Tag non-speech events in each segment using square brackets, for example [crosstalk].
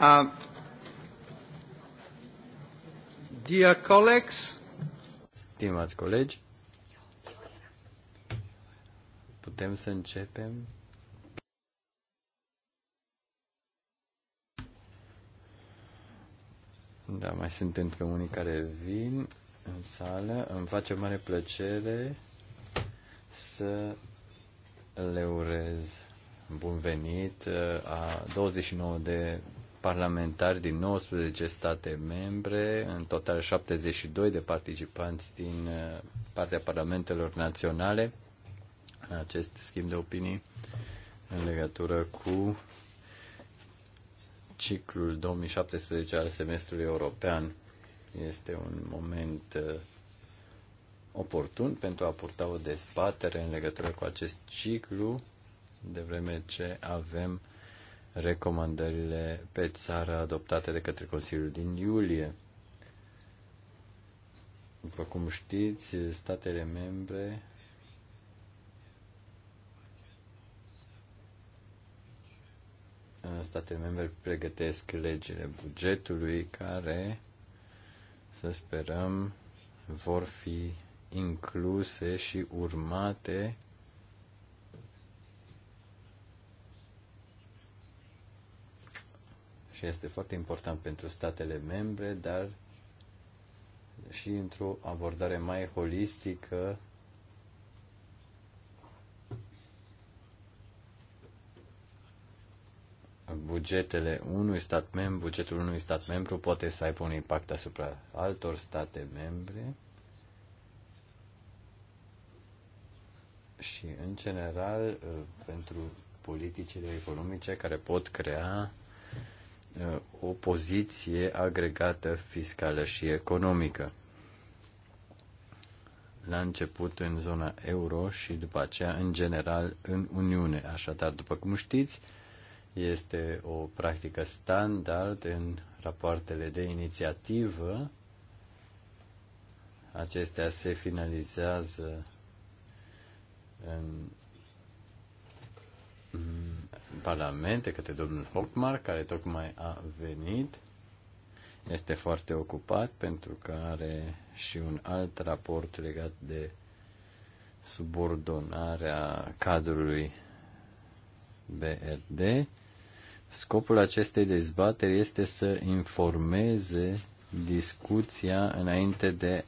Uh, dear colleagues, stimați colegi, putem să începem? Da, mai sunt încă unii care vin în sală. Îmi face mare plăcere să le urez bun venit uh, a 29 de parlamentari din 19 state membre, în total 72 de participanți din uh, partea parlamentelor naționale în acest schimb de opinii în legătură cu ciclul 2017 al semestrului european. Este un moment uh, oportun pentru a purta o dezbatere în legătură cu acest ciclu, de vreme ce avem recomandările pe țară adoptate de către Consiliul din iulie. După cum știți, statele membre statele membre pregătesc legile bugetului care, să sperăm, vor fi incluse și urmate și este foarte important pentru statele membre, dar și într-o abordare mai holistică bugetele unui stat membru, bugetul unui stat membru poate să aibă un impact asupra altor state membre și în general pentru politicile economice care pot crea o poziție agregată fiscală și economică. La început în zona euro și după aceea în general în Uniune. Așadar, după cum știți, este o practică standard în rapoartele de inițiativă. Acestea se finalizează în Parlamente, către domnul Hockmar, care tocmai a venit. Este foarte ocupat pentru că are și un alt raport legat de subordonarea cadrului BRD. Scopul acestei dezbateri este să informeze discuția înainte de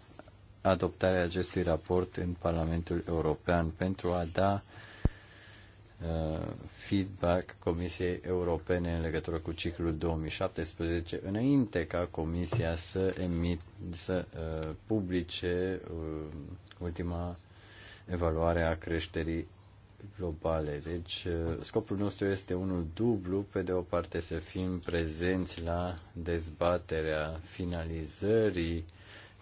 adoptarea acestui raport în Parlamentul European pentru a da Uh, feedback Comisiei Europene în legătură cu ciclul 2017, înainte ca Comisia să, emit, să uh, publice uh, ultima evaluare a creșterii globale. Deci, uh, scopul nostru este unul dublu, pe de o parte să fim prezenți la dezbaterea finalizării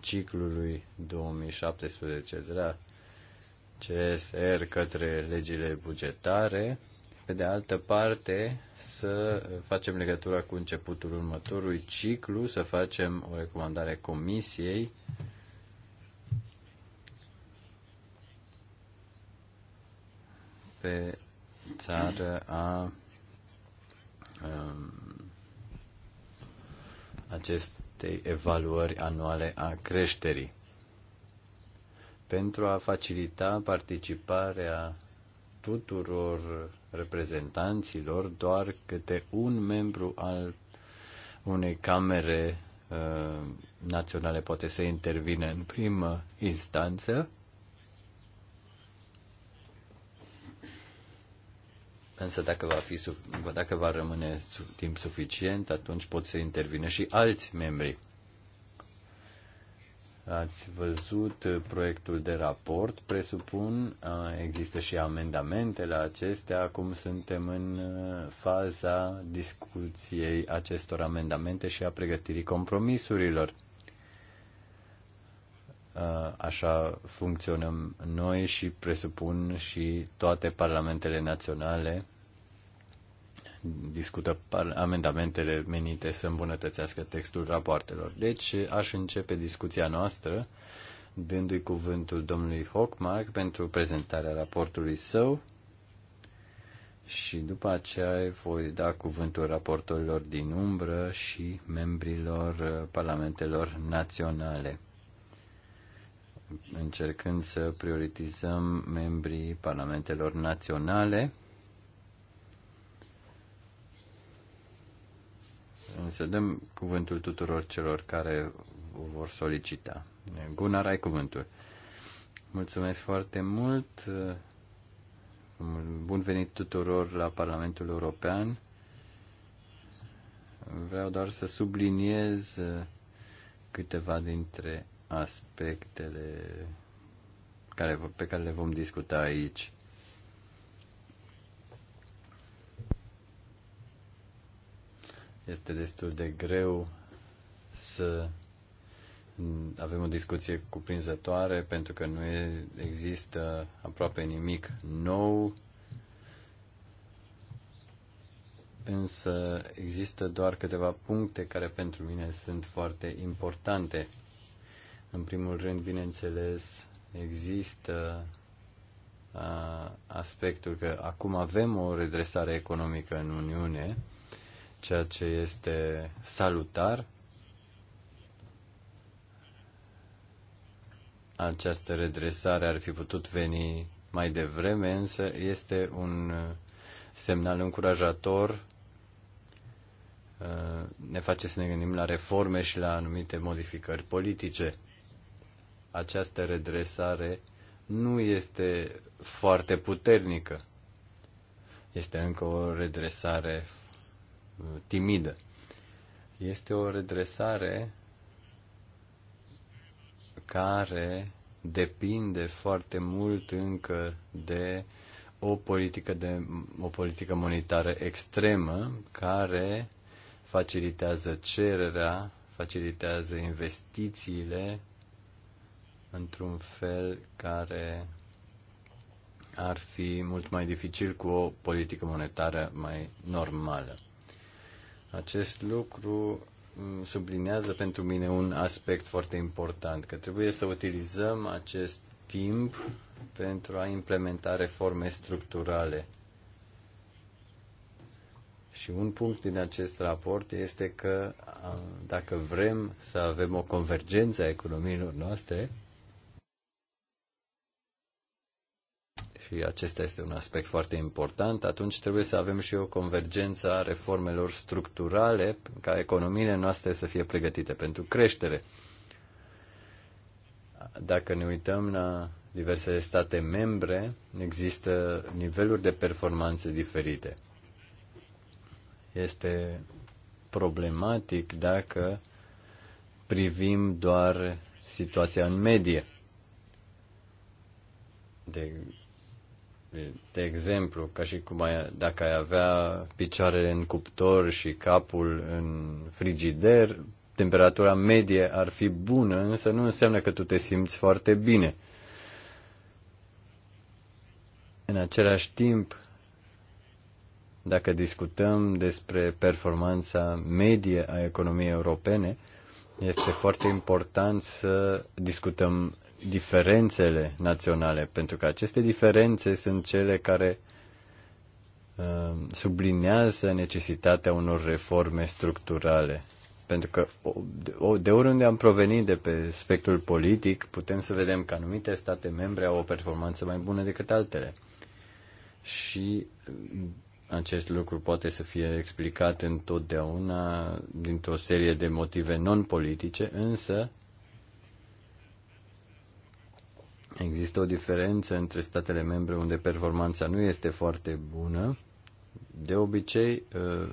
ciclului 2017 de la CSR către legile bugetare, pe de altă parte să facem legătura cu începutul următorului ciclu, să facem o recomandare comisiei pe țară a um, acestei evaluări anuale a creșterii pentru a facilita participarea tuturor reprezentanților, doar câte un membru al unei camere uh, naționale poate să intervine în primă instanță. Însă dacă va, fi, dacă va rămâne timp suficient, atunci pot să intervine și alți membri. Ați văzut proiectul de raport, presupun, există și amendamente la acestea, acum suntem în faza discuției acestor amendamente și a pregătirii compromisurilor. Așa funcționăm noi și presupun și toate parlamentele naționale discută amendamentele menite să îmbunătățească textul rapoartelor. Deci aș începe discuția noastră dându-i cuvântul domnului Hockmark pentru prezentarea raportului său și după aceea voi da cuvântul raportorilor din umbră și membrilor uh, parlamentelor naționale încercând să prioritizăm membrii parlamentelor naționale Însă dăm cuvântul tuturor celor care o vor solicita. Gunnar, ai cuvântul. Mulțumesc foarte mult. Bun venit tuturor la Parlamentul European. Vreau doar să subliniez câteva dintre aspectele care, pe care le vom discuta aici. Este destul de greu să avem o discuție cuprinzătoare pentru că nu există aproape nimic nou, însă există doar câteva puncte care pentru mine sunt foarte importante. În primul rând, bineînțeles, există aspectul că acum avem o redresare economică în Uniune, ceea ce este salutar. Această redresare ar fi putut veni mai devreme, însă este un semnal încurajator. Ne face să ne gândim la reforme și la anumite modificări politice. Această redresare nu este foarte puternică. Este încă o redresare timidă. Este o redresare care depinde foarte mult încă de o politică, de, o politică monetară extremă care facilitează cererea, facilitează investițiile într-un fel care ar fi mult mai dificil cu o politică monetară mai normală. Acest lucru mm, sublinează pentru mine un aspect foarte important, că trebuie să utilizăm acest timp pentru a implementa reforme structurale. Și un punct din acest raport este că dacă vrem să avem o convergență a economiilor noastre, și acesta este un aspect foarte important, atunci trebuie să avem și o convergență a reformelor structurale ca economiile noastre să fie pregătite pentru creștere. Dacă ne uităm la diversele state membre, există niveluri de performanțe diferite. Este problematic dacă privim doar situația în medie. De de exemplu, ca și cum ai, dacă ai avea picioarele în cuptor și capul în frigider, temperatura medie ar fi bună, însă nu înseamnă că tu te simți foarte bine. În același timp, dacă discutăm despre performanța medie a economiei europene, este foarte important să discutăm diferențele naționale, pentru că aceste diferențe sunt cele care uh, sublinează necesitatea unor reforme structurale. Pentru că de oriunde am provenit de pe spectrul politic, putem să vedem că anumite state membre au o performanță mai bună decât altele. Și uh, acest lucru poate să fie explicat întotdeauna dintr-o serie de motive non-politice, însă Există o diferență între statele membre unde performanța nu este foarte bună. De obicei, ă,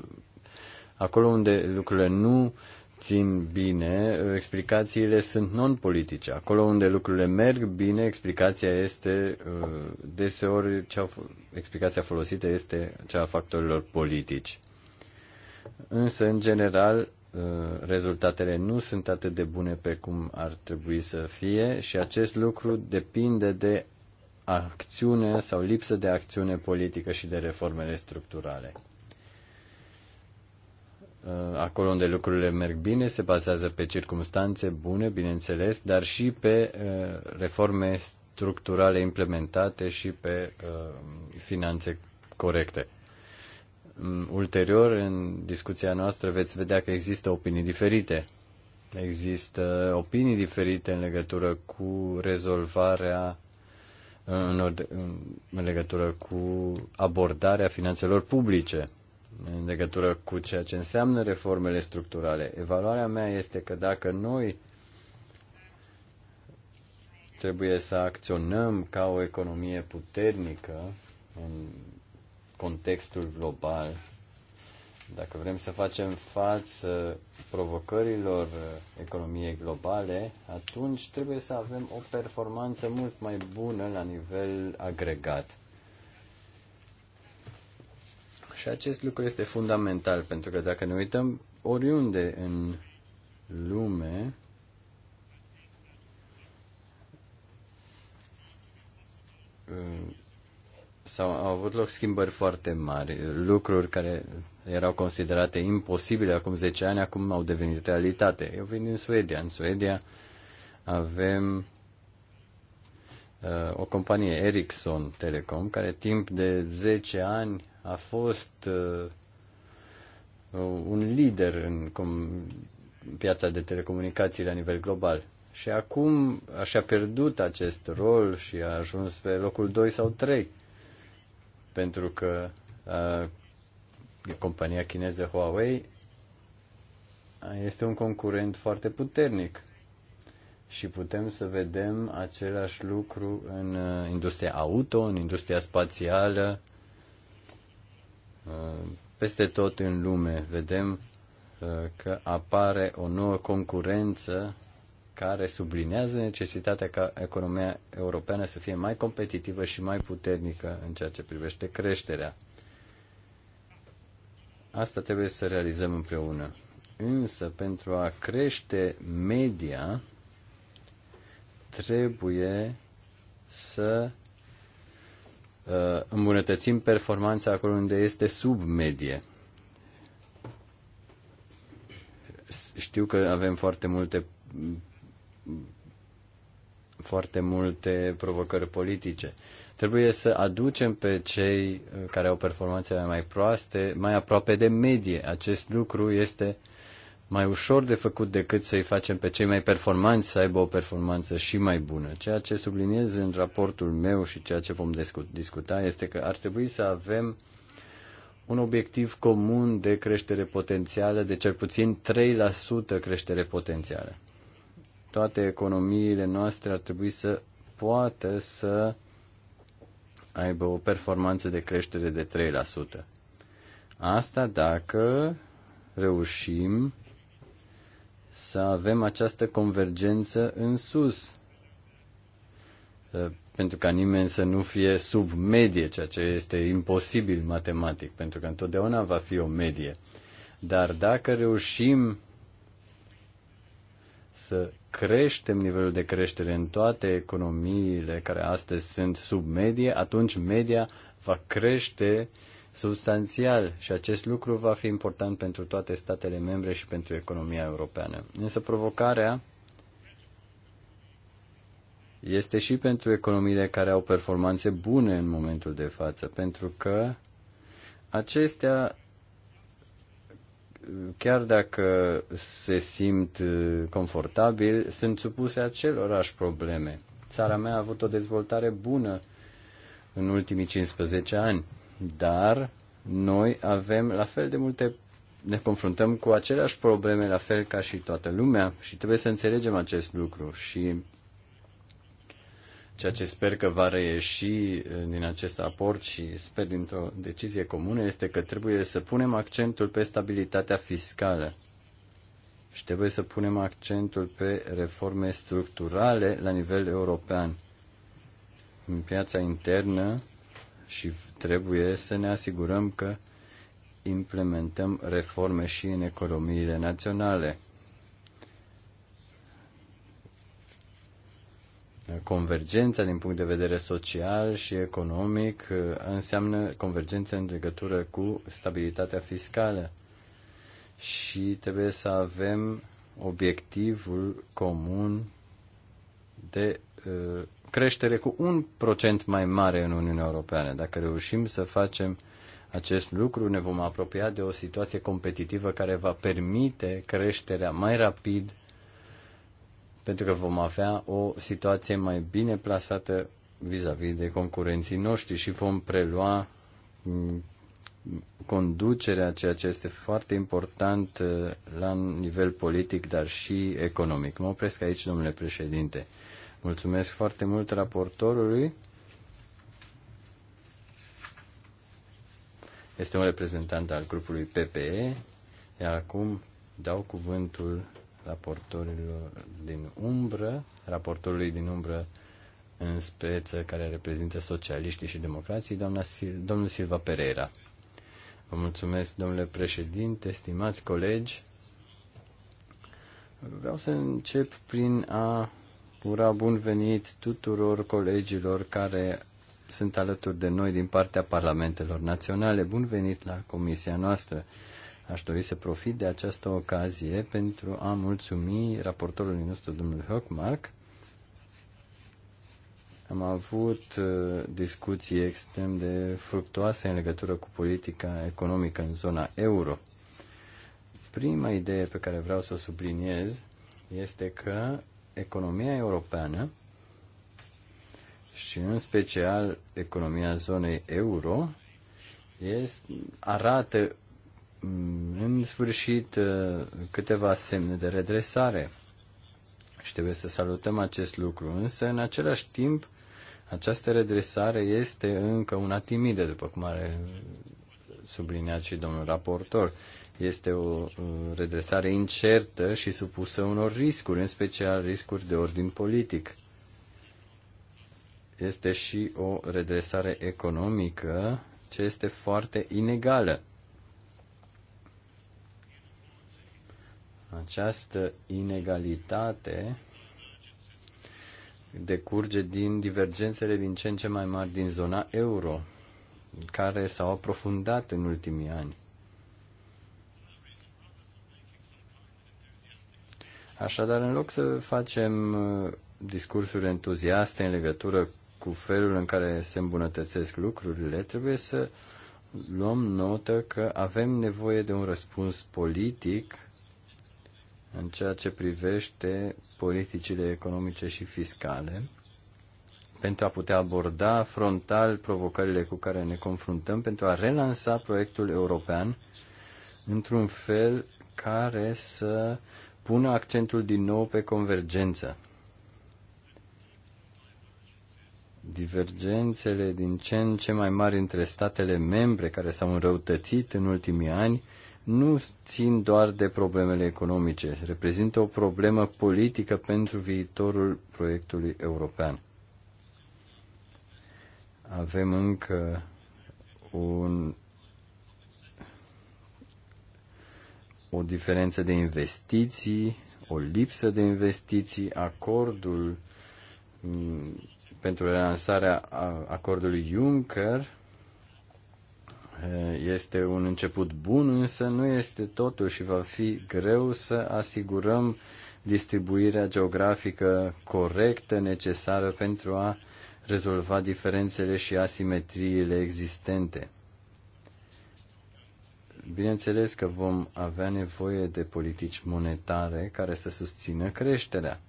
acolo unde lucrurile nu țin bine, explicațiile sunt non-politice. Acolo unde lucrurile merg bine, explicația este ă, deseori cea, explicația folosită este cea a factorilor politici. Însă, în general, Uh, rezultatele nu sunt atât de bune pe cum ar trebui să fie și acest lucru depinde de acțiune sau lipsă de acțiune politică și de reformele structurale. Uh, acolo unde lucrurile merg bine se bazează pe circumstanțe bune, bineînțeles, dar și pe uh, reforme structurale implementate și pe finanțe corecte ulterior, în discuția noastră, veți vedea că există opinii diferite. Există opinii diferite în legătură cu rezolvarea, în, în legătură cu abordarea finanțelor publice, în legătură cu ceea ce înseamnă reformele structurale. Evaluarea mea este că dacă noi trebuie să acționăm ca o economie puternică în contextul global, dacă vrem să facem față provocărilor economiei globale, atunci trebuie să avem o performanță mult mai bună la nivel agregat. Și acest lucru este fundamental, pentru că dacă ne uităm oriunde în lume, sau au avut loc schimbări foarte mari, lucruri care erau considerate imposibile acum 10 ani, acum au devenit realitate. Eu vin din Suedia. În Suedia avem uh, o companie Ericsson Telecom, care timp de 10 ani a fost uh, un lider în com- piața de telecomunicații la nivel global. Și acum și-a pierdut acest rol și a ajuns pe locul 2 sau 3 pentru că uh, compania chineză Huawei este un concurent foarte puternic și putem să vedem același lucru în industria auto, în industria spațială, peste tot în lume vedem că apare o nouă concurență care sublinează necesitatea ca economia europeană să fie mai competitivă și mai puternică în ceea ce privește creșterea. Asta trebuie să realizăm împreună. Însă, pentru a crește media, trebuie să uh, îmbunătățim performanța acolo unde este sub medie. Știu că avem foarte multe foarte multe provocări politice. Trebuie să aducem pe cei uh, care au performanțe mai proaste mai aproape de medie. Acest lucru este mai ușor de făcut decât să-i facem pe cei mai performanți să aibă o performanță și mai bună. Ceea ce subliniez în raportul meu și ceea ce vom discuta este că ar trebui să avem un obiectiv comun de creștere potențială de cel puțin 3% creștere potențială toate economiile noastre ar trebui să poată să aibă o performanță de creștere de 3%. Asta dacă reușim să avem această convergență în sus, eh, pentru ca nimeni să nu fie sub medie, ceea ce este imposibil matematic, pentru că întotdeauna va fi o medie. Dar dacă reușim să creștem nivelul de creștere în toate economiile care astăzi sunt sub medie, atunci media va crește substanțial și acest lucru va fi important pentru toate statele membre și pentru economia europeană. Însă provocarea este și pentru economiile care au performanțe bune în momentul de față, pentru că acestea chiar dacă se simt uh, confortabil, sunt supuse acelorași probleme. Țara mea a avut o dezvoltare bună în ultimii 15 ani, dar noi avem la fel de multe, ne confruntăm cu aceleași probleme la fel ca și toată lumea și trebuie să înțelegem acest lucru și Ceea ce sper că va reieși din acest aport și sper dintr-o decizie comună este că trebuie să punem accentul pe stabilitatea fiscală și trebuie să punem accentul pe reforme structurale la nivel european în piața internă și trebuie să ne asigurăm că implementăm reforme și în economiile naționale. Convergența din punct de vedere social și economic uh, înseamnă convergență în legătură cu stabilitatea fiscală și trebuie să avem obiectivul comun de uh, creștere cu un procent mai mare în Uniunea Europeană. Dacă reușim să facem acest lucru, ne vom apropia de o situație competitivă care va permite creșterea mai rapid pentru că vom avea o situație mai bine plasată vis-a-vis -vis de concurenții noștri și vom prelua mm, conducerea, ceea ce este foarte important uh, la nivel politic, dar și economic. Mă opresc aici, domnule președinte. Mulțumesc foarte mult raportorului. Este un reprezentant al grupului PPE, iar acum dau cuvântul raportorilor din umbră, raportorului din umbră în speță care reprezintă socialiștii și democrații, doamna Sil- domnul Silva Pereira. Vă mulțumesc, domnule președinte, estimați colegi. Vreau să încep prin a ura bun venit tuturor colegilor care sunt alături de noi din partea parlamentelor naționale. Bun venit la comisia noastră. Aș dori să profit de această ocazie pentru a mulțumi raportorului nostru, domnul Hockmark. Am avut uh, discuții extrem de fructoase în legătură cu politica economică în zona euro. Prima idee pe care vreau să o subliniez este că economia europeană și în special economia zonei euro este, arată Mm, în sfârșit, uh, câteva semne de redresare și trebuie să salutăm acest lucru, însă în același timp această redresare este încă una timidă, după cum are subliniat și domnul raportor. Este o uh, redresare incertă și supusă unor riscuri, în special riscuri de ordin politic. Este și o redresare economică ce este foarte inegală. Această inegalitate decurge din divergențele din ce în ce mai mari din zona euro, care s-au aprofundat în ultimii ani. Așadar, în loc să facem uh, discursuri entuziaste în legătură cu felul în care se îmbunătățesc lucrurile, trebuie să luăm notă că avem nevoie de un răspuns politic în ceea ce privește politicile economice și fiscale pentru a putea aborda frontal provocările cu care ne confruntăm, pentru a relansa proiectul european într-un fel care să pună accentul din nou pe convergență. Divergențele din ce în ce mai mari între statele membre care s-au înrăutățit în ultimii ani nu țin doar de problemele economice, reprezintă o problemă politică pentru viitorul proiectului european. Avem încă un, o diferență de investiții, o lipsă de investiții, acordul mm, pentru relansarea acordului Juncker Eh, este un început bun, însă nu este totul și va fi greu să asigurăm distribuirea geografică corectă, necesară pentru a rezolva diferențele și asimetriile existente. Bineînțeles că vom avea nevoie de politici monetare care să susțină creșterea,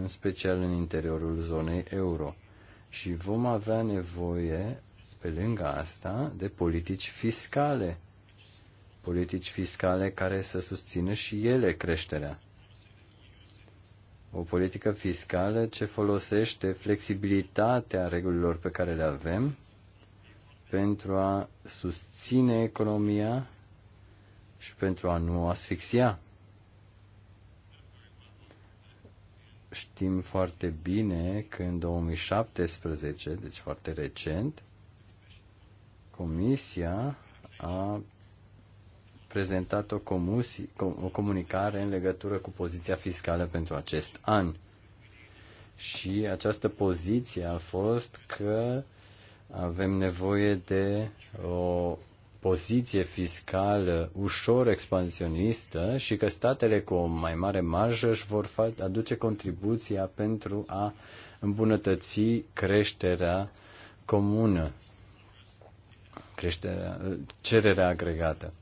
în special în interiorul zonei euro și vom avea nevoie, pe lângă asta, de politici fiscale. Politici fiscale care să susțină și ele creșterea. O politică fiscală ce folosește flexibilitatea regulilor pe care le avem pentru a susține economia și pentru a nu asfixia știm foarte bine că în 2017, deci foarte recent, Comisia a prezentat o, comusi, o comunicare în legătură cu poziția fiscală pentru acest an. Și această poziție a fost că avem nevoie de o poziție fiscală ușor expansionistă și că statele cu o mai mare marjă își vor aduce contribuția pentru a îmbunătăți creșterea comună, creșterea, cererea agregată.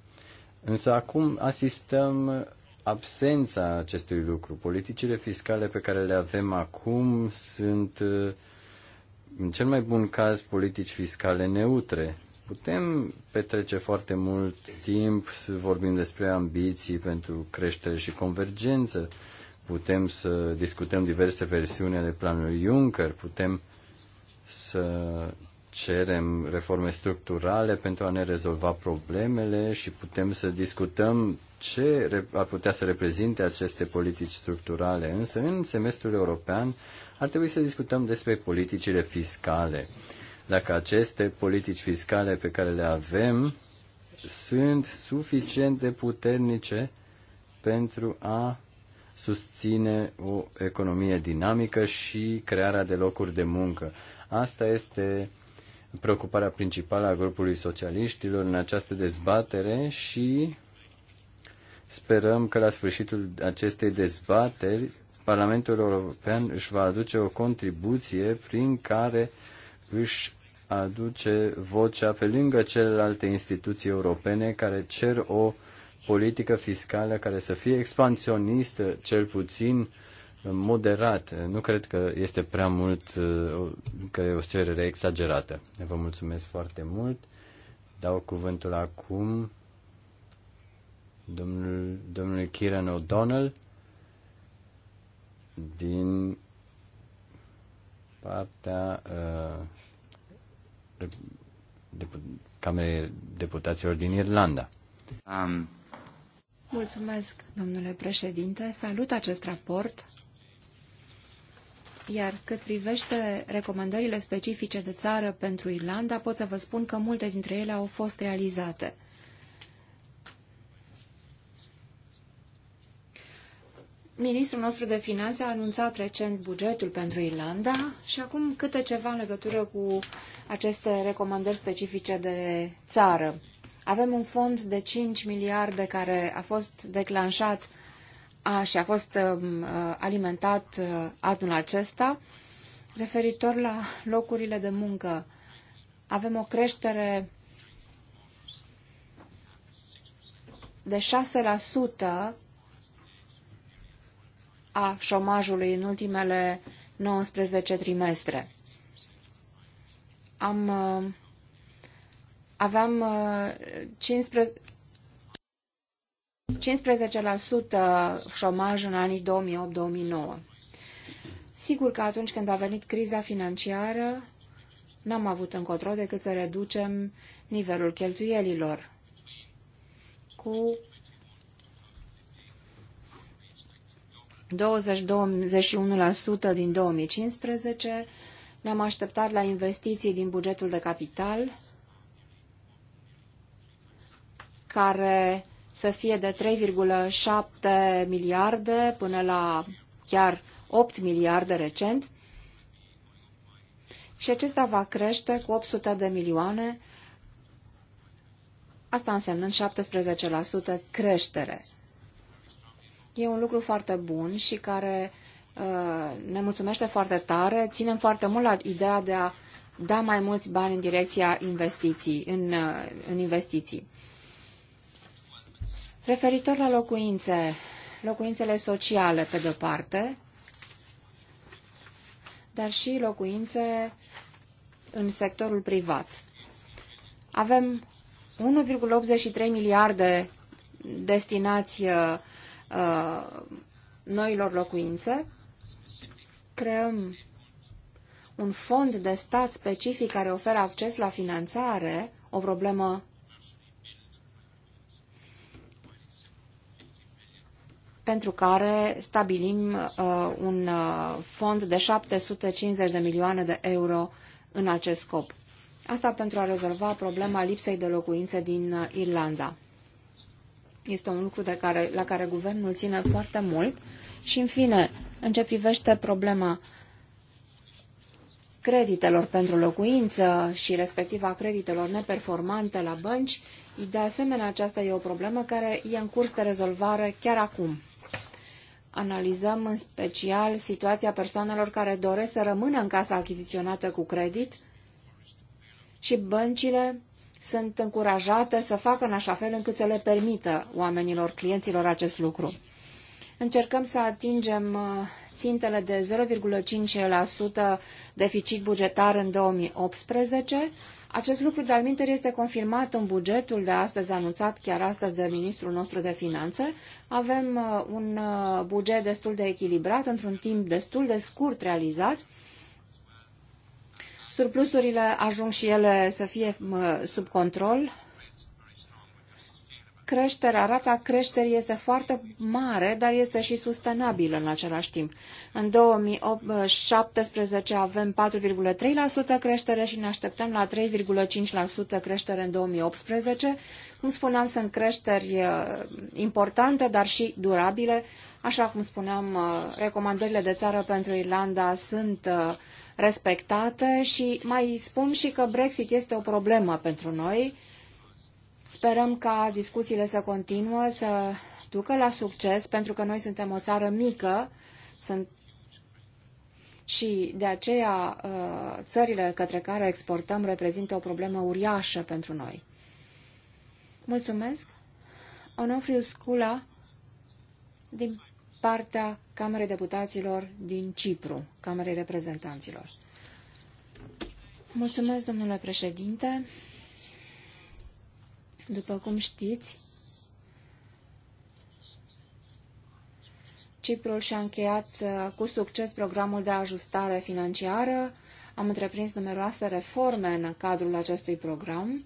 Însă acum asistăm absența acestui lucru. Politicile fiscale pe care le avem acum sunt, în cel mai bun caz, politici fiscale neutre, putem petrece foarte mult timp vorbind despre ambiții pentru creștere și convergență, putem să discutăm diverse versiuni ale planului Juncker, putem să cerem reforme structurale pentru a ne rezolva problemele și putem să discutăm ce ar putea să reprezinte aceste politici structurale. Însă, în semestrul european, ar trebui să discutăm despre politicile fiscale dacă aceste politici fiscale pe care le avem sunt suficient de puternice pentru a susține o economie dinamică și crearea de locuri de muncă. Asta este preocuparea principală a grupului socialiștilor în această dezbatere și sperăm că la sfârșitul acestei dezbateri Parlamentul European își va aduce o contribuție prin care își aduce vocea pe lângă celelalte instituții europene care cer o politică fiscală care să fie expansionistă, cel puțin moderat. Nu cred că este prea mult, uh, că e o cerere exagerată. Vă mulțumesc foarte mult. Dau cuvântul acum domnul, domnului Kieran O'Donnell din partea uh, Camerei Deputaților din Irlanda. Um. Mulțumesc, domnule președinte. Salut acest raport. Iar cât privește recomandările specifice de țară pentru Irlanda, pot să vă spun că multe dintre ele au fost realizate. Ministrul nostru de finanțe a anunțat recent bugetul pentru Irlanda și acum câte ceva în legătură cu aceste recomandări specifice de țară. Avem un fond de 5 miliarde care a fost declanșat a, și a fost um, uh, alimentat uh, anul acesta. Referitor la locurile de muncă, avem o creștere de a șomajului în ultimele 19 trimestre. Am, uh, aveam 15, uh, 15% șomaj în anii 2008-2009. Sigur că atunci când a venit criza financiară, n-am avut încotro decât să reducem nivelul cheltuielilor cu 20-21% din 2015. Ne-am așteptat la investiții din bugetul de capital, care să fie de 3,7 miliarde până la chiar 8 miliarde recent. Și acesta va crește cu 800 de milioane, asta însemnând 17% creștere e un lucru foarte bun și care uh, ne mulțumește foarte tare. Ținem foarte mult la ideea de a da mai mulți bani în direcția investiții, în, uh, în investiții. Referitor la locuințe, locuințele sociale, pe de-o parte, dar și locuințe în sectorul privat. Avem 1,83 miliarde destinați uh, Uh, noilor locuințe, creăm un fond de stat specific care oferă acces la finanțare, o problemă pentru care stabilim uh, un uh, fond de 750 de milioane de euro în acest scop. Asta pentru a rezolva problema lipsei de locuințe din uh, Irlanda. Este un lucru de care, la care guvernul ține foarte mult. Și, în fine, în ce privește problema creditelor pentru locuință și a creditelor neperformante la bănci, de asemenea, aceasta e o problemă care e în curs de rezolvare chiar acum. Analizăm în special situația persoanelor care doresc să rămână în casa achiziționată cu credit și băncile sunt încurajate să facă în așa fel încât să le permită oamenilor, clienților acest lucru. Încercăm să atingem uh, țintele de 0,5% deficit bugetar în 2018. Acest lucru, de-al este confirmat în bugetul de astăzi, anunțat chiar astăzi de ministrul nostru de finanțe. Avem uh, un uh, buget destul de echilibrat, într-un timp destul de scurt realizat, surplusurile ajung și ele să fie sub control. Creșterea, rata creșterii este foarte mare, dar este și sustenabilă în același timp. În 2017 avem 4,3% creștere și ne așteptăm la 3,5% creștere în 2018. Cum spuneam, sunt creșteri uh, importante, dar și durabile. Așa cum spuneam, uh, recomandările de țară pentru Irlanda sunt uh, respectate și mai spun și că Brexit este o problemă pentru noi. Sperăm ca discuțiile să continuă, să ducă la succes, pentru că noi suntem o țară mică sunt și de aceea uh, țările către care exportăm reprezintă o problemă uriașă pentru noi. Mulțumesc! Onofriu Scula din partea Camerei Deputaților din Cipru, Camerei Reprezentanților. Mulțumesc, domnule președinte. După cum știți, Ciprul și-a încheiat uh, cu succes programul de ajustare financiară. Am întreprins numeroase reforme în cadrul acestui program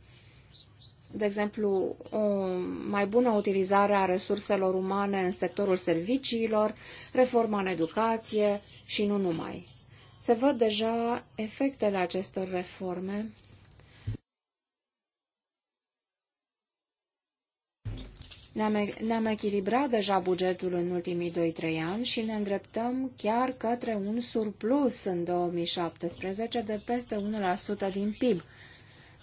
de exemplu, o mai bună utilizare a resurselor umane în sectorul serviciilor, reforma în educație și nu numai. Se văd deja efectele acestor reforme Ne-am, ne echilibrat deja bugetul în ultimii 2-3 ani și ne îndreptăm chiar către un surplus în 2017 de peste 1% din PIB.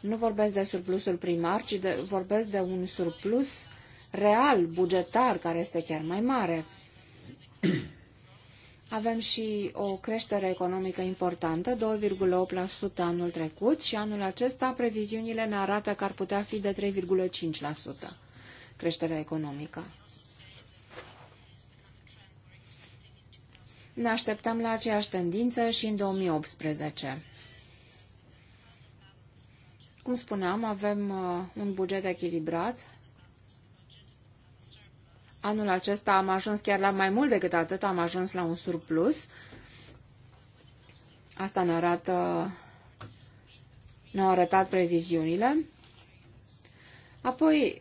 Nu vorbesc de surplusul primar, ci de, vorbesc de un surplus real, bugetar, care este chiar mai mare. [clears throat] Avem și o creștere economică importantă, 2,8% anul trecut și anul acesta previziunile ne arată că ar putea fi de 3,5% creșterea economică. Ne așteptăm la aceeași tendință și în 2018. Cum spuneam, avem uh, un buget echilibrat. Anul acesta am ajuns chiar la mai mult decât atât, am ajuns la un surplus. Asta ne arată, ne-au arătat previziunile. Apoi,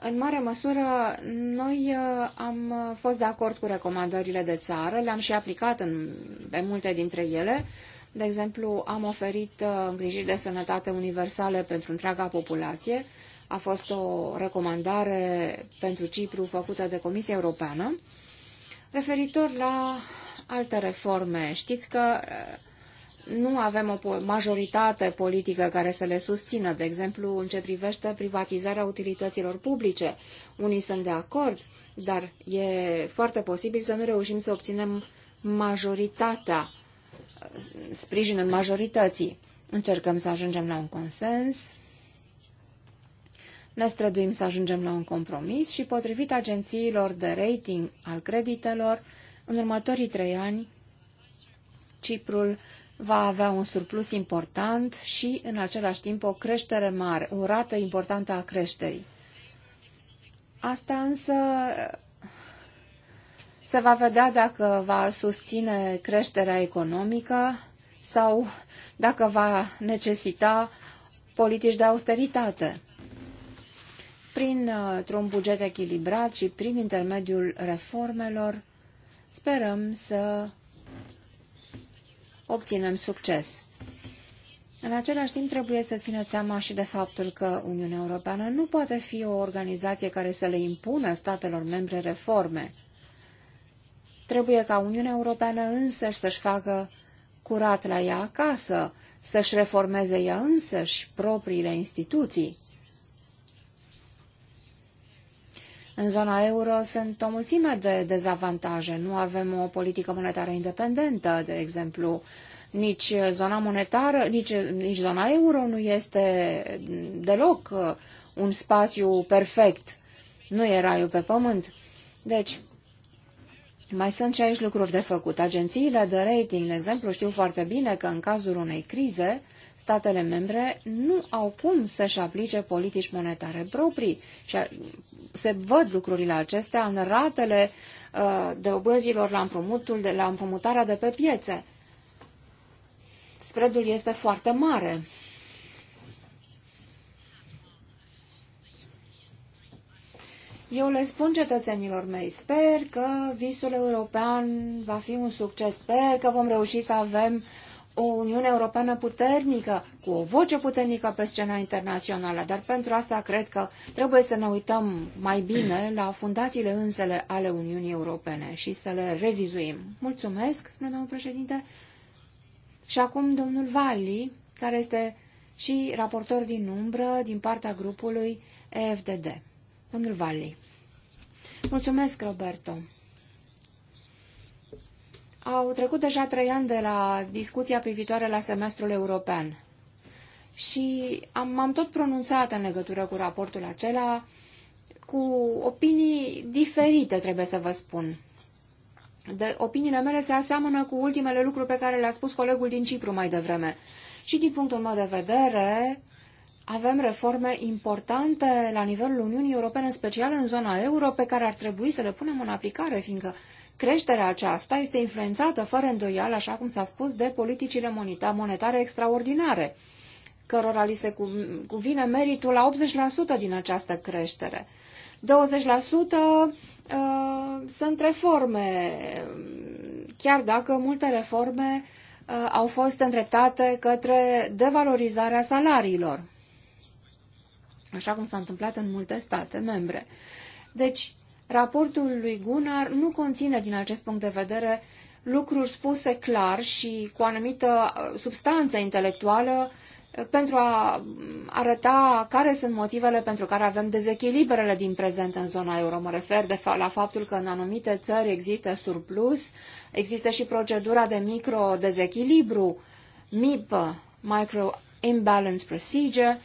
în mare măsură, noi uh, am fost de acord cu recomandările de țară, le-am și aplicat în, pe multe dintre ele. De exemplu, am oferit uh, îngrijiri de sănătate universale pentru întreaga populație. A fost o recomandare pentru Cipru făcută de Comisia Europeană. Referitor la alte reforme, știți că uh, nu avem o majoritate politică care să le susțină, de exemplu, în ce privește privatizarea utilităților publice. Unii sunt de acord, dar e foarte posibil să nu reușim să obținem majoritatea sprijinul majorității. Încercăm să ajungem la un consens, ne străduim să ajungem la un compromis și, potrivit agențiilor de rating al creditelor, în următorii trei ani, Ciprul va avea un surplus important și, în același timp, o creștere mare, o rată importantă a creșterii. Asta însă se va vedea dacă va susține creșterea economică sau dacă va necesita politici de austeritate. Printr-un buget echilibrat și prin intermediul reformelor, sperăm să obținem succes. În același timp, trebuie să țineți seama și de faptul că Uniunea Europeană nu poate fi o organizație care să le impună statelor membre reforme. Trebuie ca Uniunea Europeană însăși să-și facă curat la ea acasă, să-și reformeze ea însăși propriile instituții. În zona euro sunt o mulțime de dezavantaje. Nu avem o politică monetară independentă, de exemplu. Nici zona monetară, nici, nici zona euro nu este deloc un spațiu perfect. Nu e raiul pe pământ. Deci, mai sunt și aici lucruri de făcut. Agențiile de rating, de exemplu, știu foarte bine că în cazul unei crize, statele membre nu au cum să-și aplice politici monetare proprii. Și se văd lucrurile acestea în ratele uh, dobânzilor la împrumutul, de, la împrumutarea de pe piețe. Spreadul este foarte mare. Eu le spun cetățenilor mei, sper că visul european va fi un succes, sper că vom reuși să avem o Uniune Europeană puternică, cu o voce puternică pe scena internațională, dar pentru asta cred că trebuie să ne uităm mai bine la fundațiile însele ale Uniunii Europene și să le revizuim. Mulțumesc, spune domnul președinte. Și acum domnul Valli, care este și raportor din umbră din partea grupului EFDD. Domnul Valli. Mulțumesc, Roberto. Au trecut deja trei ani de la discuția privitoare la semestrul european și am, am tot pronunțat în legătură cu raportul acela cu opinii diferite, trebuie să vă spun. De, opiniile mele se aseamănă cu ultimele lucruri pe care le-a spus colegul din Cipru mai devreme. Și din punctul meu de vedere, avem reforme importante la nivelul Uniunii Europene, în special în zona euro, pe care ar trebui să le punem în aplicare, fiindcă creșterea aceasta este influențată fără îndoială, așa cum s-a spus, de politicile monetare extraordinare, cărora li se cuvine meritul la 80% din această creștere. 20% uh, sunt reforme, chiar dacă multe reforme uh, au fost îndreptate către devalorizarea salariilor așa cum s-a întâmplat în multe state membre. Deci, raportul lui Gunnar nu conține, din acest punct de vedere, lucruri spuse clar și cu anumită uh, substanță intelectuală uh, pentru a mm, arăta care sunt motivele pentru care avem dezechilibrele din prezent în zona euro. Mă refer de fa- la faptul că în anumite țări există surplus, există și procedura de micro-dezechilibru, MIP, Micro Imbalance Procedure,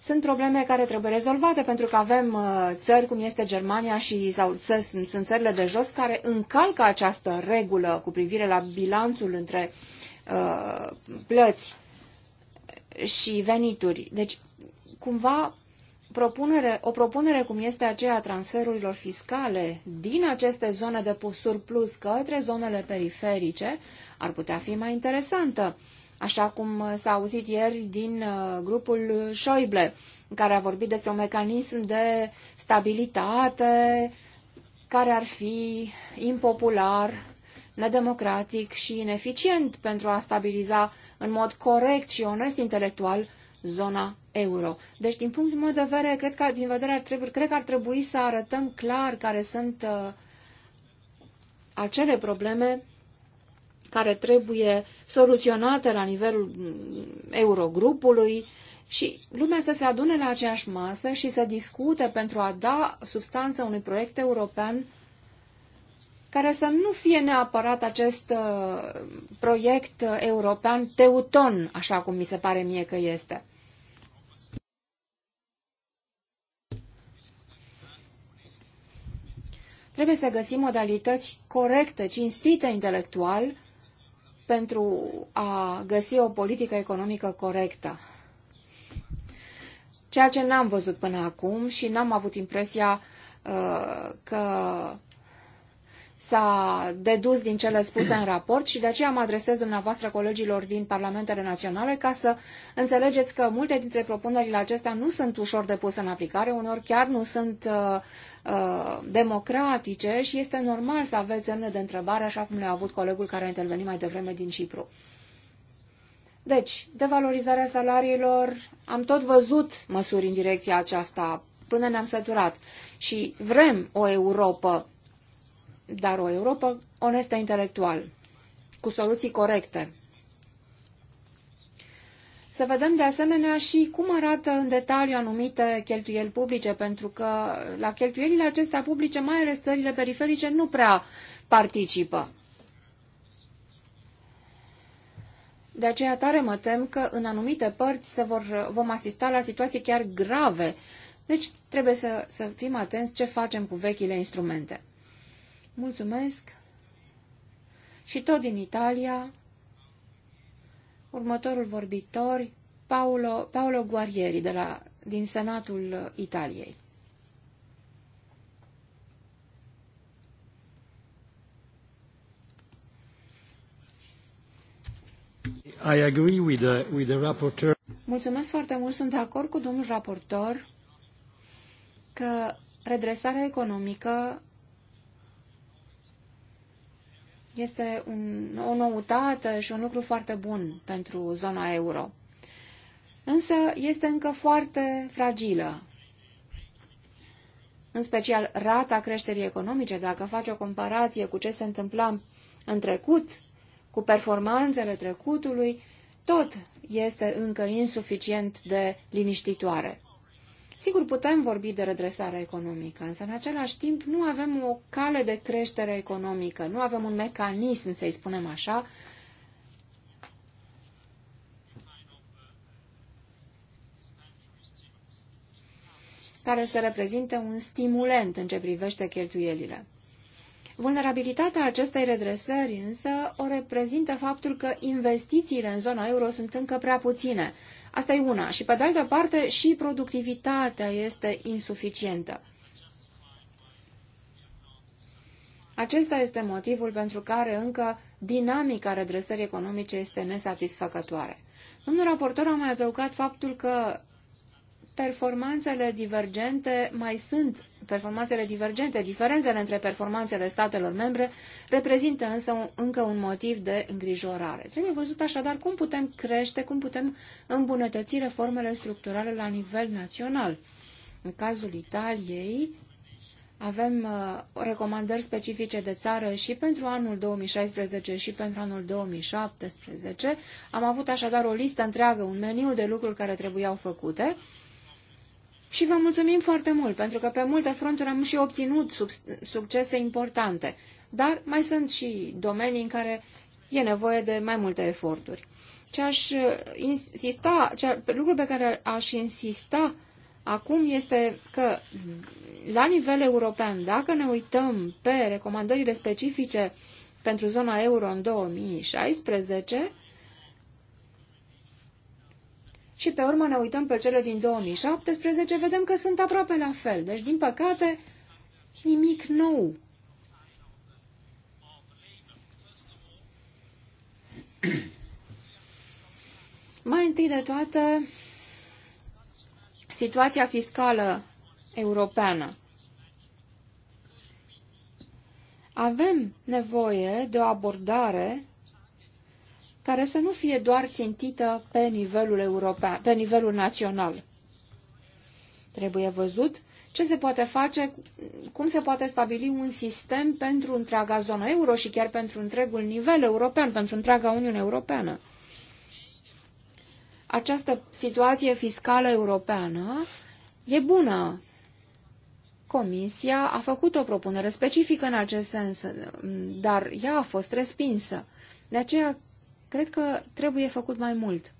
sunt probleme care trebuie rezolvate, pentru că avem uh, țări cum este Germania și sau ță, sunt, sunt țările de jos care încalcă această regulă cu privire la bilanțul între uh, plăți și venituri. Deci, cumva, propunere, o propunere cum este aceea a transferurilor fiscale din aceste zone de surplus către zonele periferice ar putea fi mai interesantă. Uh, așa cum s-a auzit ieri din uh, grupul Schäuble, care a vorbit despre un mecanism de stabilitate care ar fi impopular, nedemocratic și ineficient pentru a stabiliza în mod corect și onest intelectual zona euro. Deci, din punctul meu de vedere, cred că, din vedere ar trebui, cred că ar trebui să arătăm clar care sunt uh, acele probleme care trebuie soluționate la nivelul Eurogrupului și lumea să se adune la aceeași masă și să discute pentru a da substanță unui proiect european care să nu fie neapărat acest uh, proiect uh, european teuton, așa cum mi se pare mie că este. Trebuie să găsim modalități corecte, cinstite intelectual, pentru a găsi o politică economică corectă. Ceea ce n-am văzut până acum și n-am avut impresia uh, că s-a dedus din cele spuse în raport și de aceea mă adresez dumneavoastră colegilor din Parlamentele Naționale ca să înțelegeți că multe dintre propunerile acestea nu sunt ușor de pus în aplicare, unor chiar nu sunt uh, uh, democratice și este normal să aveți semne de întrebare, așa cum le-a avut colegul care a intervenit mai devreme din Cipru. Deci, devalorizarea salariilor, am tot văzut măsuri în direcția aceasta până ne-am săturat și vrem o Europa dar o Europa onestă intelectual, cu soluții corecte. Să vedem de asemenea și cum arată în detaliu anumite cheltuieli publice, pentru că la cheltuielile acestea publice, mai ales țările periferice, nu prea participă. De aceea tare mă tem că în anumite părți se vor, vom asista la situații chiar grave. Deci trebuie să, să fim atenți ce facem cu vechile instrumente. Mulțumesc! Și tot din Italia, următorul vorbitor, Paolo, Paolo Guarieri, de la, din Senatul Italiei. I agree with the, with the rapporteur. Mulțumesc foarte mult. Sunt de acord cu domnul raportor că redresarea economică Este un, o noutate și un lucru foarte bun pentru zona euro. Însă este încă foarte fragilă. În special, rata creșterii economice, dacă faci o comparație cu ce se întâmpla în trecut, cu performanțele trecutului, tot este încă insuficient de liniștitoare. Sigur, putem vorbi de redresare economică, însă în același timp nu avem o cale de creștere economică, nu avem un mecanism, să-i spunem așa, care să reprezinte un stimulent în ce privește cheltuielile. Vulnerabilitatea acestei redresări însă o reprezintă faptul că investițiile în zona euro sunt încă prea puține. Asta e una. Și pe de altă parte, și productivitatea este insuficientă. Acesta este motivul pentru care încă dinamica redresării economice este nesatisfăcătoare. Domnul raportor a mai adăugat faptul că performanțele divergente mai sunt performanțele divergente, diferențele între performanțele statelor membre, reprezintă însă un încă un motiv de îngrijorare. Trebuie văzut așadar cum putem crește, cum putem îmbunătăți reformele structurale la nivel național. În cazul Italiei, avem uh, recomandări specifice de țară și pentru anul 2016 și pentru anul 2017. Am avut așadar o listă întreagă, un meniu de lucruri care trebuiau făcute și vă mulțumim foarte mult, pentru că pe multe fronturi am și obținut succese importante. Dar mai sunt și domenii în care e nevoie de mai multe eforturi. Ce aș uh, insista, ce, lucrul pe care aș insista acum este că la nivel european, dacă ne uităm pe recomandările specifice pentru zona euro în 2016, și pe urmă ne uităm pe cele din 2017, vedem că sunt aproape la fel. Deci, din păcate, nimic nou. [clears throat] Mai întâi de toate, situația fiscală europeană. Avem nevoie de o abordare care să nu fie doar țintită pe nivelul european, pe nivelul național. Trebuie văzut ce se poate face, cum se poate stabili un sistem pentru întreaga zonă euro și chiar pentru întregul nivel european, pentru întreaga Uniune Europeană. Această situație fiscală europeană e bună. Comisia a făcut o propunere specifică în acest sens, dar ea a fost respinsă. De aceea Cred că trebuie făcut mai mult.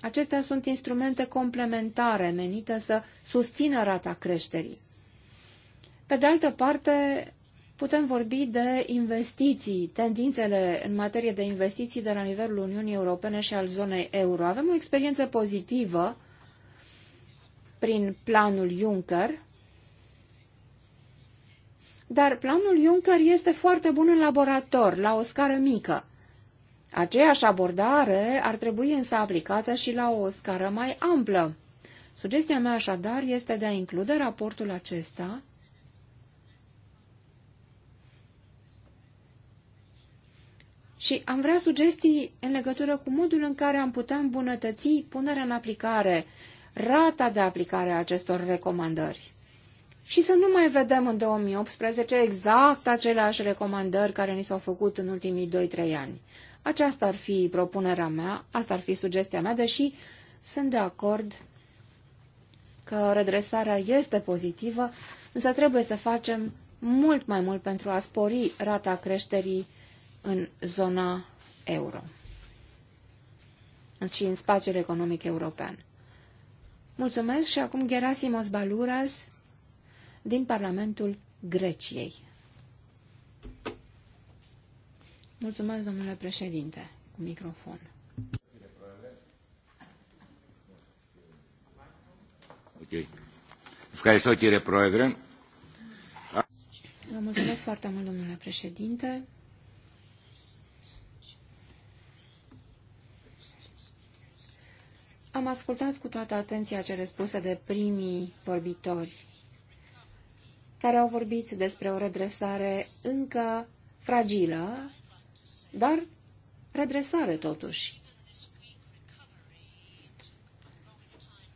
Acestea sunt instrumente complementare menite să susțină rata creșterii. Pe de altă parte, putem vorbi de investiții, tendințele în materie de investiții de la nivelul Uniunii Europene și al zonei euro. Avem o experiență pozitivă prin planul Juncker, dar planul Juncker este foarte bun în laborator, la o scară mică. Aceeași abordare ar trebui însă aplicată și la o scară mai amplă. Sugestia mea așadar este de a include raportul acesta și am vrea sugestii în legătură cu modul în care am putea îmbunătăți punerea în aplicare, rata de aplicare a acestor recomandări. Și să nu mai vedem în 2018 exact aceleași recomandări care ni s-au făcut în ultimii 2-3 ani. Aceasta ar fi propunerea mea, asta ar fi sugestia mea, deși sunt de acord că redresarea este pozitivă, însă trebuie să facem mult mai mult pentru a spori rata creșterii în zona euro și în spațiul economic european. Mulțumesc și acum Gerasimos Baluras din Parlamentul Greciei. Mulțumesc, domnule președinte, cu microfon. Ok. Ευχαριστώ, κύριε Πρόεδρε. Vă mulțumesc foarte mult, domnule președinte. Am ascultat cu toată atenția cele spuse de primii vorbitori, care au vorbit despre o redresare încă fragilă, dar redresare totuși.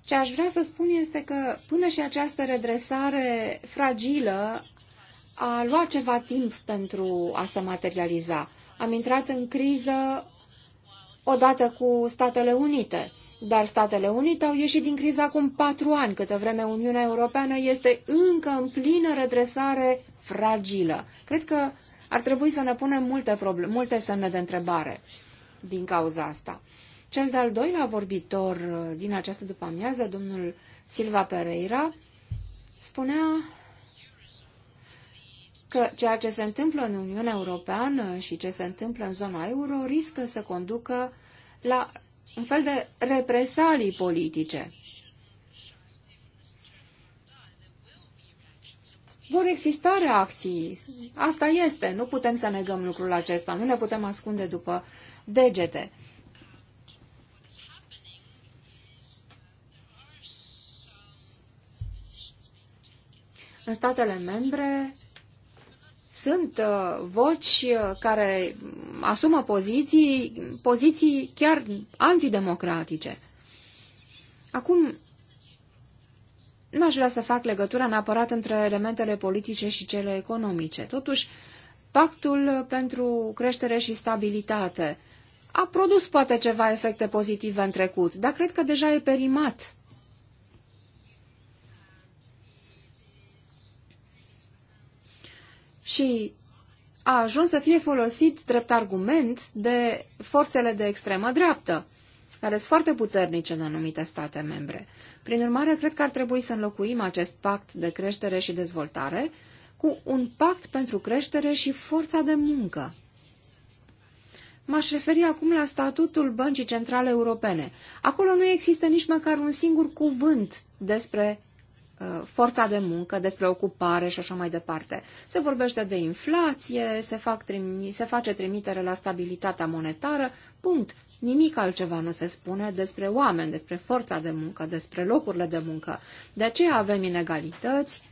Ce aș vrea să spun este că până și această redresare fragilă a luat ceva timp pentru a se materializa. Am intrat în criză odată cu Statele Unite, dar Statele Unite au ieșit din criză acum patru ani, câtă vreme Uniunea Europeană este încă în plină redresare fragilă. Cred că ar trebui să ne punem multe, probleme, multe semne de întrebare din cauza asta. Cel de-al doilea vorbitor uh, din această după-amiază, domnul Silva Pereira, spunea că ceea ce se întâmplă în Uniunea Europeană și ce se întâmplă în zona euro riscă să conducă la un fel de represalii politice. vor exista reacții. Asta este. Nu putem să negăm lucrul acesta. Nu ne putem ascunde după degete. În statele membre sunt uh, voci uh, care asumă poziții, poziții chiar antidemocratice. Acum, N-aș vrea să fac legătura neapărat între elementele politice și cele economice. Totuși, pactul pentru creștere și stabilitate a produs poate ceva efecte pozitive în trecut, dar cred că deja e perimat. Și a ajuns să fie folosit drept argument de forțele de extremă dreaptă care sunt foarte puternice în anumite state membre. Prin urmare, cred că ar trebui să înlocuim acest pact de creștere și dezvoltare cu un pact pentru creștere și forța de muncă. M-aș referi acum la statutul Băncii Centrale Europene. Acolo nu există nici măcar un singur cuvânt despre uh, forța de muncă, despre ocupare și așa mai departe. Se vorbește de inflație, se, fac trimi, se face trimitere la stabilitatea monetară, punct nimic altceva nu se spune despre oameni, despre forța de muncă, despre locurile de muncă. De aceea avem inegalități,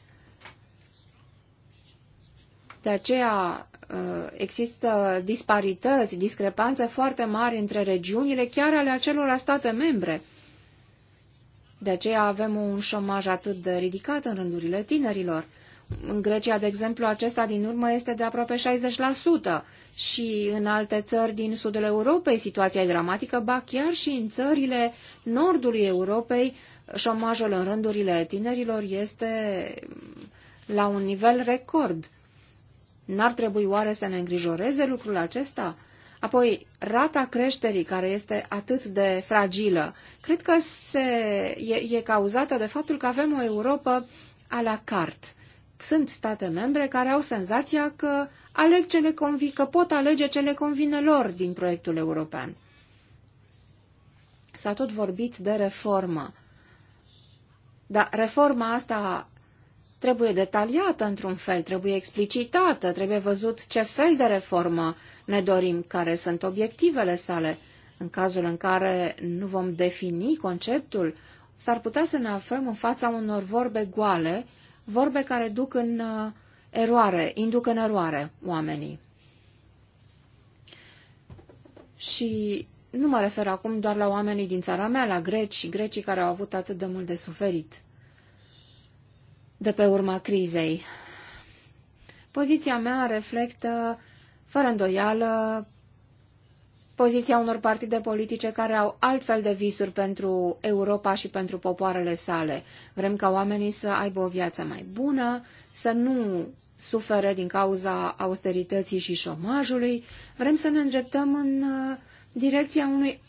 de aceea uh, există disparități, discrepanțe foarte mari între regiunile, chiar ale acelor state membre. De aceea avem un șomaj atât de ridicat în rândurile tinerilor în Grecia, de exemplu, acesta din urmă este de aproape 60% și în alte țări din sudul Europei situația e dramatică, ba chiar și în țările nordului Europei șomajul în rândurile tinerilor este la un nivel record. N-ar trebui oare să ne îngrijoreze lucrul acesta? Apoi, rata creșterii, care este atât de fragilă, cred că se, e, e cauzată de faptul că avem o Europa a la carte sunt state membre care au senzația că, aleg cele convi- că pot alege ce le convine lor din proiectul european. S-a tot vorbit de reformă. Dar reforma asta trebuie detaliată într-un fel, trebuie explicitată, trebuie văzut ce fel de reformă ne dorim, care sunt obiectivele sale. În cazul în care nu vom defini conceptul, s-ar putea să ne aflăm în fața unor vorbe goale, vorbe care duc în uh, eroare, induc în eroare oamenii. Și nu mă refer acum doar la oamenii din țara mea, la greci și grecii care au avut atât de mult de suferit de pe urma crizei. Poziția mea reflectă, fără îndoială, poziția unor partide politice care au altfel de visuri pentru Europa și pentru popoarele sale. Vrem ca oamenii să aibă o viață mai bună, să nu sufere din cauza austerității și șomajului. Vrem să ne îndreptăm în uh, direcția unui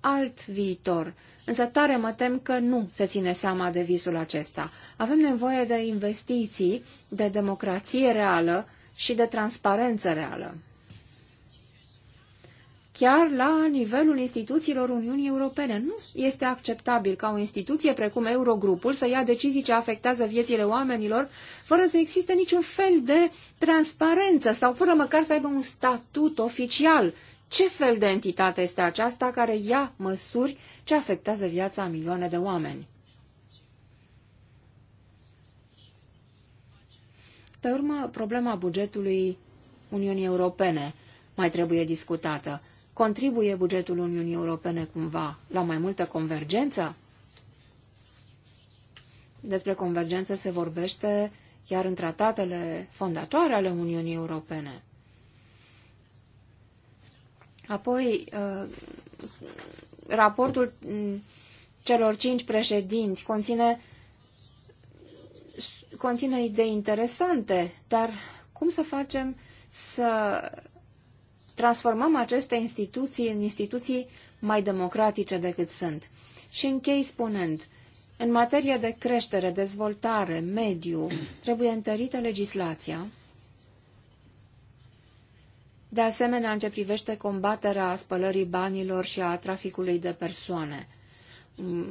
alt viitor. Însă tare mă tem că nu se ține seama de visul acesta. Avem nevoie de investiții, de democrație reală și de transparență reală chiar la nivelul instituțiilor Uniunii Europene. Nu este acceptabil ca o instituție precum Eurogrupul să ia decizii ce afectează viețile oamenilor fără să existe niciun fel de transparență sau fără măcar să aibă un statut oficial. Ce fel de entitate este aceasta care ia măsuri ce afectează viața a milioane de oameni? Pe urmă, problema bugetului Uniunii Europene mai trebuie discutată. Contribuie bugetul Uniunii Europene cumva la mai multă convergență? Despre convergență se vorbește chiar în tratatele fondatoare ale Uniunii Europene. Apoi, uh, raportul mm, celor cinci președinți conține, conține idei interesante, dar cum să facem să transformăm aceste instituții în instituții mai democratice decât sunt. Și închei spunând, în materie de creștere, dezvoltare, mediu, trebuie întărită legislația. De asemenea, în ce privește combaterea spălării banilor și a traficului de persoane.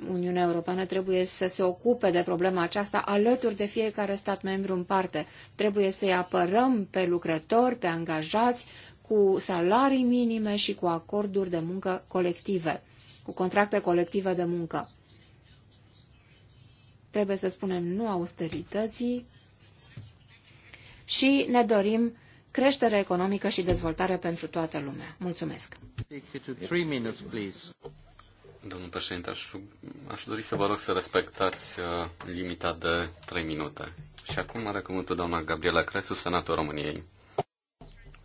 Uniunea Europeană trebuie să se ocupe de problema aceasta alături de fiecare stat membru în parte. Trebuie să-i apărăm pe lucrători, pe angajați, cu salarii minime și cu acorduri de muncă colective, cu contracte colective de muncă. Trebuie să spunem nu austerității și ne dorim creștere economică și dezvoltare pentru toată lumea. Mulțumesc! Domnul președinte, aș, aș dori să vă rog să respectați uh, limita de 3 minute. Și acum are cuvântul doamna Gabriela Crețu, senator României.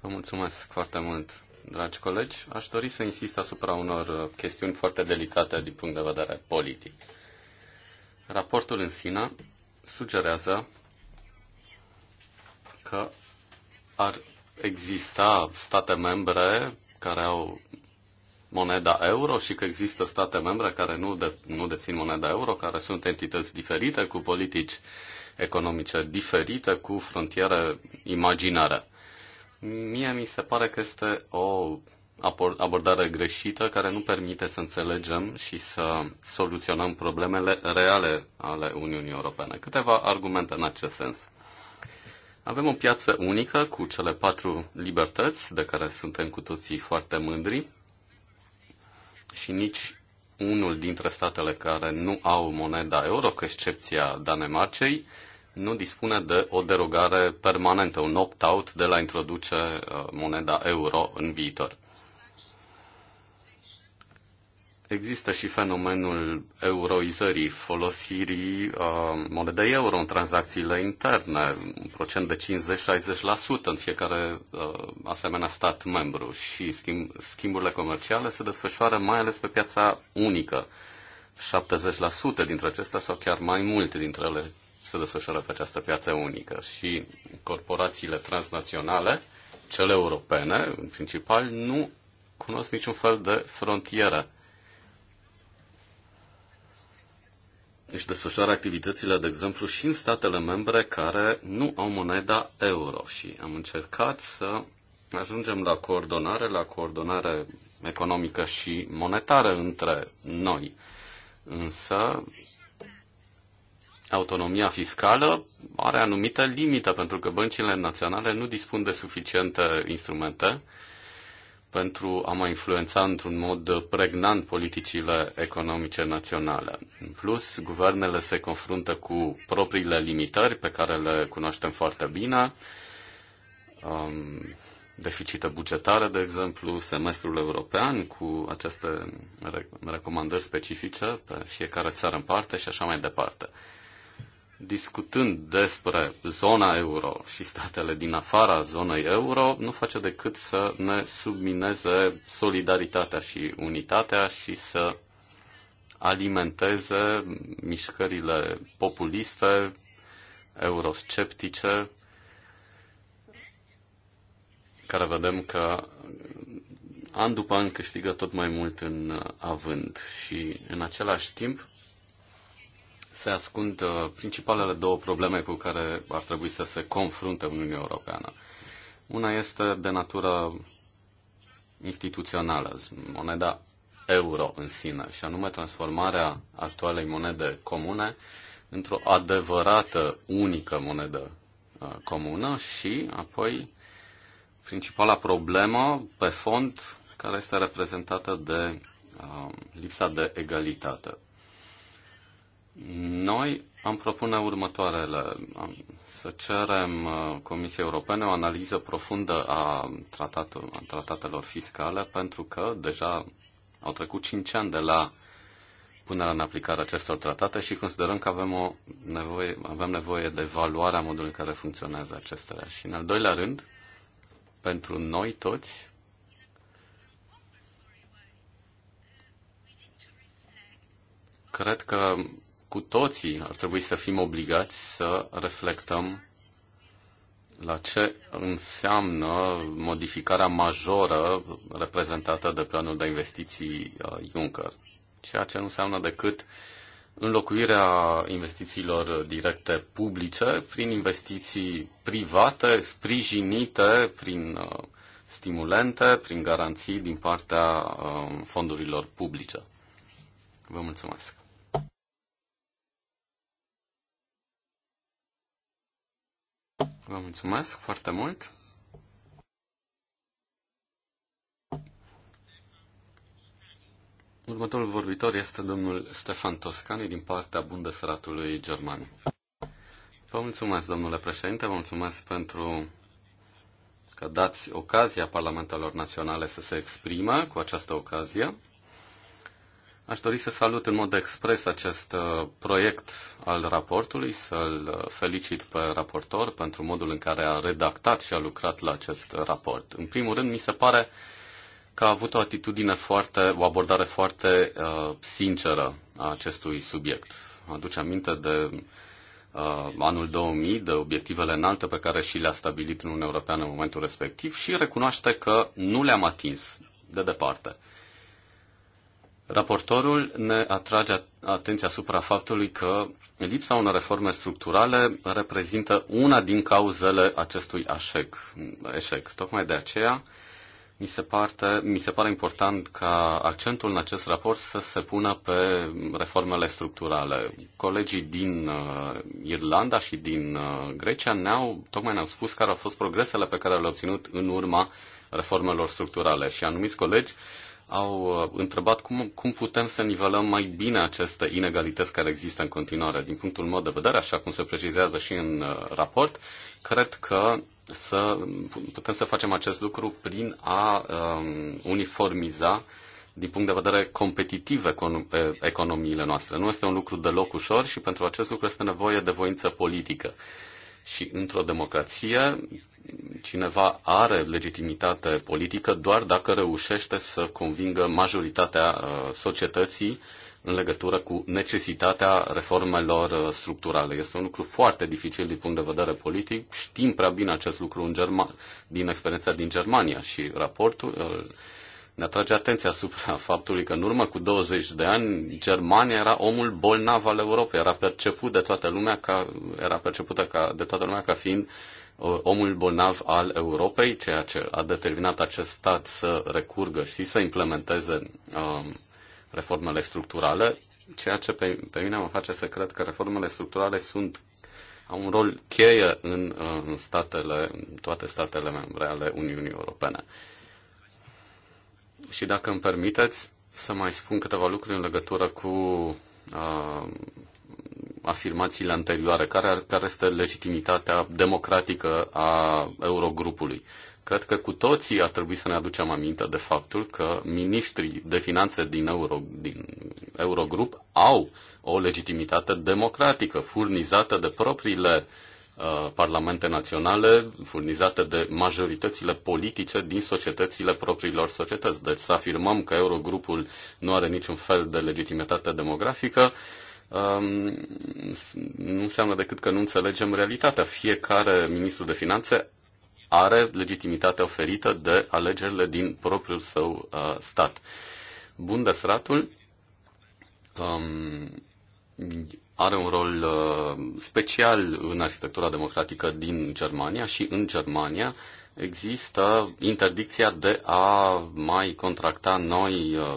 Vă mulțumesc foarte mult, dragi colegi. Aș dori să insist asupra unor uh, chestiuni foarte delicate din punct de vedere politic. Raportul în sine sugerează că ar exista state membre care au moneda euro și că există state membre care nu, de, nu dețin moneda euro, care sunt entități diferite, cu politici economice diferite, cu frontiere imaginare. Mie mi se pare că este o abordare greșită care nu permite să înțelegem și să soluționăm problemele reale ale Uniunii Europene. Câteva argumente în acest sens. Avem o piață unică cu cele patru libertăți de care suntem cu toții foarte mândri și nici unul dintre statele care nu au moneda euro, cu excepția Danemarcei, nu dispune de o derogare permanentă, un opt-out de la introduce uh, moneda euro în viitor. Există și fenomenul euroizării, folosirii uh, monedei euro în tranzacțiile interne, un procent de 50-60% în fiecare uh, asemenea stat membru și schimb, schimburile comerciale se desfășoară mai ales pe piața unică. 70% dintre acestea sau chiar mai multe dintre ele se desfășoară pe această piață unică și corporațiile transnaționale, cele europene, în principal, nu cunosc niciun fel de frontieră. Își desfășoară activitățile, de exemplu, și în statele membre care nu au moneda euro și am încercat să ajungem la coordonare, la coordonare economică și monetară între noi. Însă autonomia fiscală are anumită limită, pentru că băncile naționale nu dispun de suficiente instrumente pentru a mai influența într-un mod pregnant politicile economice naționale. În plus, guvernele se confruntă cu propriile limitări pe care le cunoaștem foarte bine, um, deficită bugetare, de exemplu, semestrul european cu aceste recomandări specifice pe fiecare țară în parte și așa mai departe discutând despre zona euro și statele din afara zonei euro, nu face decât să ne submineze solidaritatea și unitatea și să alimenteze mișcările populiste, eurosceptice, care vedem că an după an câștigă tot mai mult în având și în același timp se ascund uh, principalele două probleme cu care ar trebui să se confrunte Uniunea Europeană. Una este de natură instituțională, moneda euro în sine, și anume transformarea actualei monede comune într-o adevărată unică monedă uh, comună și apoi principala problemă pe fond care este reprezentată de uh, lipsa de egalitate. Noi am propune următoarele. Să cerem uh, Comisiei Europene o analiză profundă a, tratatul, a tratatelor fiscale, pentru că deja au trecut 5 ani de la punerea în aplicare acestor tratate și considerăm că avem, o nevoie, avem nevoie de evaluarea modului în care funcționează acestea. Și în al doilea rând, pentru noi toți, cred că cu toții ar trebui să fim obligați să reflectăm la ce înseamnă modificarea majoră reprezentată de planul de investiții uh, Juncker, ceea ce nu înseamnă decât înlocuirea investițiilor directe publice prin investiții private, sprijinite prin uh, stimulente, prin garanții din partea uh, fondurilor publice. Vă mulțumesc! Vă mulțumesc foarte mult. Următorul vorbitor este domnul Stefan Toscani din partea Bundesratului German. Vă mulțumesc, domnule președinte, vă mulțumesc pentru că dați ocazia parlamentelor naționale să se exprime cu această ocazie. Aș dori să salut în mod expres acest uh, proiect al raportului, să-l uh, felicit pe raportor pentru modul în care a redactat și a lucrat la acest uh, raport. În primul rând, mi se pare că a avut o atitudine foarte, o abordare foarte uh, sinceră a acestui subiect. Aduce aminte de uh, anul 2000, de obiectivele înalte pe care și le-a stabilit în Uniunea Europeană în momentul respectiv și recunoaște că nu le-am atins de departe. Raportorul ne atrage atenția asupra faptului că lipsa unor reforme structurale reprezintă una din cauzele acestui eșec. eșec. Tocmai de aceea mi se, parte, mi se pare important ca accentul în acest raport să se pună pe reformele structurale. Colegii din uh, Irlanda și din uh, Grecia ne-au, tocmai ne-au spus care au fost progresele pe care le-au obținut în urma reformelor structurale și anumiți colegi uh, au uh, întrebat cum, cum putem să nivelăm mai bine aceste inegalități care există în continuare. Din punctul meu de vedere, așa cum se precizează și în uh, raport, cred că să putem să facem acest lucru prin a um, uniformiza din punct de vedere competitiv econ- economiile noastre. Nu este un lucru deloc ușor și pentru acest lucru este nevoie de voință politică. Și într-o democrație cineva are legitimitate politică doar dacă reușește să convingă majoritatea uh, societății în legătură cu necesitatea reformelor uh, structurale. Este un lucru foarte dificil din punct de vedere politic. Știm prea bine acest lucru în German, din experiența din Germania și raportul uh, ne atrage atenția asupra [laughs] faptului că în urmă cu 20 de ani Germania era omul bolnav al Europei, era perceput de toată lumea ca, era percepută ca, de toată lumea ca fiind uh, Uh, omul bolnav al Europei, ceea ce a determinat acest stat să recurgă și să implementeze um, reformele structurale, ceea ce pe, pe mine mă face să cred că reformele structurale sunt au un rol cheie în, uh, în statele, în toate statele membre ale Uniunii Europene. Și dacă îmi permiteți să mai spun câteva lucruri în legătură cu uh, afirmațiile anterioare, care, care este legitimitatea democratică a Eurogrupului. Cred că cu toții ar trebui să ne aducem aminte de faptul că ministrii de finanțe din, Euro, din Eurogrup au o legitimitate democratică furnizată de propriile uh, parlamente naționale, furnizată de majoritățile politice din societățile propriilor societăți. Deci să afirmăm că Eurogrupul nu are niciun fel de legitimitate demografică, uh, Um, nu înseamnă decât că nu înțelegem realitatea. Fiecare ministru de finanțe are legitimitatea oferită de alegerile din propriul său uh, stat. Bundesratul um, are un rol uh, special în arhitectura democratică din Germania și în Germania uh, există interdicția de a mai contracta noi uh,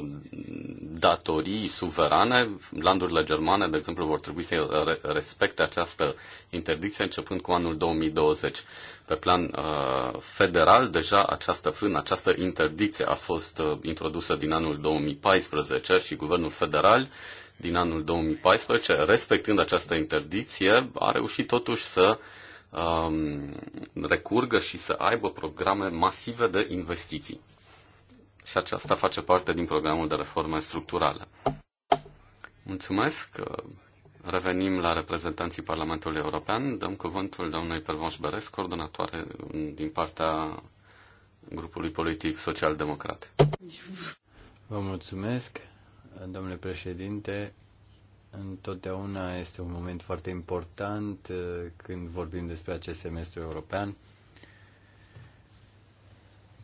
datorii suverane. Landurile germane, de exemplu, vor trebui să respecte această interdicție începând cu anul 2020. Pe plan uh, federal, deja această frână, această interdicție a fost uh, introdusă din anul 2014 și guvernul federal din anul 2014, respectând această interdicție, a reușit totuși să uh, Um, recurgă și să aibă programe masive de investiții. Și aceasta face parte din programul de reforme structurale. Mulțumesc. Revenim la reprezentanții Parlamentului European. Dăm cuvântul doamnei Pervonș Beres, coordonatoare din partea grupului politic social-democrat. Vă mulțumesc, domnule președinte, Întotdeauna este un moment foarte important uh, când vorbim despre acest semestru european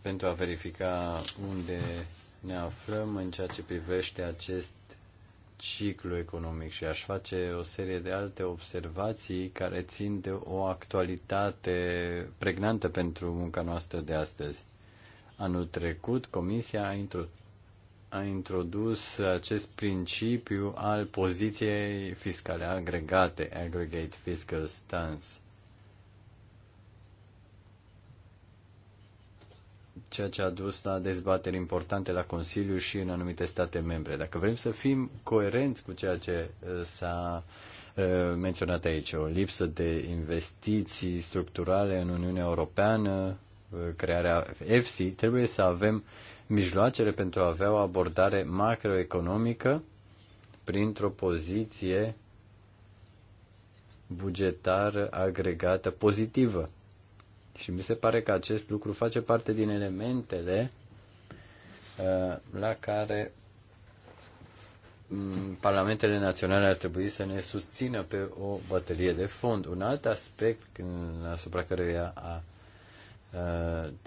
pentru a verifica unde ne aflăm în ceea ce privește acest ciclu economic și aș face o serie de alte observații care țin de o actualitate pregnantă pentru munca noastră de astăzi. Anul trecut, Comisia a introdus a introdus acest principiu al poziției fiscale agregate, aggregate fiscal stance. ceea ce a dus la dezbateri importante la Consiliu și în anumite state membre. Dacă vrem să fim coerenți cu ceea ce uh, s-a uh, menționat aici, o lipsă de investiții structurale în Uniunea Europeană, uh, crearea EFSI, trebuie să avem uh, mijloacele pentru a avea o abordare macroeconomică printr-o poziție bugetară agregată pozitivă. Și mi se pare că acest lucru face parte din elementele uh, la care mm, parlamentele naționale ar trebui să ne susțină pe o baterie de fond. Un alt aspect asupra căruia a Uh,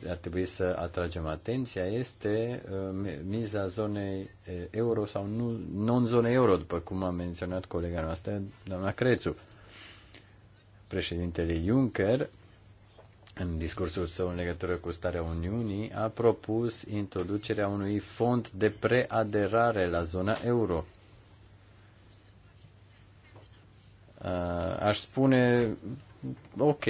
ar trebui să atragem atenția este uh, miza zonei uh, euro sau nu, non-zone euro, după cum a menționat colega noastră, doamna Crețu. Președintele Juncker, în discursul său în legătură cu starea Uniunii, a propus introducerea unui fond de preaderare la zona euro. Aș spune, ok,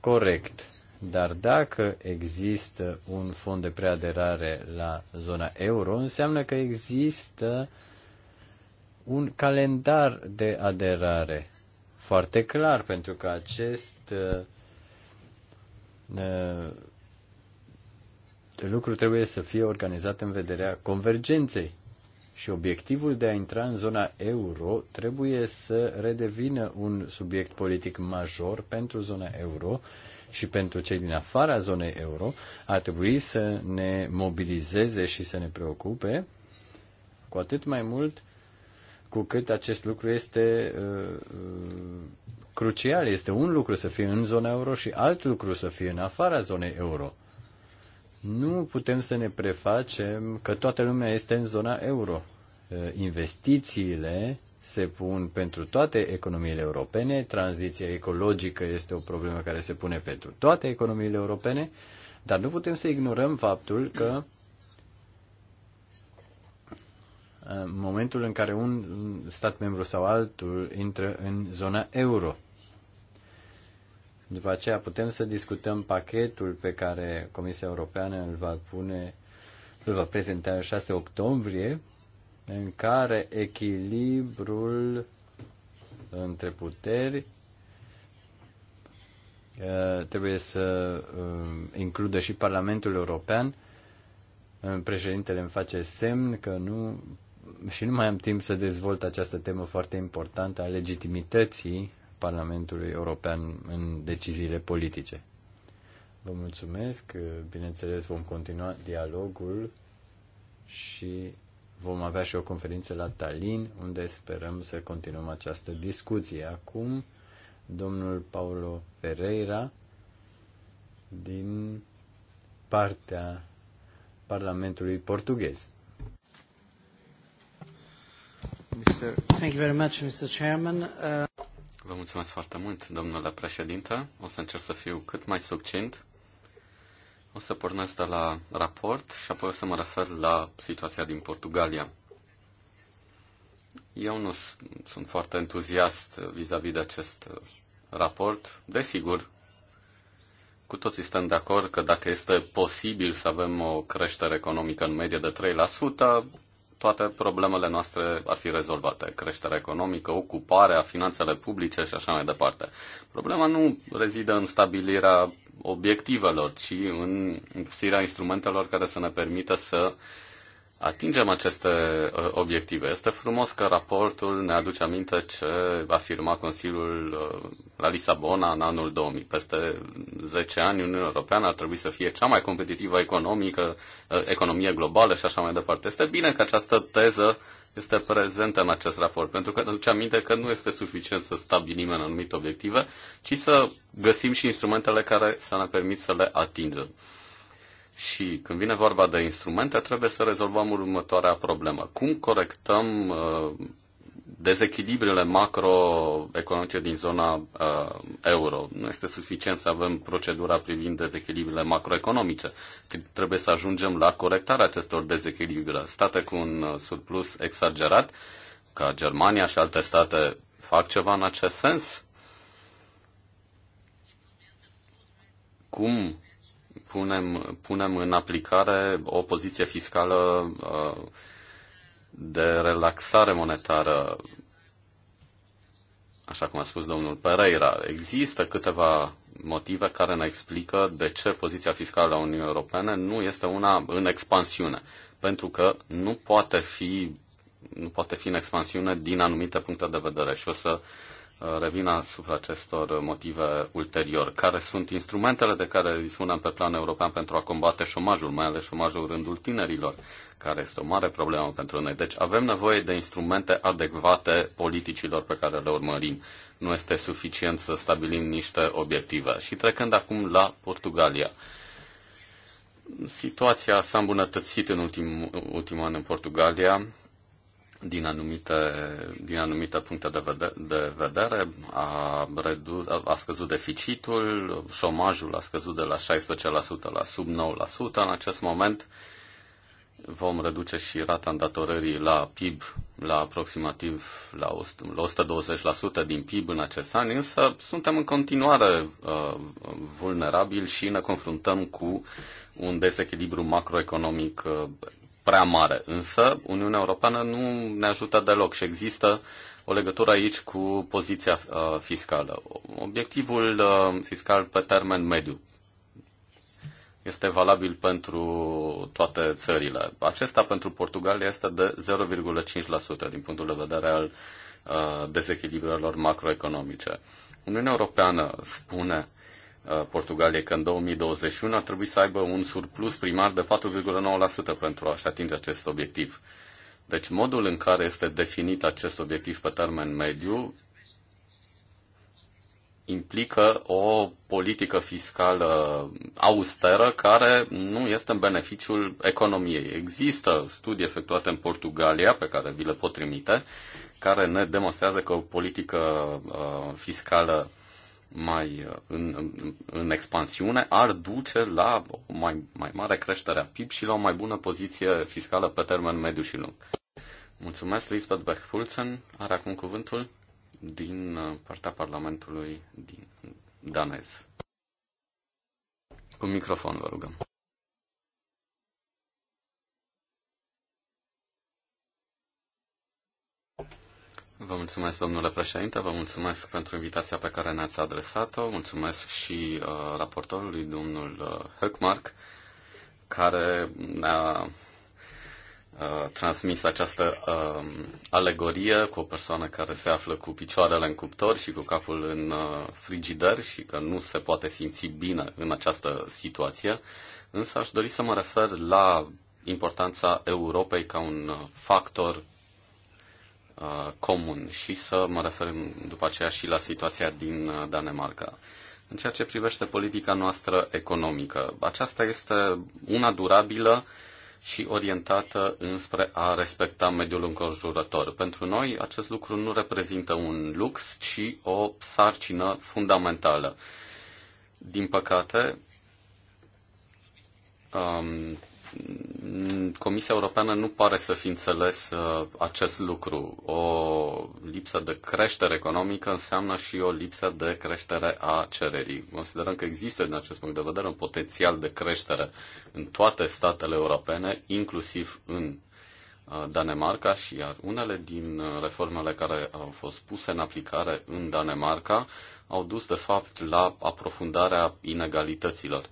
corect dar dacă există un fond de preaderare la zona euro, înseamnă că există un calendar de aderare foarte clar, pentru că acest uh, uh, lucru trebuie să fie organizat în vederea convergenței. Și obiectivul de a intra în zona euro trebuie să redevină un subiect politic major pentru zona euro și pentru cei din afara zonei euro ar trebui să ne mobilizeze și să ne preocupe, cu atât mai mult cu cât acest lucru este uh, uh crucial. Este un lucru să fie în zona euro și alt lucru să fie în afara zonei euro. Nu putem să ne prefacem că toată lumea este în zona euro. Uh, investițiile se pun pentru toate economiile europene, tranziția ecologică este o problemă care se pune pentru toate economiile europene, dar nu putem să ignorăm faptul că uh, în momentul în care un stat membru sau altul intră în zona euro. După aceea putem să discutăm pachetul pe care Comisia Europeană îl va pune, îl va prezenta în 6 octombrie în care echilibrul între puteri uh, trebuie să uh, includă și Parlamentul European. Uh, președintele îmi face semn că nu și nu mai am timp să dezvolt această temă foarte importantă a legitimității Parlamentului European în deciziile politice. Vă mulțumesc, bineînțeles vom continua dialogul și Vom avea și o conferință la Tallinn, unde sperăm să continuăm această discuție. Acum, domnul Paulo Ferreira, din partea Parlamentului portughez. Thank you very much, Mr. Chairman. Uh... Vă mulțumesc foarte mult, domnule președinte. O să încerc să fiu cât mai succint. O să pornesc de la raport și apoi o să mă refer la situația din Portugalia. Eu nu sunt foarte entuziast vis-a-vis -vis de acest raport. Desigur, cu toții suntem de acord că dacă este posibil să avem o creștere economică în medie de toate problemele noastre ar fi rezolvate. Creșterea economică, ocuparea, finanțele publice și așa mai departe. Problema nu rezidă în stabilirea obiectivelor, ci în găsirea instrumentelor care să ne permită să uh, atingem aceste uh, obiective. Este frumos că raportul ne aduce aminte ce a afirmat Consiliul uh, la Lisabona în anul 2000. Peste 10 ani Uniunea Europeană ar trebui să fie cea mai competitivă economică, uh, economie globală și așa mai departe. Este bine că această teză este prezentă în acest raport, pentru că ne aduce aminte că nu este suficient să stabilim anumite obiective, ci să găsim și instrumentele care să ne permit să le atingem. Și când vine vorba de instrumente, trebuie să rezolvăm următoarea problemă. Cum corectăm uh, dezechilibrele macroeconomice din zona uh, euro? Nu este suficient să avem procedura privind dezechilibrele macroeconomice. Trebuie să ajungem la corectarea acestor dezechilibre. State cu un uh, surplus exagerat, ca Germania și alte state, fac ceva în acest sens? Cum punem, punem în aplicare o poziție fiscală uh, de relaxare monetară, așa cum a spus domnul Pereira. Există câteva motive care ne explică de ce poziția fiscală a Uniunii Europene nu este una în expansiune, pentru că nu poate fi nu poate fi în expansiune din anumite puncte de vedere și o să uh, revin asupra acestor motive ulterior. Care sunt instrumentele de care dispunem pe plan european pentru a combate șomajul, mai ales șomajul rândul tinerilor, care este o mare problemă pentru noi. Deci avem nevoie de instrumente adecvate politicilor pe care le urmărim. Nu este suficient să stabilim niște obiective. Și trecând acum la Portugalia. Situația s-a îmbunătățit în ultim, ultimul an în Portugalia din anumite, din anumite puncte de vedere, de vedere a, redus, a scăzut deficitul, șomajul a scăzut de la 16% la sub 9%. În acest moment vom reduce și rata îndatorării la PIB la aproximativ la 120% din PIB în acest an, însă suntem în continuare uh, vulnerabili și ne confruntăm cu un dezechilibru macroeconomic uh, prea mare, însă Uniunea Europeană nu ne ajută deloc și există o legătură aici cu poziția uh, fiscală. Obiectivul uh, fiscal pe termen mediu este valabil pentru toate țările. Acesta pentru Portugalia este de 0,5% din punctul de vedere al uh, dezechilibrelor macroeconomice. Uniunea Europeană spune Uh, Portugaliei că în 2021 ar trebui să aibă un surplus primar de 4,9% pentru a-și atinge acest obiectiv. Deci modul în care este definit acest obiectiv pe termen mediu implică o politică fiscală austeră care nu este în beneficiul economiei. Există studii efectuate în Portugalia, pe care vi le pot trimite, care ne demonstrează că o politică uh, fiscală mai uh, în, în expansiune ar duce la o mai, mai mare creștere a PIB și la o mai bună poziție fiscală pe termen mediu și lung. Mulțumesc, Lisbeth beck Are acum cuvântul din uh, partea Parlamentului din danez. Cu microfon, vă rugăm. Vă mulțumesc, domnule președinte, vă mulțumesc pentru invitația pe care ne-ați adresat-o, mulțumesc și uh, raportorului, domnul uh, Höckmark, care ne-a uh, transmis această uh, alegorie cu o persoană care se află cu picioarele în cuptor și cu capul în uh, frigider și că nu se poate simți bine în această situație. Însă aș dori să mă refer la importanța Europei ca un uh, factor Uh, comun și să mă refer după aceea și la situația din uh, Danemarca. În ceea ce privește politica noastră economică, aceasta este una durabilă și orientată înspre a respecta mediul înconjurător. Pentru noi, acest lucru nu reprezintă un lux, ci o sarcină fundamentală. Din păcate, um, Comisia Europeană nu pare să fi înțeles uh, acest lucru. O lipsă de creștere economică înseamnă și o lipsă de creștere a cererii. Considerăm că există, din acest punct de vedere, un potențial de creștere în toate statele europene, inclusiv în uh, Danemarca și iar unele din uh, reformele care au fost puse în aplicare în Danemarca au dus, de fapt, la aprofundarea inegalităților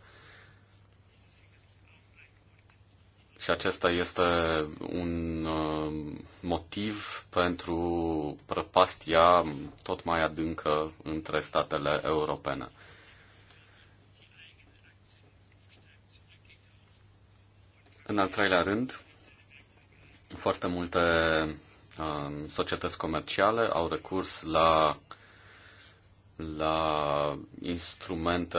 Și acesta este un uh, motiv pentru prăpastia tot mai adâncă între statele europene. În al treilea rând, foarte multe uh, societăți comerciale au recurs la la instrumente,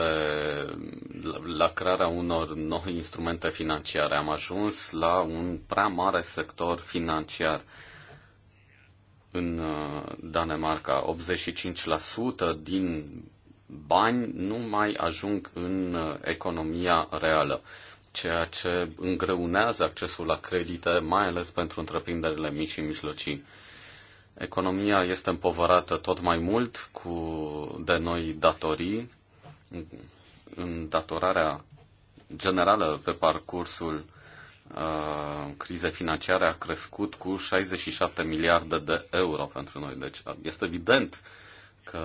la, la crearea unor noi instrumente financiare. Am ajuns la un prea mare sector financiar. În uh, Danemarca, 85% din bani nu mai ajung în uh, economia reală, ceea ce îngreunează accesul la credite, mai ales pentru întreprinderile mici și mijlocii. Economia este împovărată tot mai mult cu de noi datorii. Îndatorarea generală pe parcursul uh, crizei financiare a crescut cu 67 miliarde de euro pentru noi. Deci este evident că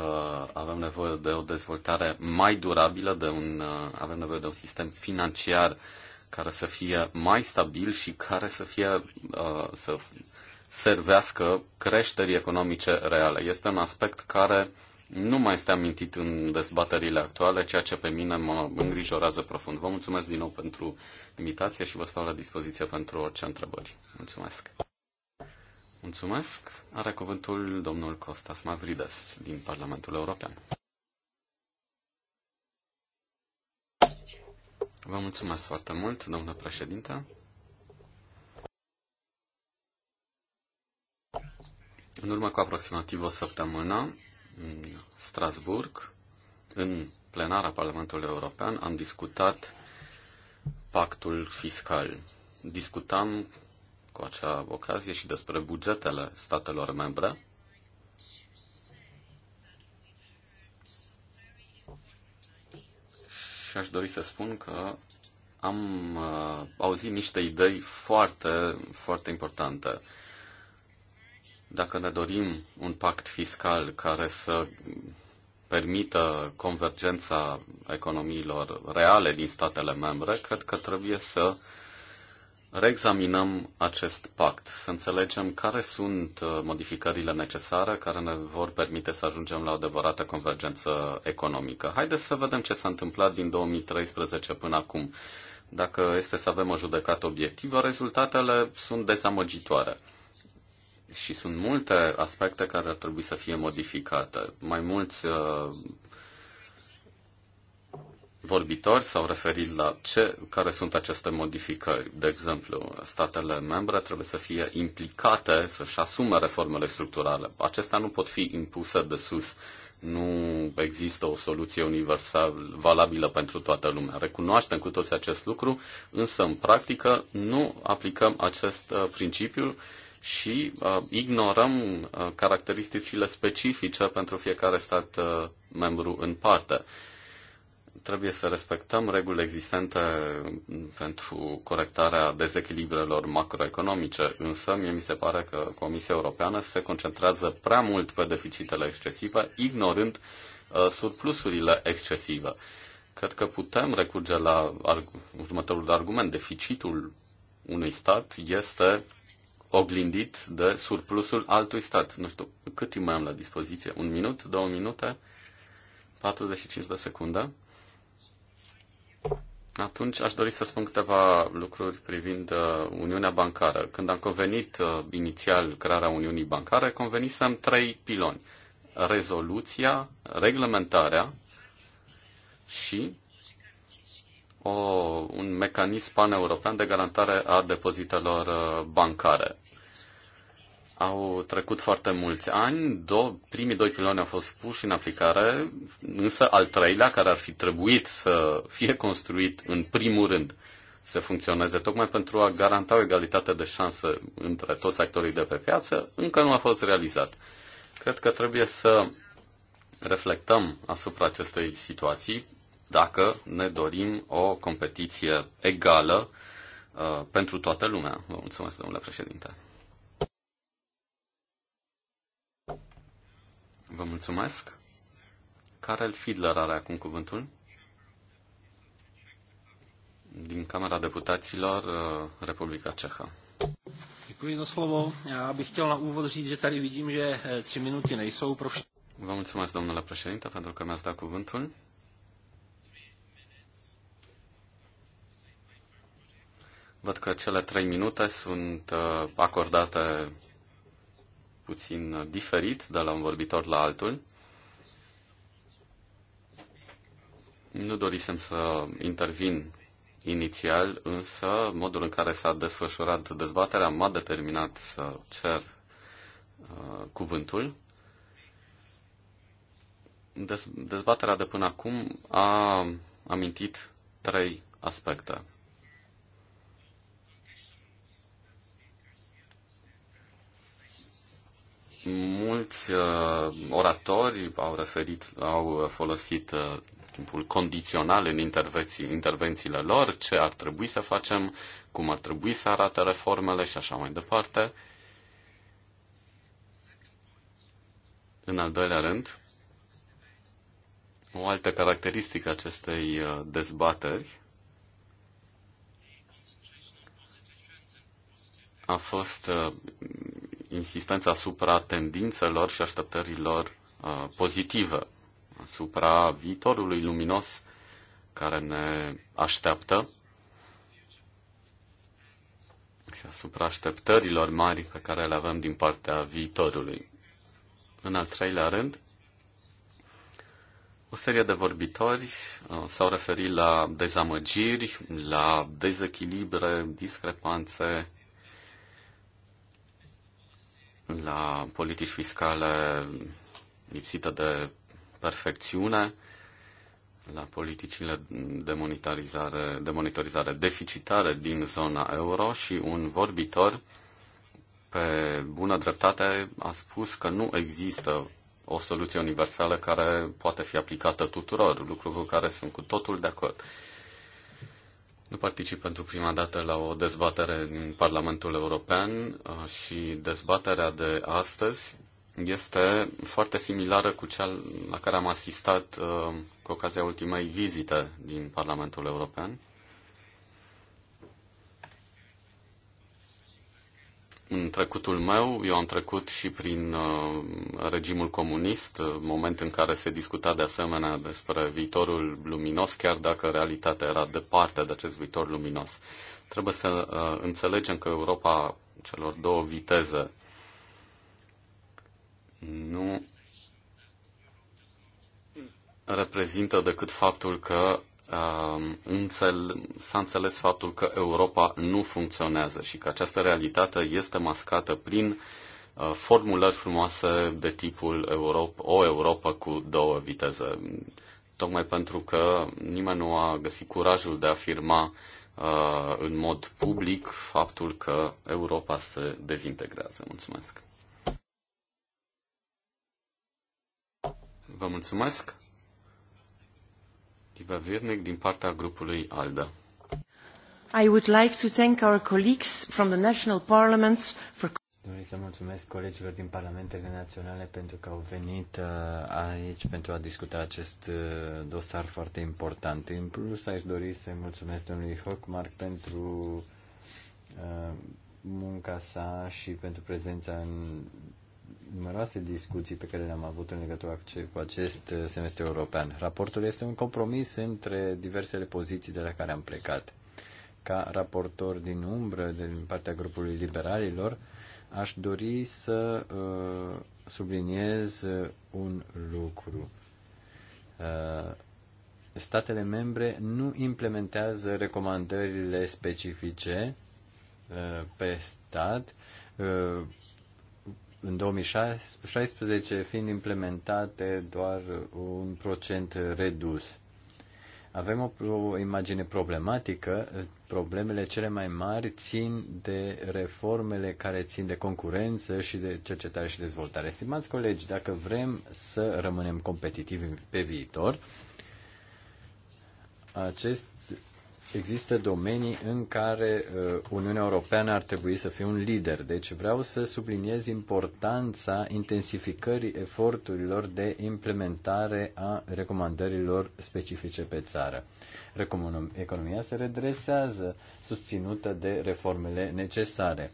avem nevoie de o dezvoltare mai durabilă, de un, uh, avem nevoie de un sistem financiar care să fie mai stabil și care să fie uh, să servească creșterii economice reale. Este un aspect care nu mai este amintit în dezbaterile actuale, ceea ce pe mine mă îngrijorează profund. Vă mulțumesc din nou pentru invitație și vă stau la dispoziție pentru orice întrebări. Mulțumesc! Mulțumesc! Are cuvântul domnul Costas Mavrides din Parlamentul European. Vă mulțumesc foarte mult, domnule președinte. În urmă cu aproximativ o săptămână, în Strasburg, în plenara Parlamentului European, am discutat pactul fiscal. Discutam cu acea ocazie și despre bugetele statelor membre. Și aș dori să spun că am uh, auzit niște idei foarte, foarte importante. Uh, dacă ne dorim un pact fiscal care să permită convergența economiilor reale din statele membre, cred că trebuie să reexaminăm acest pact, să înțelegem care sunt uh, modificările necesare care ne vor permite să ajungem la o adevărată convergență economică. Haideți să vedem ce s-a întâmplat din 2013 până acum. Dacă este să avem o judecată obiectivă, rezultatele sunt dezamăgitoare și sunt multe aspecte care ar trebui să fie modificate. Mai mulți uh, vorbitori s-au referit la ce, care sunt aceste modificări. De exemplu, statele membre trebuie să fie implicate, să-și asume reformele structurale. Acestea nu pot fi impuse de sus. Nu există o soluție universal valabilă pentru toată lumea. Recunoaștem cu toți acest lucru, însă în practică nu aplicăm acest uh, principiu și uh, ignorăm uh, caracteristicile specifice pentru fiecare stat uh, membru în parte. Trebuie să respectăm regulile existente mm, pentru corectarea dezechilibrelor macroeconomice, însă mie mi se pare că Comisia Europeană se concentrează prea mult pe deficitele excesive, ignorând uh, surplusurile excesive. Cred că putem recurge la arg- următorul argument. Deficitul unui stat este oglindit de surplusul altui stat. Nu știu, cât timp mai am la dispoziție? Un minut? Două minute? 45 de secunde? Atunci aș dori să spun câteva lucruri privind uh, Uniunea Bancară. Când am convenit uh, inițial crearea Uniunii Bancare, convenisem trei piloni. Rezoluția, reglementarea și o, un mecanism paneuropean de garantare a depozitelor uh, bancare. Au trecut foarte mulți ani, do- primii doi piloni au fost puși în aplicare, însă al treilea, care ar fi trebuit să fie construit în primul rând, să funcționeze tocmai pentru a garanta o egalitate de șanse între toți actorii de pe piață, încă nu a fost realizat. Cred că trebuie să reflectăm asupra acestei situații, dacă ne dorim o competiție egală uh, pentru toată lumea. Vă mulțumesc, domnule președinte. Vă mulțumesc. Karel Fidler are acum cuvântul. Din Camera Deputaților, uh, Republica Cehă. Děkuji za slovo. Já bych chtěl na úvod říct, že tady vidím, že eh, tři minuty nejsou pro Vă mulțumesc, domnule președinte, pentru că mi-ați dat cuvântul. Văd că cele trei minute sunt uh, acordate puțin diferit de la un vorbitor la altul. Nu dorisem să intervin inițial, însă modul în care s-a desfășurat dezbaterea m-a determinat să cer uh, cuvântul. Dez- dezbaterea de până acum a amintit trei aspecte. Mulți uh, oratori au referit, au folosit uh, timpul condițional în intervenții, intervențiile lor, ce ar trebui să facem, cum ar trebui să arate reformele și așa mai departe. În al doilea rând, o altă caracteristică acestei uh, dezbateri a fost uh, insistența asupra tendințelor și așteptărilor uh, pozitive, asupra viitorului luminos care ne așteaptă și asupra așteptărilor mari pe care le avem din partea viitorului. În al treilea rând, o serie de vorbitori uh, s-au referit la dezamăgiri, la dezechilibre, discrepanțe la politici fiscale lipsite de perfecțiune, la politicile de monitorizare, de monitorizare deficitare din zona euro și un vorbitor pe bună dreptate a spus că nu există o soluție universală care poate fi aplicată tuturor, lucru cu care sunt cu totul de acord. Nu particip pentru prima dată la o dezbatere din Parlamentul European uh, și dezbaterea de astăzi este foarte similară cu cea la care am asistat uh, cu ocazia ultimei vizite din Parlamentul European. în trecutul meu, eu am trecut și prin uh, regimul comunist, uh, moment în care se discuta de asemenea despre viitorul luminos, chiar dacă realitatea era departe de acest viitor luminos. Trebuie să uh, înțelegem că Europa celor două viteze nu reprezintă decât faptul că s-a înțeles faptul că Europa nu funcționează și că această realitate este mascată prin uh, formulări frumoase de tipul Europa, o Europa cu două viteze. Tocmai pentru că nimeni nu a găsit curajul de a afirma uh, în mod public faptul că Europa se dezintegrează. Mulțumesc! Vă mulțumesc! Tiva Virnic din partea grupului ALDA. I would like to thank our colleagues from the national parliaments for Doresc să mulțumesc colegilor din Parlamentele Naționale pentru că au venit uh, aici pentru a discuta acest uh, dosar foarte important. În plus, aș dori să mulțumesc domnului Hockmark pentru uh, munca sa și pentru prezența în numeroase discuții pe care le-am avut în legătură cu acest uh, semestru european. Raportul este un compromis între diversele poziții de la care am plecat. Ca raportor din umbră din partea grupului liberalilor, aș dori să uh, subliniez un lucru. Uh, statele membre nu implementează recomandările specifice uh, pe stat uh, în 2016 fiind implementate doar un procent redus. Avem o, o imagine problematică. Problemele cele mai mari țin de reformele care țin de concurență și de cercetare și dezvoltare. Stimați colegi, dacă vrem să rămânem competitivi pe viitor, acest există domenii în care uh, Uniunea Europeană ar trebui să fie un lider. Deci vreau să subliniez importanța intensificării eforturilor de implementare a recomandărilor specifice pe țară. Economia se redresează, susținută de reformele necesare.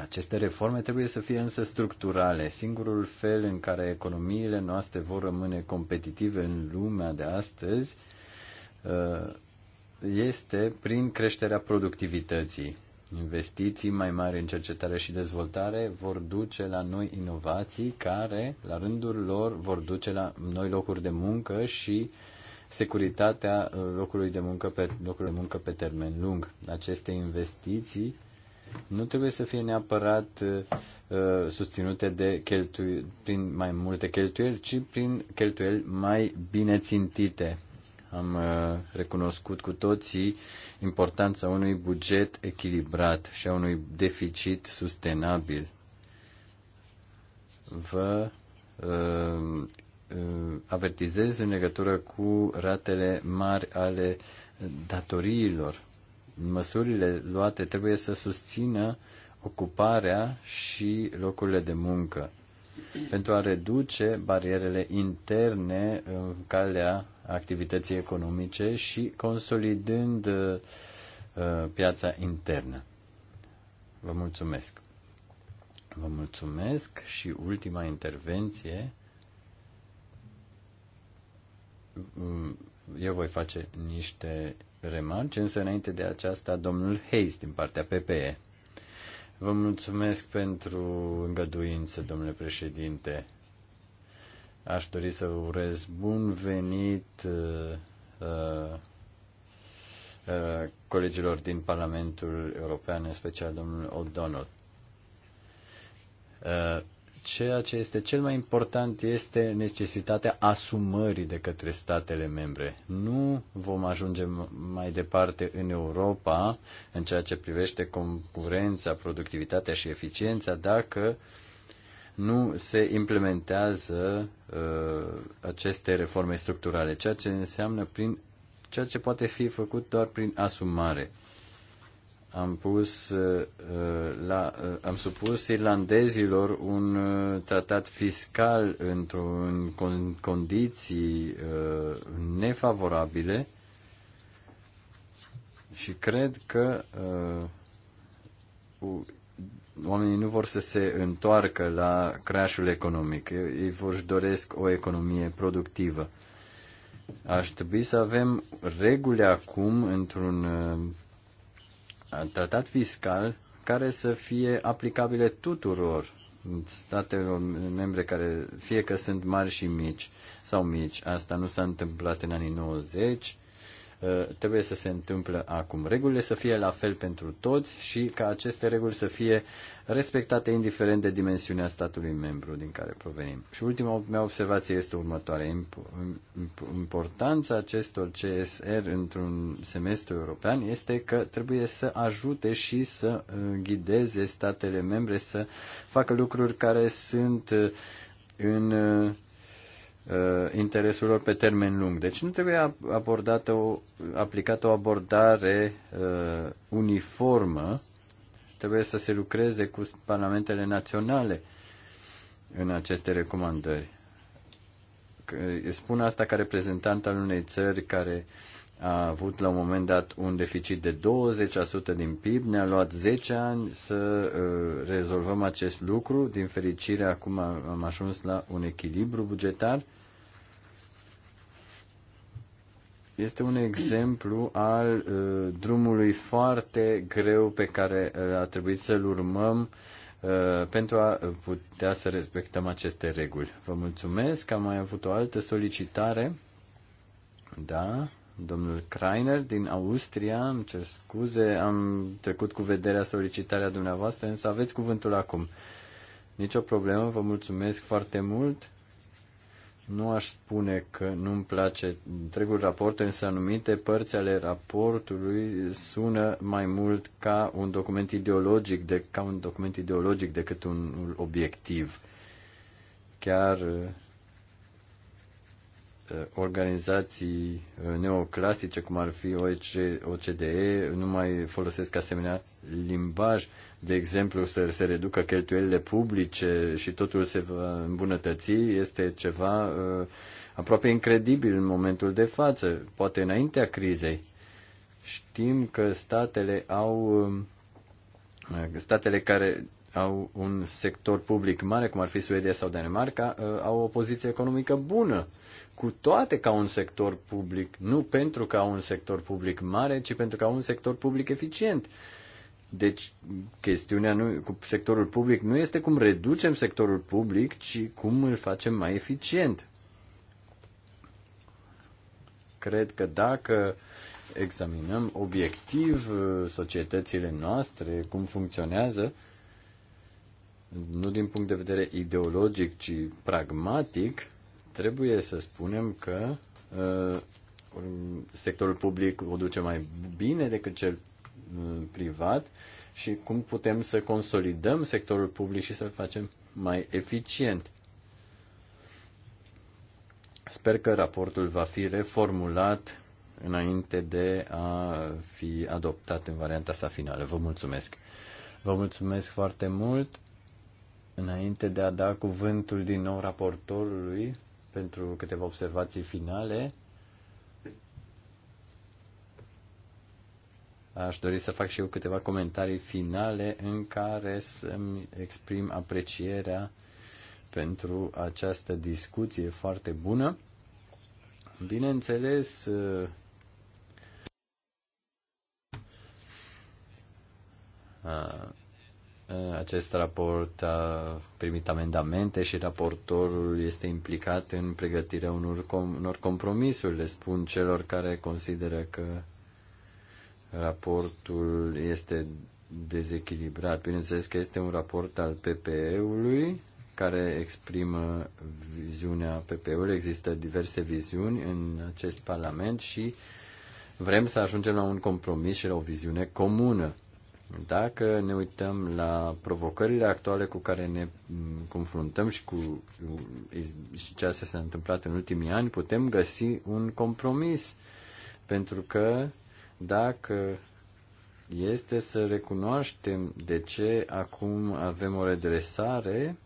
Aceste reforme trebuie să fie însă structurale. Singurul fel în care economiile noastre vor rămâne competitive în lumea de astăzi uh, este prin creșterea productivității. Investiții mai mari în cercetare și dezvoltare vor duce la noi inovații care, la rândul lor, vor duce la noi locuri de muncă și securitatea uh, locului de muncă pe, de muncă pe termen lung. Aceste investiții nu trebuie să fie neapărat uh, uh susținute de cheltuie, prin mai multe cheltuieli, ci prin cheltuieli mai bine țintite am uh, recunoscut cu toții importanța unui buget echilibrat și a unui deficit sustenabil. Vă uh, uh, avertizez în legătură cu ratele mari ale datoriilor. Măsurile luate trebuie să susțină ocuparea și locurile de muncă pentru a reduce barierele interne în calea activității economice și consolidând uh, uh, piața internă. Vă mulțumesc. Vă mulțumesc și ultima intervenție. Mm, eu voi face niște remarci, însă înainte de aceasta domnul Hayes din partea PPE. Vă mulțumesc pentru îngăduință, domnule președinte. Aș dori să vă urez bun venit uh, uh, uh colegilor din Parlamentul European, în special domnul O'Donnell. Uh, ceea ce este cel mai important este necesitatea asumării de către statele membre. Nu vom ajunge mai departe în Europa în ceea ce privește concurența, productivitatea și eficiența dacă nu se implementează uh, aceste reforme structurale, ceea ce înseamnă prin ceea ce poate fi făcut doar prin asumare. Uh, am pus uh, uh, la, uh, am supus irlandezilor un tratat fiscal într-un în condiții nefavorabile și cred că oamenii nu vor să se întoarcă la crashul economic. Ei vor își doresc o economie productivă. Aș trebui să avem reguli acum într-un tratat fiscal care să fie aplicabile tuturor statelor membre care fie că sunt mari și mici sau mici. Asta nu s-a întâmplat în anii 90 Eh, trebuie să se întâmplă acum. Regulile să fie la fel pentru toți și ca aceste reguli să fie respectate indiferent de dimensiunea statului membru din care provenim. Și ultima mea observație este următoarea. Importanța acestor CSR într-un semestru european este că trebuie să ajute și să eh, ghideze statele membre să facă lucruri care sunt eh, în Uh, lor pe termen lung. Deci nu trebuie abordată o, aplicată o abordare uh, uniformă, trebuie să se lucreze cu parlamentele naționale în aceste recomandări. Spun asta ca reprezentant al unei țări care a avut la un moment dat un deficit de 20% din PIB, ne-a luat 10 ani să uh, rezolvăm acest lucru. Din fericire, acum am ajuns la un echilibru bugetar este un exemplu al uh, drumului foarte greu pe care uh, a trebuit să-l urmăm uh, pentru a putea să respectăm aceste reguli. Vă mulțumesc. Am mai avut o altă solicitare. Da, domnul Kreiner din Austria, îmi cer scuze, am trecut cu vederea solicitarea dumneavoastră, însă aveți cuvântul acum. Nicio problemă, vă mulțumesc foarte mult. Nu aș spune că nu-mi place întregul raport, însă anumite părți ale raportului sună mai mult ca un document ideologic, de, ca un document ideologic decât un obiectiv. Chiar Uh, organizații uh, neoclasice, cum ar fi OCDE, nu mai folosesc asemenea limbaj. De exemplu, să se reducă cheltuielile publice și totul se va îmbunătăți este ceva uh, aproape incredibil în momentul de față, poate înaintea crizei. Știm că statele au um, statele care au un sector public mare, cum ar fi Suedia sau Danemarca, au o poziție economică bună cu toate ca un sector public, nu pentru ca un sector public mare, ci pentru ca un sector public eficient. Deci, chestiunea nu, cu sectorul public nu este cum reducem sectorul public, ci cum îl facem mai eficient. Cred că dacă examinăm obiectiv uh, societățile noastre, cum funcționează, nu din punct de vedere ideologic, ci pragmatic, trebuie să spunem că uh, um, sectorul public o duce mai bine decât cel uh, privat și cum putem să consolidăm sectorul public și să-l facem mai eficient. Sper că raportul va fi reformulat înainte de a fi adoptat în varianta sa finală. Vă mulțumesc. Vă mulțumesc foarte mult. Înainte de a da cuvântul din nou raportorului, pentru câteva observații finale. Aș dori să fac și eu câteva comentarii finale în care să-mi exprim aprecierea pentru această discuție foarte bună. Bineînțeles, uh, acest raport a primit amendamente și raportorul este implicat în pregătirea unor, com- unor compromisuri, le spun celor care consideră că raportul este dezechilibrat. Bineînțeles că este un raport al PPE-ului care exprimă viziunea PPE-ului. Există diverse viziuni în acest Parlament și vrem să ajungem la un compromis și la o viziune comună. Dacă ne uităm la provocările actuale cu care ne mm, confruntăm și cu și ceea ce s-a întâmplat în ultimii ani, putem găsi un compromis. Pentru că dacă este să recunoaștem de ce acum avem o redresare,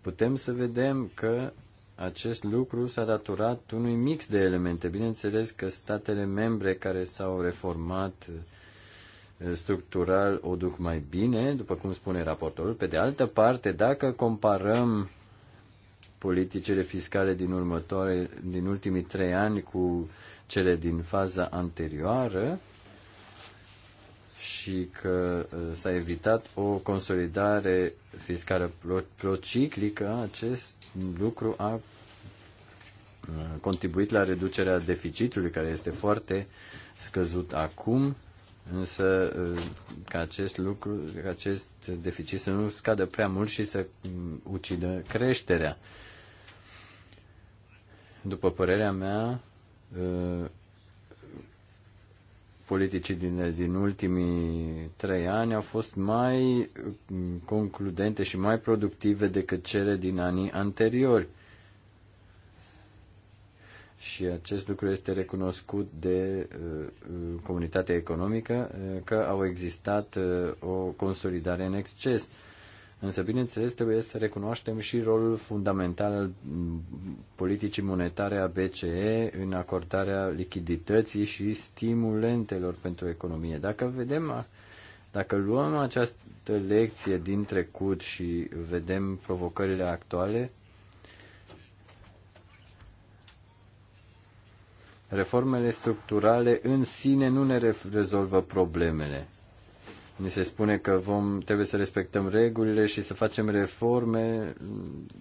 putem să vedem că acest lucru s-a datorat unui mix de elemente. Bineînțeles că statele membre care s-au reformat uh, structural o duc mai bine, după cum spune raportorul. Pe de altă parte, dacă comparăm politicile fiscale din, următoare, din ultimii trei ani cu cele din faza anterioară și că uh, s-a evitat o consolidare fiscală prociclică, acest lucru a uh, contribuit la reducerea deficitului, care este foarte scăzut acum Însă uh, ca acest lucru, ca acest deficit să nu scadă prea mult și să mm, ucidă creșterea. După părerea mea, uh, politicii din, din ultimii trei ani au fost mai mm, concludente și mai productive decât cele din anii anteriori și acest lucru este recunoscut de uh, comunitatea economică, uh, că au existat uh, o consolidare în exces. Însă, bineînțeles, trebuie să recunoaștem și rolul fundamental al mm, politicii monetare a BCE în acordarea lichidității și stimulentelor pentru economie. Dacă vedem, dacă luăm această lecție din trecut și vedem provocările actuale, Reformele structurale în sine nu ne rezolvă problemele. Ni se spune că vom, trebuie să respectăm regulile și să facem reforme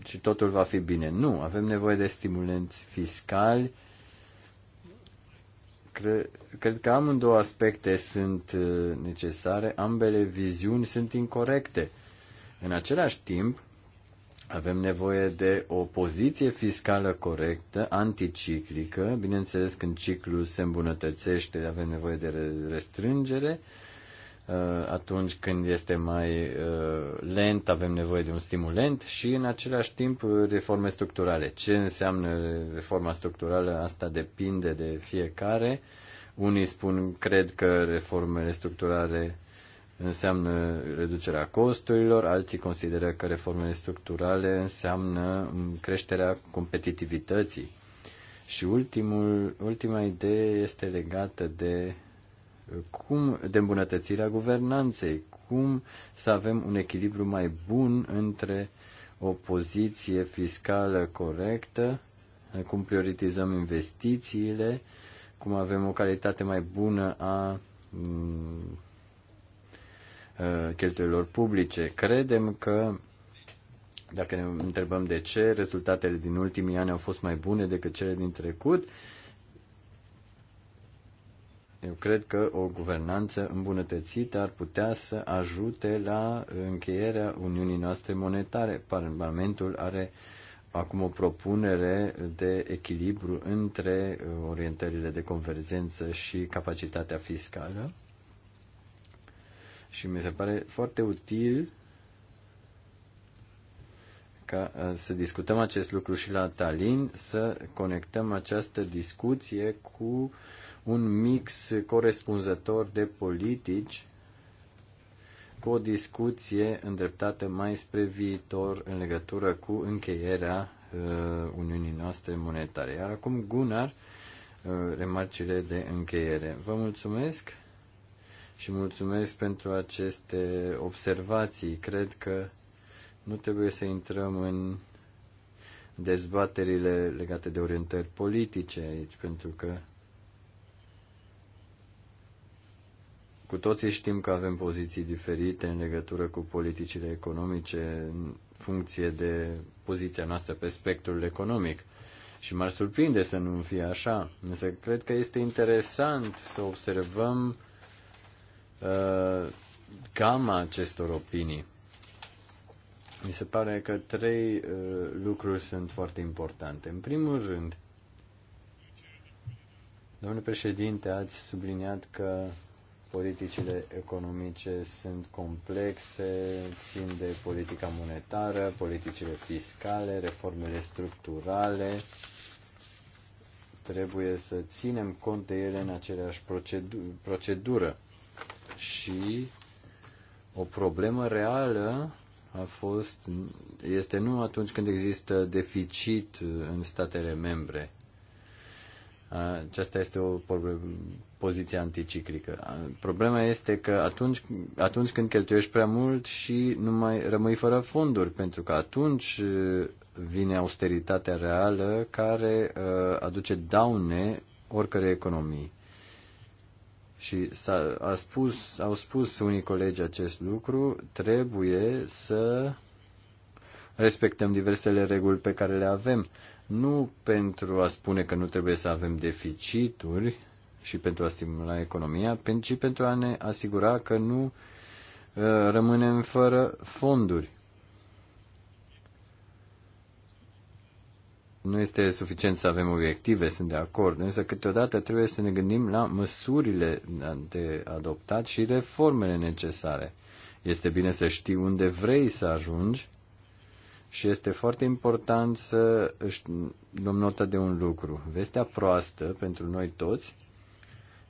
și totul va fi bine. Nu, avem nevoie de stimulenți fiscali. Cre, cred că amândouă aspecte sunt uh, necesare, ambele viziuni sunt incorrecte. În același timp, avem nevoie de o poziție fiscală corectă, anticiclică. Bineînțeles, când ciclul se îmbunătățește, avem nevoie de restrângere. Uh, atunci când este mai uh, lent, avem nevoie de un stimulent și, în același timp, reforme structurale. Ce înseamnă reforma structurală? Asta depinde de fiecare. Unii spun, cred că reformele structurale înseamnă reducerea costurilor, alții consideră că reformele structurale înseamnă creșterea competitivității. Și ultimul, ultima idee este legată de cum de îmbunătățirea guvernanței, cum să avem un echilibru mai bun între o poziție fiscală corectă, cum prioritizăm investițiile, cum avem o calitate mai bună a mm, Uh, cheltuielor publice. Credem că, dacă ne întrebăm de ce, rezultatele din ultimii ani au fost mai bune decât cele din trecut, eu cred că o guvernanță îmbunătățită ar putea să ajute la încheierea Uniunii noastre monetare. Parlamentul are acum o propunere de echilibru între orientările de convergență și capacitatea fiscală și mi se pare foarte util ca uh, să discutăm acest lucru și la Tallinn, să conectăm această discuție cu un mix corespunzător de politici, cu o discuție îndreptată mai spre viitor în legătură cu încheierea uh, Uniunii noastre monetare. Iar acum, Gunnar, uh, remarcile de încheiere. Vă mulțumesc! și mulțumesc pentru aceste observații. Cred că nu trebuie să intrăm în dezbaterile legate de orientări politice aici, pentru că cu toții știm că avem poziții diferite în legătură cu politicile economice în funcție de poziția noastră pe spectrul economic. Și m-ar surprinde să nu fie așa, însă cred că este interesant să observăm Uh, gama acestor opinii. Mi se pare că trei uh, lucruri sunt foarte importante. În primul rând, domnule președinte, ați subliniat că politicile economice sunt complexe, țin de politica monetară, politicile fiscale, reformele structurale. Trebuie să ținem cont de ele în aceleași procedu- procedură și o problemă reală a fost, este nu atunci când există deficit în statele membre. Aceasta este o poziție anticiclică. Problema este că atunci, atunci când cheltuiești prea mult și nu mai rămâi fără fonduri, pentru că atunci vine austeritatea reală care aduce daune oricărei economii și a a spus, au spus unii colegi acest lucru, trebuie să respectăm diversele reguli pe care le avem. Nu pentru a spune că nu trebuie să avem deficituri și pentru a stimula economia, ci pentru a ne asigura că nu uh, rămânem fără fonduri. Nu este suficient să avem obiective, sunt de acord, însă câteodată trebuie să ne gândim la măsurile de adoptat și reformele necesare. Este bine să știi unde vrei să ajungi și este foarte important să își luăm notă de un lucru. Vestea proastă pentru noi toți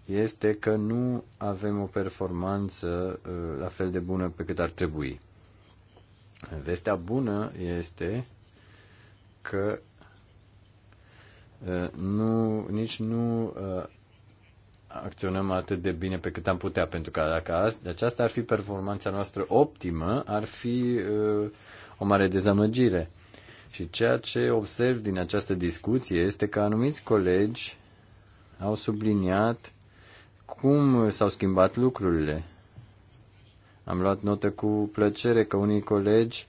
este că nu avem o performanță uh, la fel de bună pe cât ar trebui. Vestea bună este că Uh, nu, nici nu uh, acționăm atât de bine pe cât am putea, pentru că dacă aceasta deci ar fi performanța noastră optimă, ar fi uh, o mare dezamăgire. Și ceea ce observ din această discuție este că anumiți colegi au subliniat cum s-au schimbat lucrurile. Am luat notă cu plăcere că unii colegi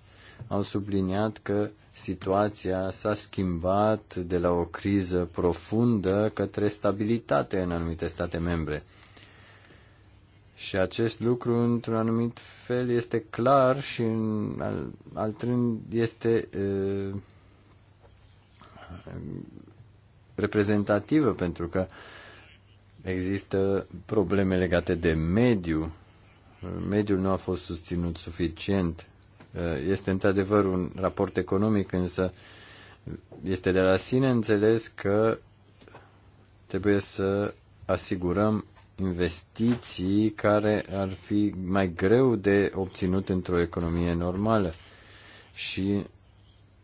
au subliniat că situația s-a schimbat de la o criză profundă către stabilitate în anumite state membre. Și acest lucru, într-un anumit fel, este clar și în alt rând este e, reprezentativă, pentru că există probleme legate de mediu. Mediul nu a fost susținut suficient Eh, este într-adevăr un raport economic, însă este de la sine înțeles că trebuie să asigurăm investiții care ar fi mai greu de obținut într-o economie normală. Și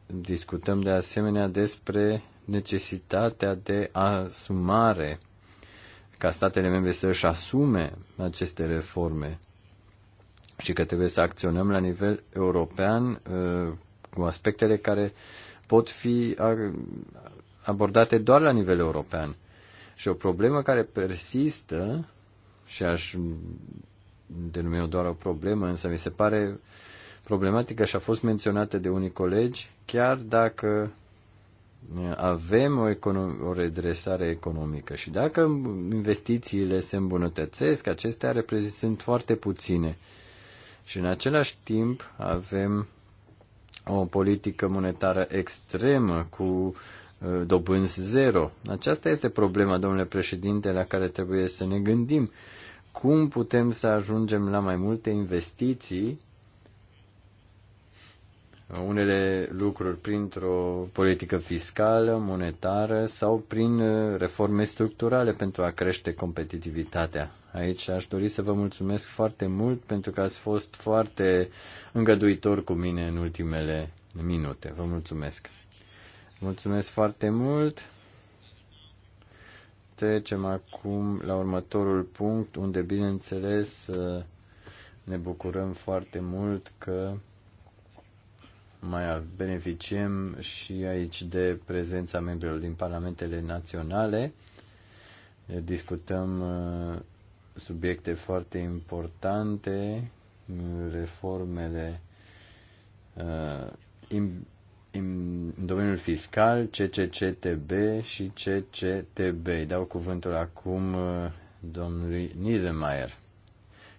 discutăm de asemenea despre necesitatea de asumare, ca statele membre să își asume aceste reforme și că trebuie să acționăm la nivel european uh, cu aspectele care pot fi abordate doar la nivel european. Și o problemă care persistă, și aș denume o doar o problemă, însă mi se pare problematică și a fost menționată de unii colegi, chiar dacă uh, avem o, o redresare economică și dacă investițiile se îmbunătățesc, acestea reprezintă foarte puține. Uh, și în același timp avem o politică monetară extremă cu uh, dobânzi zero. Aceasta este problema, domnule președinte, la care trebuie să ne gândim. Cum putem să ajungem la mai multe investiții Uh, unele lucruri printr-o politică fiscală, monetară sau prin uh, reforme structurale pentru a crește competitivitatea. Aici aș dori să vă mulțumesc foarte mult pentru că ați fost foarte îngăduitor cu mine în ultimele minute. Vă mulțumesc. Mulțumesc foarte mult. Trecem acum la următorul punct unde, bineînțeles, uh, ne bucurăm foarte mult că mai beneficiem și aici de prezența membrilor din parlamentele naționale. Discutăm uh, subiecte foarte importante, reformele uh, în domeniul fiscal, CCCTB și CCTB. Dau cuvântul acum uh, domnului Niesemeyer,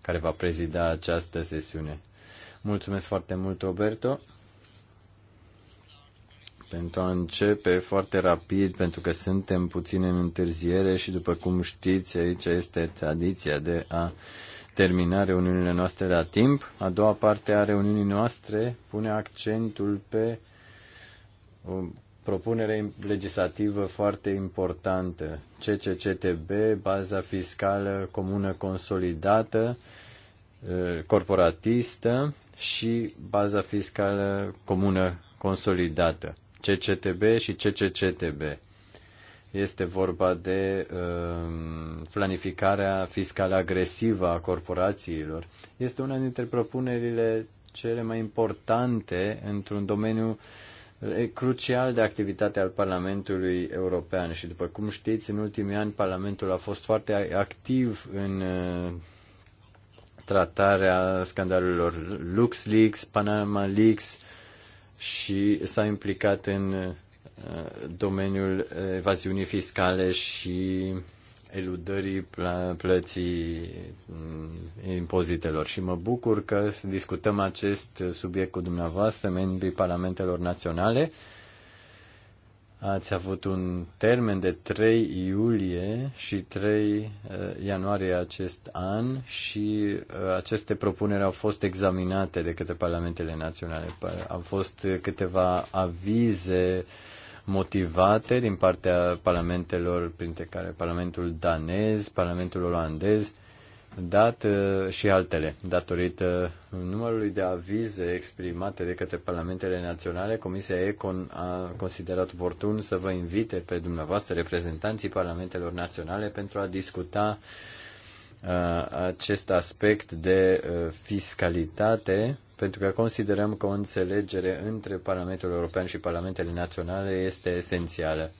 care va prezida această sesiune. Mulțumesc foarte mult, Roberto pentru a începe foarte rapid, pentru că suntem puțin în întârziere și, după cum știți, aici este tradiția de a termina reuniunile noastre la timp. A doua parte a reuniunii noastre pune accentul pe o propunere legislativă foarte importantă, CCCTB, baza fiscală comună consolidată, eh, corporatistă și baza fiscală comună consolidată. CCTB și CCCTB. Este vorba de um, planificarea fiscală agresivă a corporațiilor. Este una dintre propunerile cele mai importante într-un domeniu crucial de activitate al Parlamentului European și după cum știți, în ultimii ani Parlamentul a fost foarte activ în uh, tratarea scandalurilor LuxLeaks, Panama Leaks și s-a implicat în uh, domeniul evaziunii fiscale și eludării plății mm, impozitelor. Și mă bucur că discutăm acest subiect cu dumneavoastră, membrii Parlamentelor Naționale, Ați avut un termen de 3 iulie și 3 uh, ianuarie acest an și uh, aceste propuneri au fost examinate de către parlamentele naționale. Au fost câteva avize motivate din partea parlamentelor, printre care Parlamentul danez, Parlamentul olandez, dat uh, și altele. Datorită numărului de avize exprimate de către parlamentele naționale, Comisia Econ a considerat oportun să vă invite pe dumneavoastră reprezentanții parlamentelor naționale pentru a discuta uh, acest aspect de uh, fiscalitate, pentru că considerăm că o înțelegere între Parlamentul European și Parlamentele Naționale este esențială.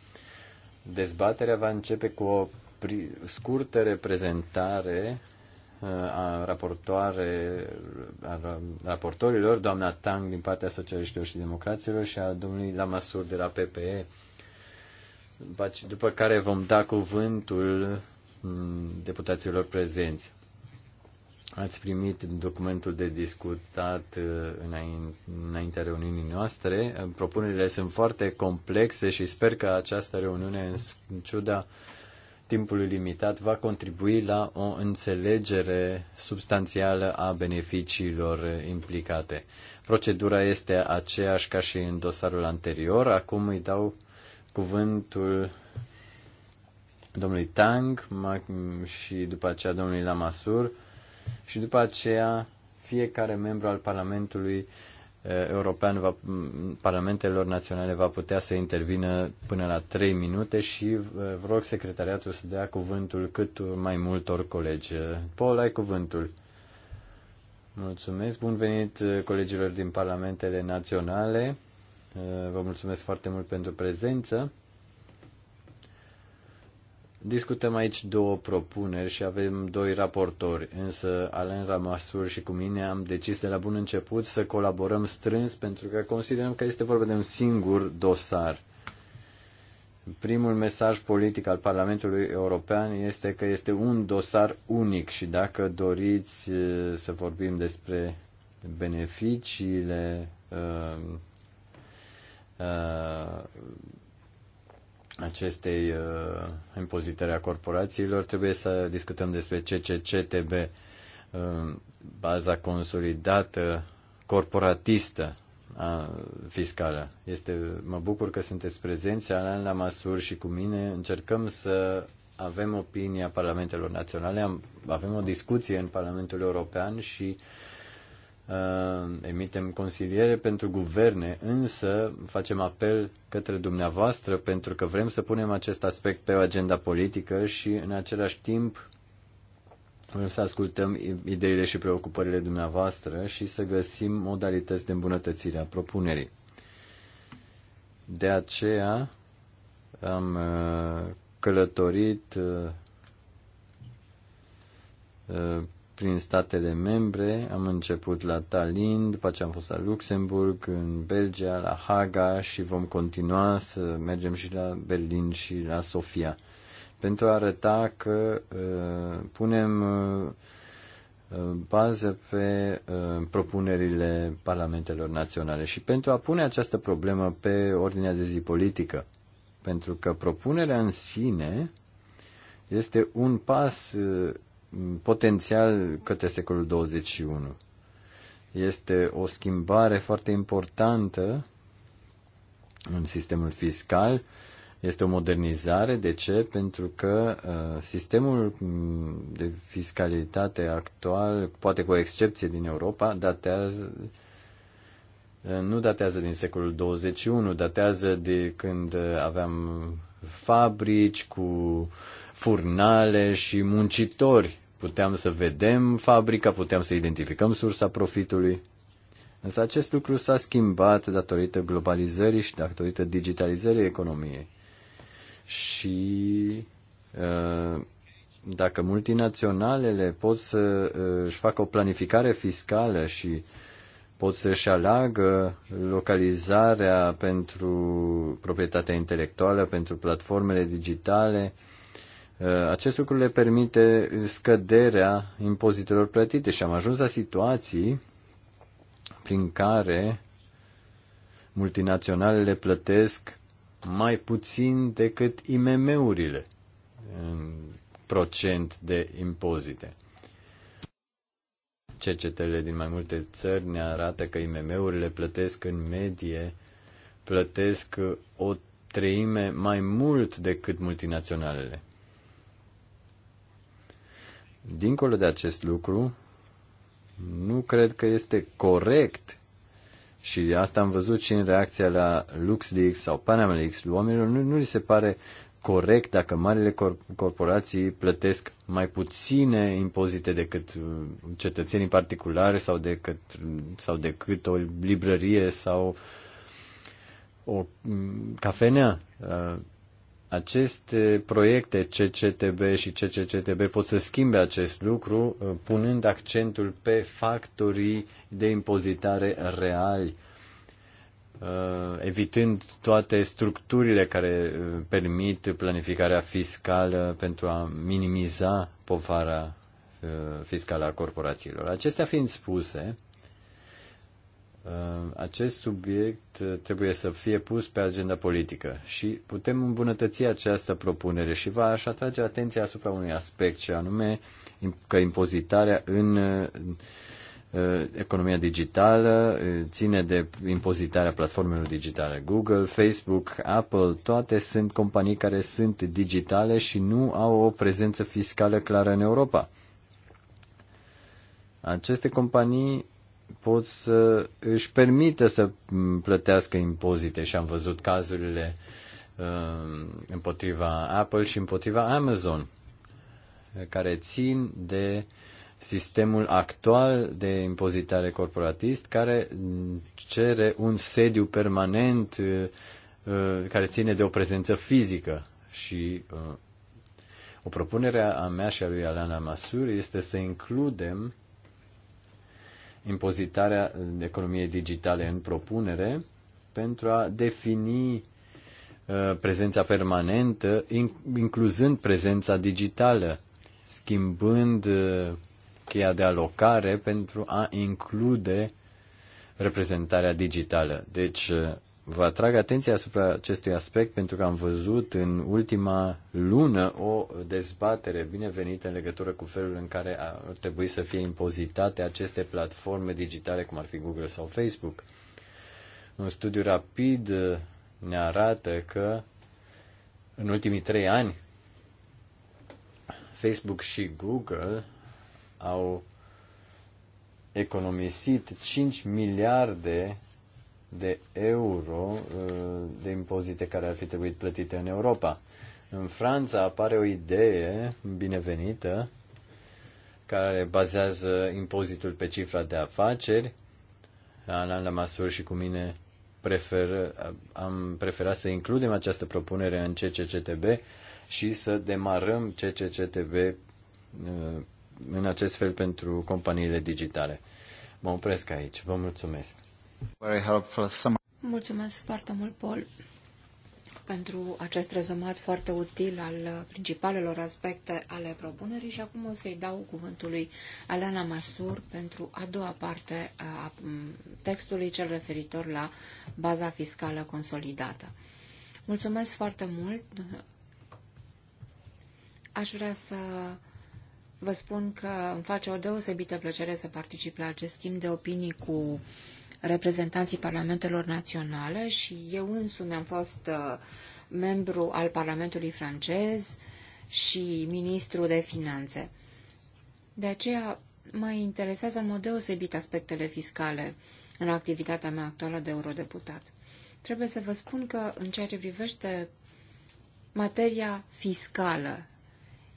Dezbaterea va începe cu o scurtă reprezentare a raportoare, a raportorilor, doamna Tang din partea Socialiștilor și Democraților și a domnului Lamasur de la PPE. După care vom da cuvântul mm, deputaților prezenți. Ați primit documentul de discutat uh, înaintea reuniunii noastre. Propunerile sunt foarte complexe și sper că această reuniune, în ciuda timpului limitat va contribui la o înțelegere substanțială a beneficiilor eh, implicate. Procedura este aceeași ca și în dosarul anterior. Acum îi dau cuvântul domnului Tang și după aceea domnului Lamasur și după aceea fiecare membru al Parlamentului European va, Parlamentelor Naționale va putea să intervină până la 3 minute și uh, vă rog secretariatul să dea cuvântul cât mai multor colegi. Paul, ai cuvântul. Mulțumesc. Bun venit uh, colegilor din Parlamentele Naționale. Uh, vă mulțumesc foarte mult pentru prezență. Discutăm aici două propuneri și avem doi raportori, însă Alen Ramasur și cu mine am decis de la bun început să colaborăm strâns pentru că considerăm că este vorba de un singur dosar. Primul mesaj politic al Parlamentului European este că este un dosar unic și dacă doriți eh, să vorbim despre beneficiile uh, uh, acestei uh, impozitări a corporațiilor, trebuie să discutăm despre CCCTB, uh, baza consolidată corporatistă a, uh, fiscală. Este, mă bucur că sunteți prezenți, Alan la masuri și cu mine. Încercăm să avem opinia Parlamentelor Naționale, am, avem o discuție în Parlamentul European și uh, Uh, emitem consiliere pentru guverne, însă facem apel către dumneavoastră pentru că vrem să punem acest aspect pe o agenda politică și în același timp vrem să ascultăm ideile și preocupările dumneavoastră și să găsim modalități de îmbunătățire a propunerii. De aceea am uh, călătorit uh, prin statele membre. Am început la Tallinn, după ce am fost la Luxemburg, în Belgia, la Haga și vom continua să mergem și la Berlin și la Sofia. Pentru a arăta că uh, punem uh, uh bază pe uh, propunerile parlamentelor naționale și pentru a pune această problemă pe ordinea de zi politică. Pentru că propunerea în sine este un pas uh, potențial către secolul 21. Este o schimbare foarte importantă în sistemul fiscal, este o modernizare. De ce? Pentru că uh, sistemul mm, de fiscalitate actual, poate cu o excepție din Europa, datează, uh, nu datează din secolul 21, datează de când aveam fabrici cu furnale și muncitori. Puteam să vedem fabrica, puteam să identificăm sursa profitului. Însă acest lucru s-a schimbat datorită globalizării și datorită digitalizării economiei. Și uh, dacă multinaționalele pot să uh, își facă o planificare fiscală și pot să-și aleagă localizarea pentru proprietatea intelectuală, pentru platformele digitale, Uh, acest lucru le permite scăderea impozitelor plătite și am ajuns la situații prin care multinaționalele plătesc mai puțin decât IMM-urile în procent de impozite. Cercetările din mai multe țări ne arată că IMM-urile plătesc în medie, plătesc o treime mai mult decât multinaționalele. Dincolo de acest lucru, nu cred că este corect și asta am văzut și în reacția la LuxLeaks sau PanamaLeaks. Oamenilor nu, nu li se pare corect dacă marile cor- corporații plătesc mai puține impozite decât uh, cetățenii particulari sau decât, uh, sau decât o librărie sau o mm, cafenea. Uh, aceste proiecte CCTB și CCCTB pot să schimbe acest lucru, uh, punând accentul pe factorii de impozitare reali, uh, evitând toate structurile care uh, permit planificarea fiscală pentru a minimiza povara fiscală a corporațiilor. Acestea fiind spuse, Uh, acest subiect uh, trebuie să fie pus pe agenda politică și putem îmbunătăți această propunere și va aș atrage atenția asupra unui aspect și anume că impozitarea în uh, economia digitală ține de impozitarea platformelor digitale. Google, Facebook, Apple, toate sunt companii care sunt digitale și nu au o prezență fiscală clară în Europa. Aceste companii pot să își permită să plătească impozite și am văzut cazurile um, împotriva Apple și împotriva Amazon, care țin de sistemul actual de impozitare corporatist care cere un sediu permanent uh, uh, care ține de o prezență fizică și uh, o propunere a mea și a lui Alana Masur este să includem impozitarea economiei digitale în propunere pentru a defini uh, prezența permanentă, incluzând prezența digitală, schimbând uh, cheia de alocare pentru a include reprezentarea digitală. Deci uh, Vă atrag atenția asupra acestui aspect pentru că am văzut în ultima lună o dezbatere binevenită în legătură cu felul în care ar trebui să fie impozitate aceste platforme digitale, cum ar fi Google sau Facebook. Un studiu rapid ne arată că în ultimii trei ani Facebook și Google au economisit 5 miliarde de euro uh, de impozite care ar fi trebuit plătite în Europa. În Franța apare o idee binevenită care bazează impozitul pe cifra de afaceri. la Lamassur și cu mine prefer, am preferat să includem această propunere în CCCTB și să demarăm CCCTB uh, în acest fel pentru companiile digitale. Mă opresc aici. Vă mulțumesc. Very helpful. Mulțumesc foarte mult, Paul, pentru acest rezumat foarte util al principalelor aspecte ale propunerii și acum o să-i dau cuvântul lui Alana Masur pentru a doua parte a textului cel referitor la baza fiscală consolidată. Mulțumesc foarte mult. Aș vrea să vă spun că îmi face o deosebită plăcere să particip la acest schimb de opinii cu uh, reprezentanții parlamentelor naționale și eu însumi am fost uh, membru al Parlamentului francez și ministru de finanțe. De aceea mă interesează în mod deosebit aspectele fiscale în activitatea mea actuală de eurodeputat. Trebuie să vă spun că în ceea ce privește materia fiscală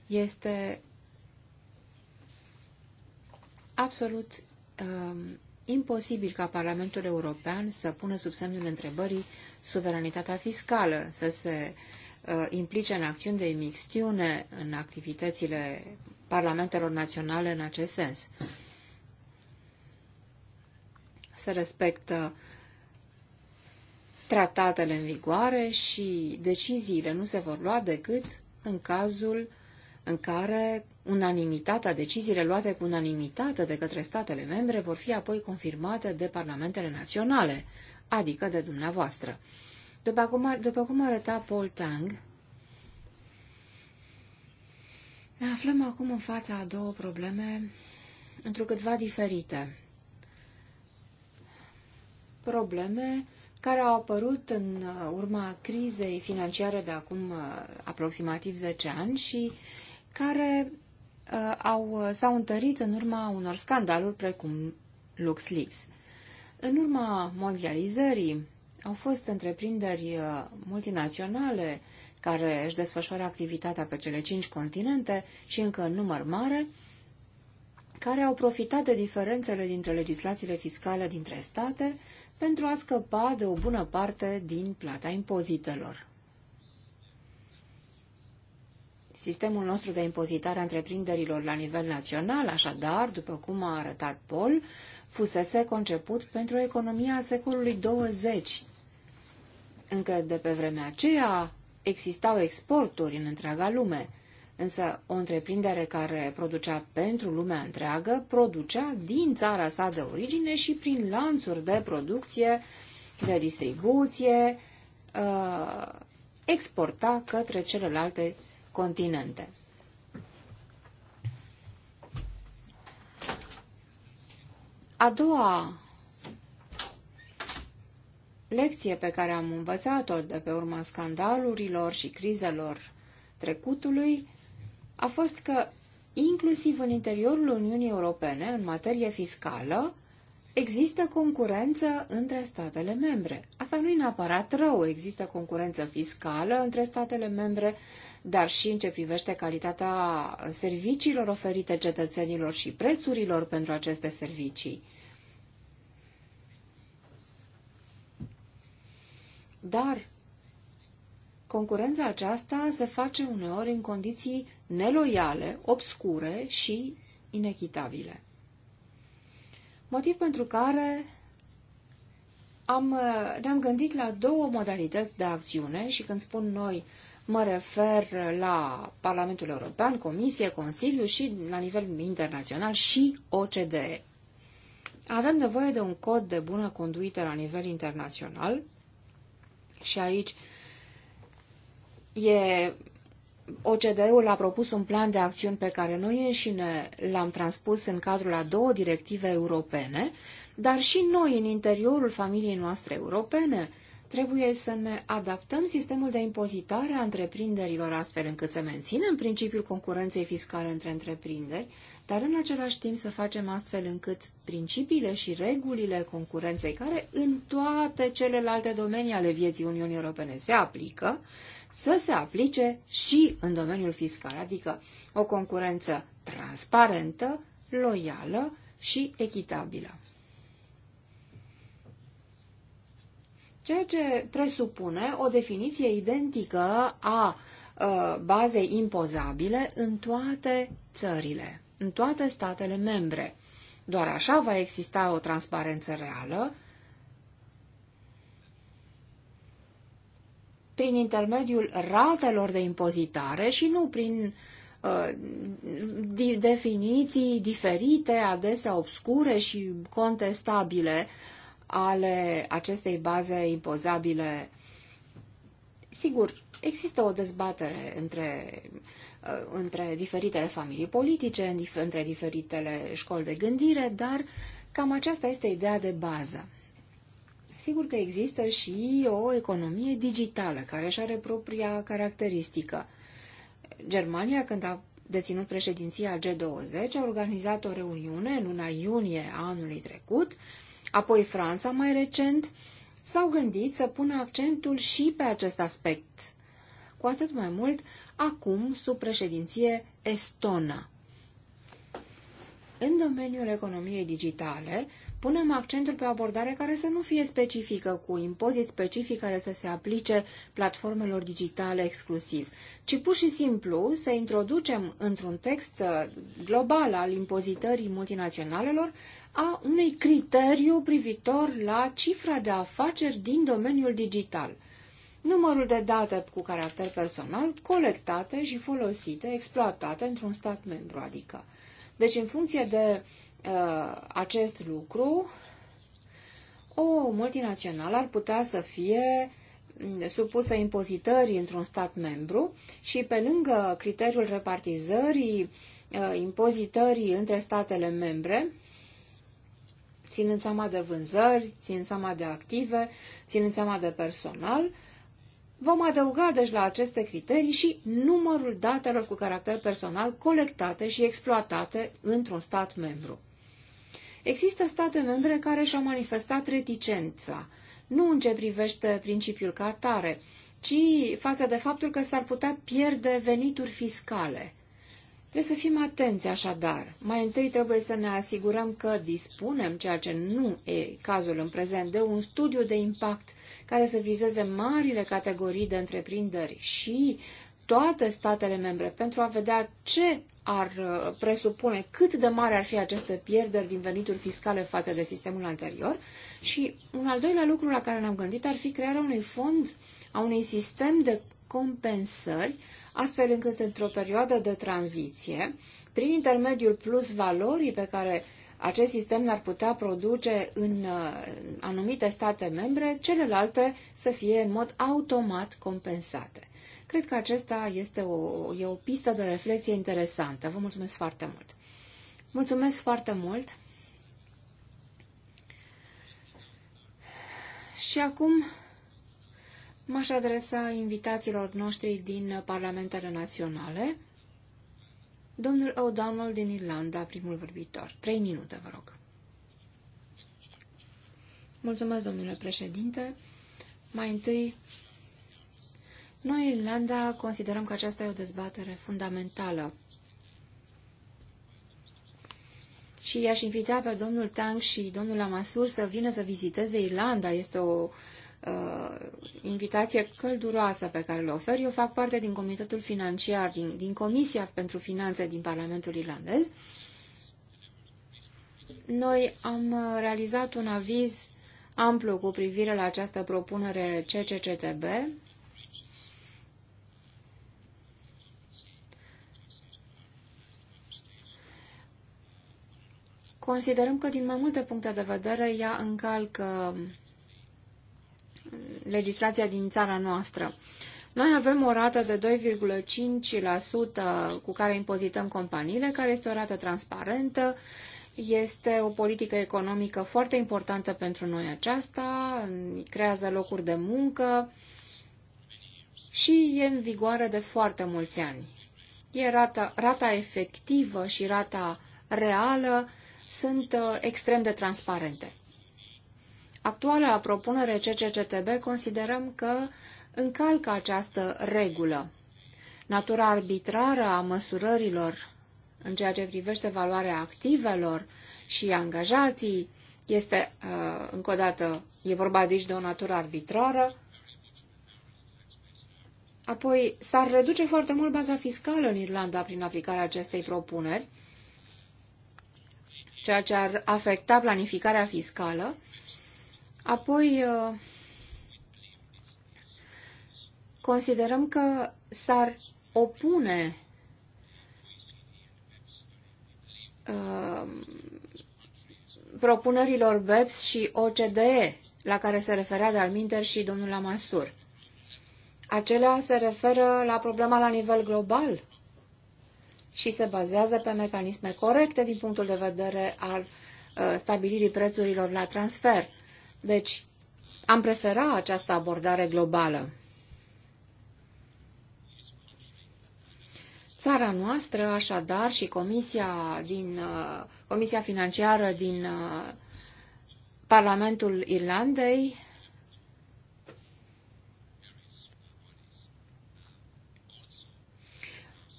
este absolut um, imposibil ca Parlamentul European să pună sub semnul întrebării suveranitatea fiscală, să se uh, implice în acțiuni de imixtiune în activitățile parlamentelor naționale în acest sens. Se respectă tratatele în vigoare și deciziile nu se vor lua decât în cazul în care unanimitatea, deciziile luate cu unanimitate de către statele membre vor fi apoi confirmate de parlamentele naționale, adică de dumneavoastră. După cum, ar, după cum arăta Paul Tang, ne aflăm acum în fața a două probleme întrucâtva diferite. Probleme care au apărut în uh, urma crizei financiare de acum uh, aproximativ 10 ani și uh, care uh, au, uh, s-au întărit în urma unor scandaluri precum LuxLeaks. În urma mondializării au fost întreprinderi uh, multinaționale care își desfășoară activitatea pe cele cinci continente și încă în număr mare, care au profitat de diferențele dintre legislațiile fiscale dintre state pentru a scăpa de o bună parte din plata impozitelor. Sistemul nostru de impozitare a întreprinderilor la nivel național, așadar, după cum a arătat Paul, fusese conceput pentru economia secolului 20. Încă de pe vremea aceea existau exporturi în întreaga lume, însă o întreprindere care producea pentru lumea întreagă producea din țara sa de origine și prin lanțuri de producție, de distribuție, uh, exporta către celelalte continente. A doua lecție pe care am învățat-o de pe urma scandalurilor și crizelor trecutului a fost că, inclusiv în interiorul Uniunii Europene, în materie fiscală, există concurență între statele membre. Asta nu e neapărat rău, există concurență fiscală între statele membre, dar și în ce privește calitatea serviciilor oferite cetățenilor și prețurilor pentru aceste servicii. Dar concurența aceasta se face uneori în condiții neloiale, obscure și inechitabile. Motiv pentru care am, ne-am gândit la două modalități de acțiune și când spun noi Mă refer la Parlamentul European, Comisie, Consiliu și, la nivel internațional, și OCDE. Avem nevoie de un cod de bună conduită la nivel internațional și aici e OCDE-ul a propus un plan de acțiuni pe care noi înșine l-am transpus în cadrul a două directive europene, dar și noi, în interiorul familiei noastre europene, trebuie să ne adaptăm sistemul de impozitare a întreprinderilor astfel încât să menținem principiul concurenței fiscale între întreprinderi, dar în același timp să facem astfel încât principiile și regulile concurenței, care în toate celelalte domenii ale vieții Uniunii Europene se aplică, să se aplice și în domeniul fiscal, adică o concurență transparentă, loială și echitabilă. ceea ce presupune o definiție identică a uh, bazei impozabile în toate țările, în toate statele membre. Doar așa va exista o transparență reală prin intermediul ratelor de impozitare și nu prin uh, definiții diferite, adesea obscure și contestabile ale acestei baze impozabile. Sigur, există o dezbatere între, uh, între diferitele familii politice, între diferitele școli de gândire, dar cam aceasta este ideea de bază. Sigur că există și o economie digitală care își are propria caracteristică. Germania, când a deținut președinția G20, a organizat o reuniune în luna iunie a anului trecut, uh, apoi Franța mai recent, s-au gândit să pună accentul și pe acest aspect. Cu atât mai mult, acum, sub președinție estona. În domeniul economiei digitale, punem accentul pe o abordare care să nu fie specifică, cu impozit specific care să se aplice platformelor digitale exclusiv, ci pur și simplu să introducem într-un text uh, global al impozitării multinaționalelor a unui criteriu privitor la cifra de afaceri din domeniul digital, numărul de date cu caracter personal colectate și folosite, exploatate într-un stat membru, adică. Deci, în funcție de uh, acest lucru, o multinațională ar putea să fie mm, supusă impozitării într-un stat membru și pe lângă criteriul repartizării uh, impozitării între statele membre, ținând seama de vânzări, ținând seama de active, ținând seama de personal, vom adăuga deci la aceste criterii și numărul datelor cu caracter personal colectate și exploatate într-un stat membru. Există state membre care și-au manifestat reticența, nu în ce privește principiul ca atare, ci față de faptul că s-ar putea pierde venituri fiscale – Trebuie să fim atenți așadar. Mai întâi trebuie să ne asigurăm că dispunem, ceea ce nu e cazul în prezent, de un studiu de impact care să vizeze marile categorii de întreprinderi și toate statele membre pentru a vedea ce ar uh, presupune, cât de mare ar fi aceste pierderi din venituri fiscale față de sistemul anterior. Și un al doilea lucru la care ne-am gândit ar fi crearea unui fond, a unui sistem de compensări astfel încât într-o perioadă de tranziție, prin intermediul plus valorii pe care acest sistem ar putea produce în uh, anumite state membre, celelalte să fie în mod automat compensate. Cred că acesta este o, e o pistă de reflexie interesantă. Vă mulțumesc foarte mult! Mulțumesc foarte mult! Și acum M-aș adresa invitațiilor noștri din Parlamentele Naționale. Domnul O'Donnell din Irlanda, primul vorbitor. Trei minute, vă rog. Mulțumesc, domnule președinte. Mai întâi, noi, Irlanda, considerăm că aceasta e o dezbatere fundamentală. Și i-aș invita pe domnul Tang și domnul Amasur să vină să viziteze Irlanda. Este o uh, invitație călduroasă pe care le ofer. Eu fac parte din Comitetul Financiar, din, din Comisia pentru Finanțe din Parlamentul Irlandez. Noi am realizat un aviz amplu cu privire la această propunere CCCTB, Considerăm că din mai multe puncte de vedere ea încalcă legislația din țara noastră. Noi avem o rată de 2,5% cu care impozităm companiile, care este o rată transparentă, este o politică economică foarte importantă pentru noi aceasta, creează locuri de muncă și e în vigoare de foarte mulți ani. E rata, rata efectivă și rata reală sunt uh, extrem de transparente actuala propunere CCCTB considerăm că încalcă această regulă. Natura arbitrară a măsurărilor în ceea ce privește valoarea activelor și angajații este, uh, încă o dată, e vorba deci de o natură arbitrară, Apoi, s-ar reduce foarte mult baza fiscală în Irlanda prin aplicarea acestei propuneri, ceea ce ar afecta planificarea fiscală Apoi, uh, considerăm că s-ar opune uh, propunerilor BEPS și OCDE, la care se referea de-al minter și domnul Lamasur. Acelea se referă la problema la nivel global și se bazează pe mecanisme corecte din punctul de vedere al uh, stabilirii prețurilor la transfer. Deci, am prefera această abordare globală. Țara noastră, așadar, și Comisia, din, uh, Comisia Financiară din uh, Parlamentul Irlandei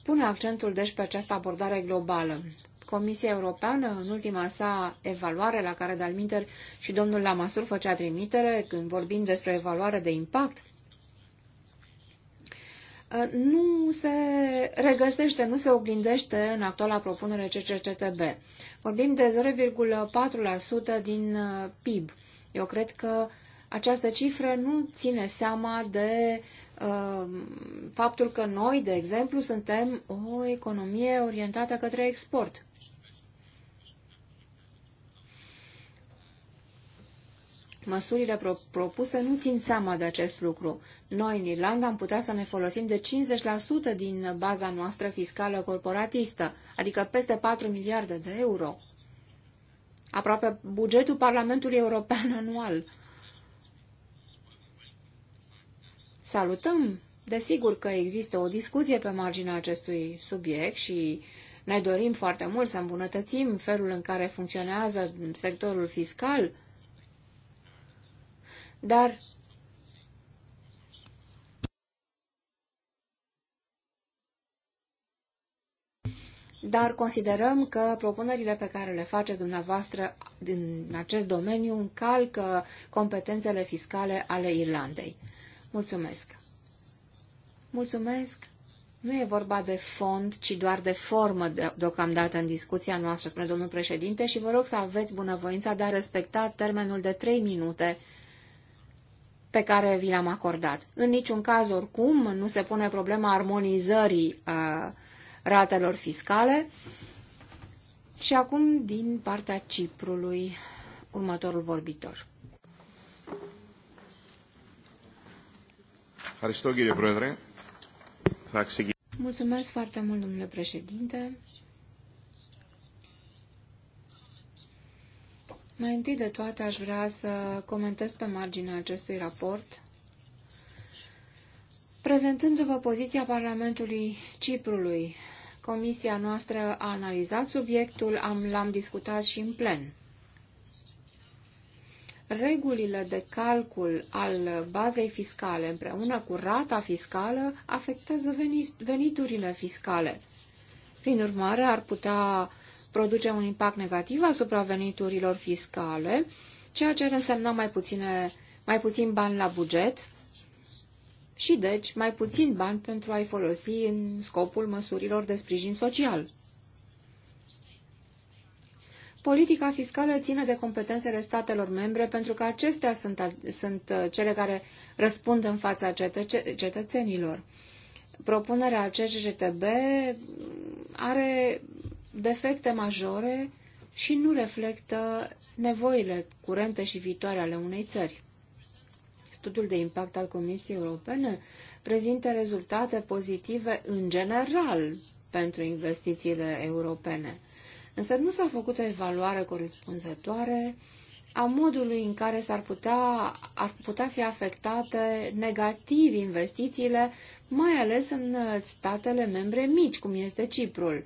pune accentul, deci, pe această abordare globală. Comisia Europeană, în ultima sa evaluare la care de și domnul Lamasur făcea trimitere, când vorbim despre evaluare de impact, nu se regăsește, nu se oglindește în actuala propunere CCCTB. Vorbim de 0,4% din uh, PIB. Eu cred că această cifră nu ține seama de uh, faptul că noi, de exemplu, suntem o economie orientată către export. Măsurile pro propuse nu țin seama de acest lucru. Noi, în Irlanda, am putea să ne folosim de 50% din baza noastră fiscală corporatistă, adică peste 4 miliarde de euro. Aproape bugetul Parlamentului European [laughs] anual. Salutăm! Desigur că există o discuție pe marginea acestui subiect și ne dorim foarte mult să îmbunătățim felul în care funcționează sectorul fiscal, dar dar considerăm că propunerile pe care le face dumneavoastră din acest domeniu încalcă competențele fiscale ale Irlandei. Mulțumesc! Mulțumesc! Nu e vorba de fond, ci doar de formă de, deocamdată în discuția noastră, spune domnul președinte, și vă rog să aveți bunăvoința de a respecta termenul de trei minute pe care vi l-am acordat. În niciun caz, oricum, nu se pune problema armonizării ratelor fiscale. Și acum, din partea Ciprului, următorul vorbitor. Mulțumesc foarte mult, domnule președinte. Mai întâi de toate aș vrea să comentez pe marginea acestui raport, prezentându-vă poziția Parlamentului Ciprului. Comisia noastră a analizat subiectul, am, l-am discutat și în plen. Regulile de calcul al bazei fiscale împreună cu rata fiscală afectează veniturile fiscale. Prin urmare, ar putea produce un impact negativ asupra veniturilor fiscale, ceea ce ar însemna mai, puține, mai puțin bani la buget și deci mai puțin bani pentru a-i folosi în scopul măsurilor de sprijin social. Politica fiscală ține de competențele statelor membre pentru că acestea sunt, sunt uh, cele care răspund în fața cetă, cetățenilor. Propunerea CGTB are defecte majore și nu reflectă nevoile curente și viitoare ale unei țări. Studiul de impact al Comisiei Europene prezintă rezultate pozitive în general pentru investițiile europene, însă nu s-a făcut o evaluare corespunzătoare a modului în care s-ar putea, ar putea fi afectate negativ investițiile, mai ales în statele membre mici, cum este Ciprul.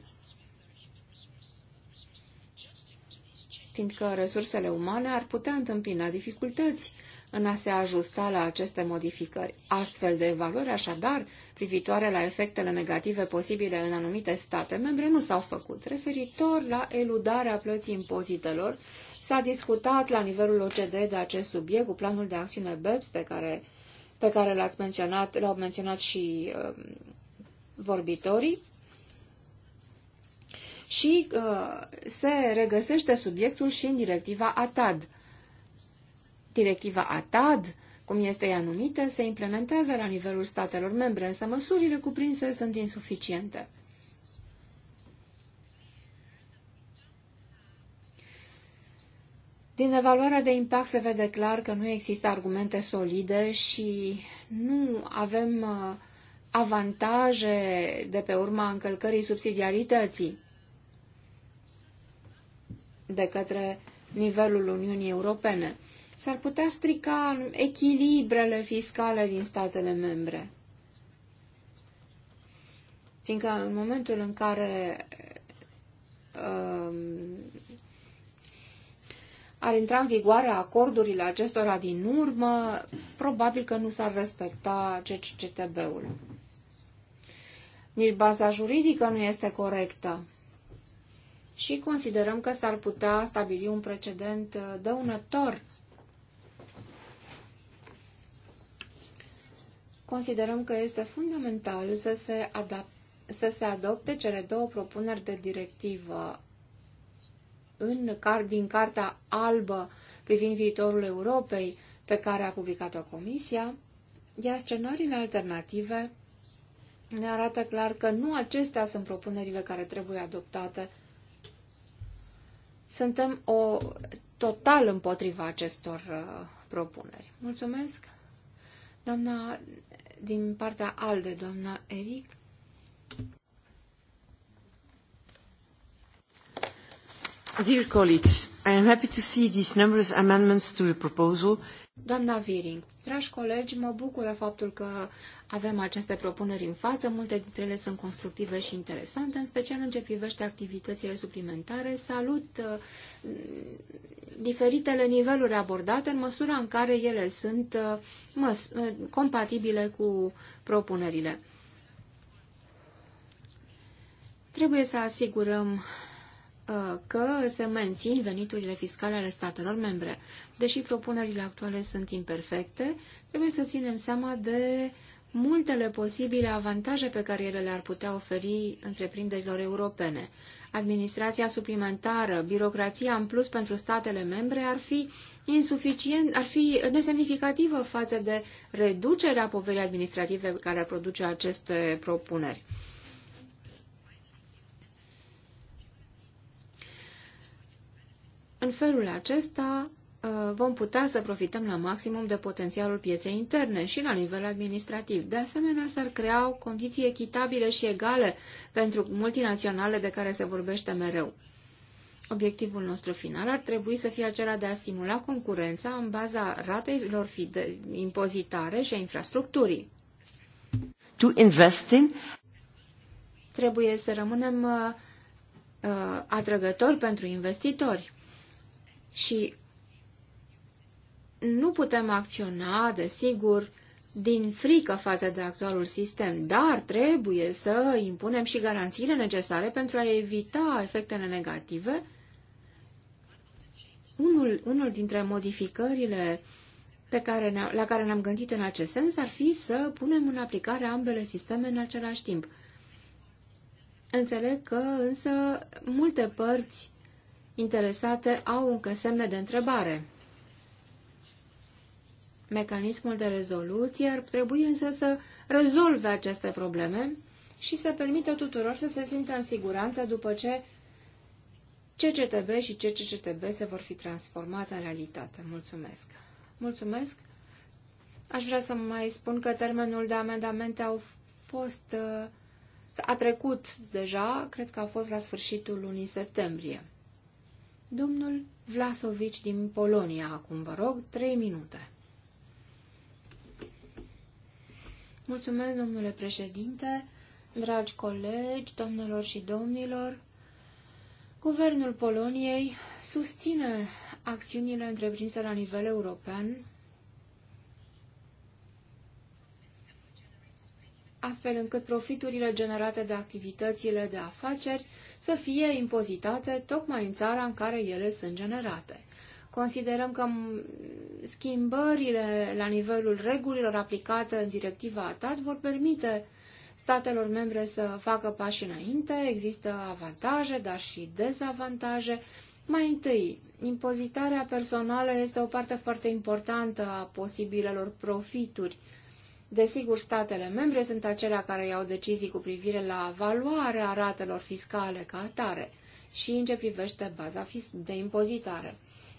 fiindcă resursele umane ar putea întâmpina dificultăți în a se ajusta la aceste modificări. Astfel de evaluări, așadar, privitoare la efectele negative posibile în anumite state membre, nu s-au făcut. Referitor la eludarea plății impozitelor, s-a discutat la nivelul OCDE de acest subiect cu planul de acțiune BEPS, pe care, pe care l-ați menționat, l-au menționat și uh, vorbitorii și uh, se regăsește subiectul și în directiva ATAD. Directiva ATAD, cum este ea numită, se implementează la nivelul statelor membre, însă măsurile cuprinse sunt insuficiente. Din evaluarea de impact se vede clar că nu există argumente solide și nu avem uh, avantaje de pe urma încălcării subsidiarității de către nivelul Uniunii Europene. S-ar putea strica echilibrele fiscale din statele membre. Fiindcă în momentul în care uh, ar intra în vigoare acordurile acestora din urmă, probabil că nu s-ar respecta CCCTB-ul. Nici baza juridică nu este corectă și considerăm că s-ar putea stabili un precedent uh, dăunător. Considerăm că este fundamental să se, adap- să se adopte cele două propuneri de directivă în car- din Carta Albă privind viitorul Europei pe care a publicat-o Comisia, iar scenariile alternative ne arată clar că nu acestea sunt propunerile care trebuie adoptate suntem o total împotriva acestor uh, propuneri. Mulțumesc, doamna, din partea ALDE, doamna Eric. Dear colleagues, I am happy to see these numerous amendments to the proposal Doamna Viring, dragi colegi, mă bucură faptul că avem aceste propuneri în față, multe dintre ele sunt constructive și interesante, în special în ce privește activitățile suplimentare. Salut uh, diferitele niveluri abordate în măsura în care ele sunt uh, uh compatibile cu propunerile. Trebuie să asigurăm Uh, că se mențin veniturile fiscale ale statelor membre. Deși propunerile actuale sunt imperfecte, trebuie să ținem seama de multele posibile avantaje pe care ele le-ar putea oferi întreprinderilor europene. Administrația suplimentară, birocrația în plus pentru statele membre ar fi insuficient, ar fi nesemnificativă față de reducerea poverii administrative care ar produce aceste propuneri. În felul acesta uh, vom putea să profităm la maximum de potențialul pieței interne și la nivel administrativ. De asemenea, s-ar crea o condiții echitabile și egale pentru multinaționale de care se vorbește mereu. Obiectivul nostru final ar trebui să fie acela de a stimula concurența în baza ratelor impozitare și a infrastructurii. To invest in... Trebuie să rămânem uh, uh atrăgători pentru investitori și nu putem acționa, desigur, din frică față de actualul sistem, dar trebuie să impunem și garanțiile necesare pentru a evita efectele negative. Unul, unul dintre modificările pe care ne la care ne-am gândit în acest sens ar fi să punem în aplicare ambele sisteme în același timp. Înțeleg că însă multe părți interesate au încă semne de întrebare. Mecanismul de rezoluție ar trebui însă să rezolve aceste probleme și să permită tuturor să se simtă în siguranță după ce CCTB și CCCTB se vor fi transformate în realitate. Mulțumesc! Mulțumesc! Aș vrea să mai spun că termenul de amendamente au fost... Uh, a trecut deja, cred că a fost la sfârșitul lunii septembrie. Domnul Vlasovici din Polonia, acum vă rog, trei minute. Mulțumesc, domnule președinte, dragi colegi, domnilor și domnilor. Guvernul Poloniei susține acțiunile întreprinse la nivel european, astfel încât profiturile generate de activitățile de afaceri să fie impozitate tocmai în țara în care ele sunt generate. Considerăm că schimbările la nivelul regulilor aplicate în directiva ATAT vor permite statelor membre să facă pași înainte, există avantaje, dar și dezavantaje. Mai întâi, impozitarea personală este o parte foarte importantă a posibilelor profituri Desigur, statele membre sunt acelea care iau decizii cu privire la valoarea ratelor fiscale ca atare și în ce privește baza de impozitare.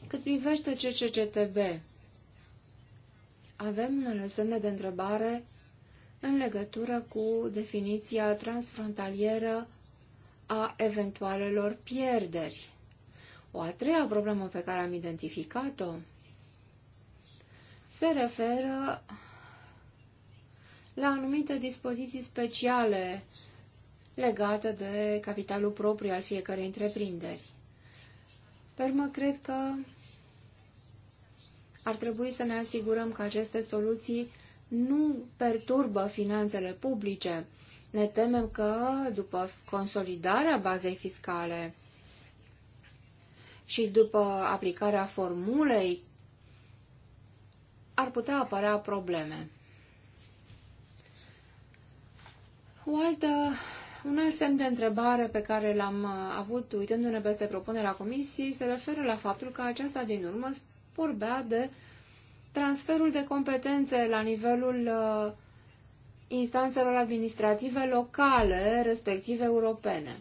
Cât privește CCCTB, avem unele semne de întrebare în legătură cu definiția transfrontalieră a eventualelor pierderi. O a treia problemă pe care am identificat-o se referă la anumite dispoziții speciale legate de capitalul propriu al fiecărei întreprinderi. Permă, cred că ar trebui să ne asigurăm că aceste soluții nu perturbă finanțele publice. Ne temem că, după consolidarea bazei fiscale și după aplicarea formulei, ar putea apărea probleme. O altă, un alt semn de întrebare pe care l-am uh, avut uitându-ne peste propunerea comisiei se referă la faptul că aceasta din urmă vorbea de transferul de competențe la nivelul uh, instanțelor administrative locale, respectiv europene.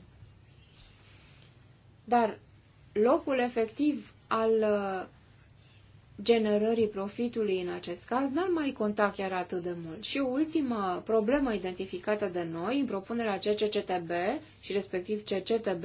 Dar locul efectiv al uh, generării profitului în acest caz n-ar mai conta chiar atât de mult. Și ultima problemă identificată de noi în propunerea CCCTB și respectiv CCTB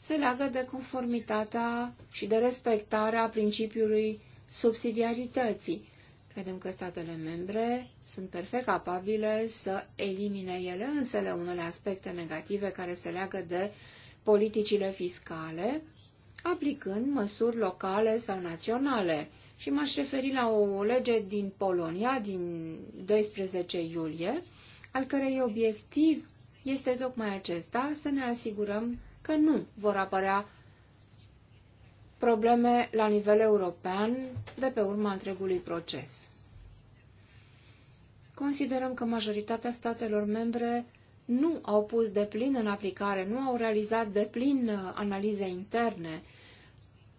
se leagă de conformitatea și de respectarea principiului subsidiarității. Credem că statele membre sunt perfect capabile să elimine ele însele unele aspecte negative care se leagă de politicile fiscale aplicând măsuri locale sau naționale. Și m-aș referi la o lege din Polonia, din 12 iulie, al cărei obiectiv este tocmai acesta, să ne asigurăm că nu vor apărea probleme la nivel european de pe urma întregului proces. Considerăm că majoritatea statelor membre nu au pus de plin în aplicare, nu au realizat de plin uh, analize interne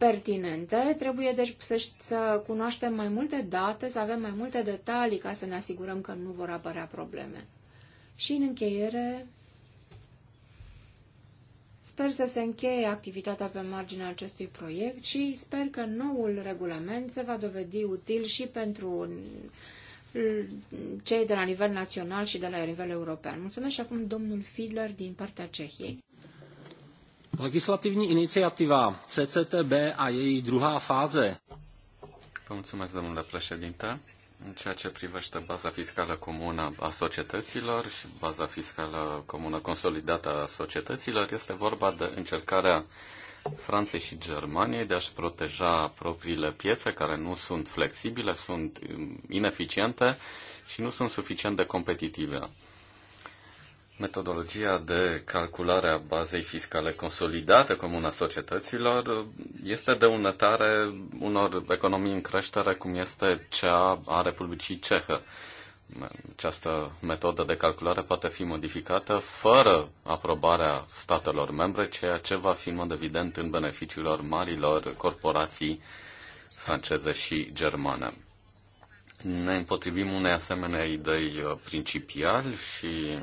pertinente. Trebuie deci să, să cunoaștem mai multe date, să avem mai multe detalii ca să ne asigurăm că nu vor apărea probleme. Și în încheiere, sper să se încheie activitatea pe marginea acestui proiect și sper că noul regulament se va dovedi util și pentru cei de la nivel național și de la nivel european. Mulțumesc și acum domnul Fiedler din partea Cehiei. Legislativní inițiativa CCTB a její druhá fază. mulțumesc, domnule președinte. În ceea ce privește baza fiscală comună a societăților și baza fiscală comună consolidată a societăților, este vorba de încercarea Franței și Germaniei de a-și proteja propriile piețe care nu sunt flexibile, sunt ineficiente și nu sunt suficient de competitive. Metodologia de calculare a bazei fiscale consolidate comună a societăților este dăunătare unor economii în creștere, cum este cea a Republicii Cehă. Această metodă de calculare poate fi modificată fără aprobarea statelor membre, ceea ce va fi, în mod evident, în beneficiul marilor corporații franceze și germane. Ne împotrivim unei asemenea idei principial și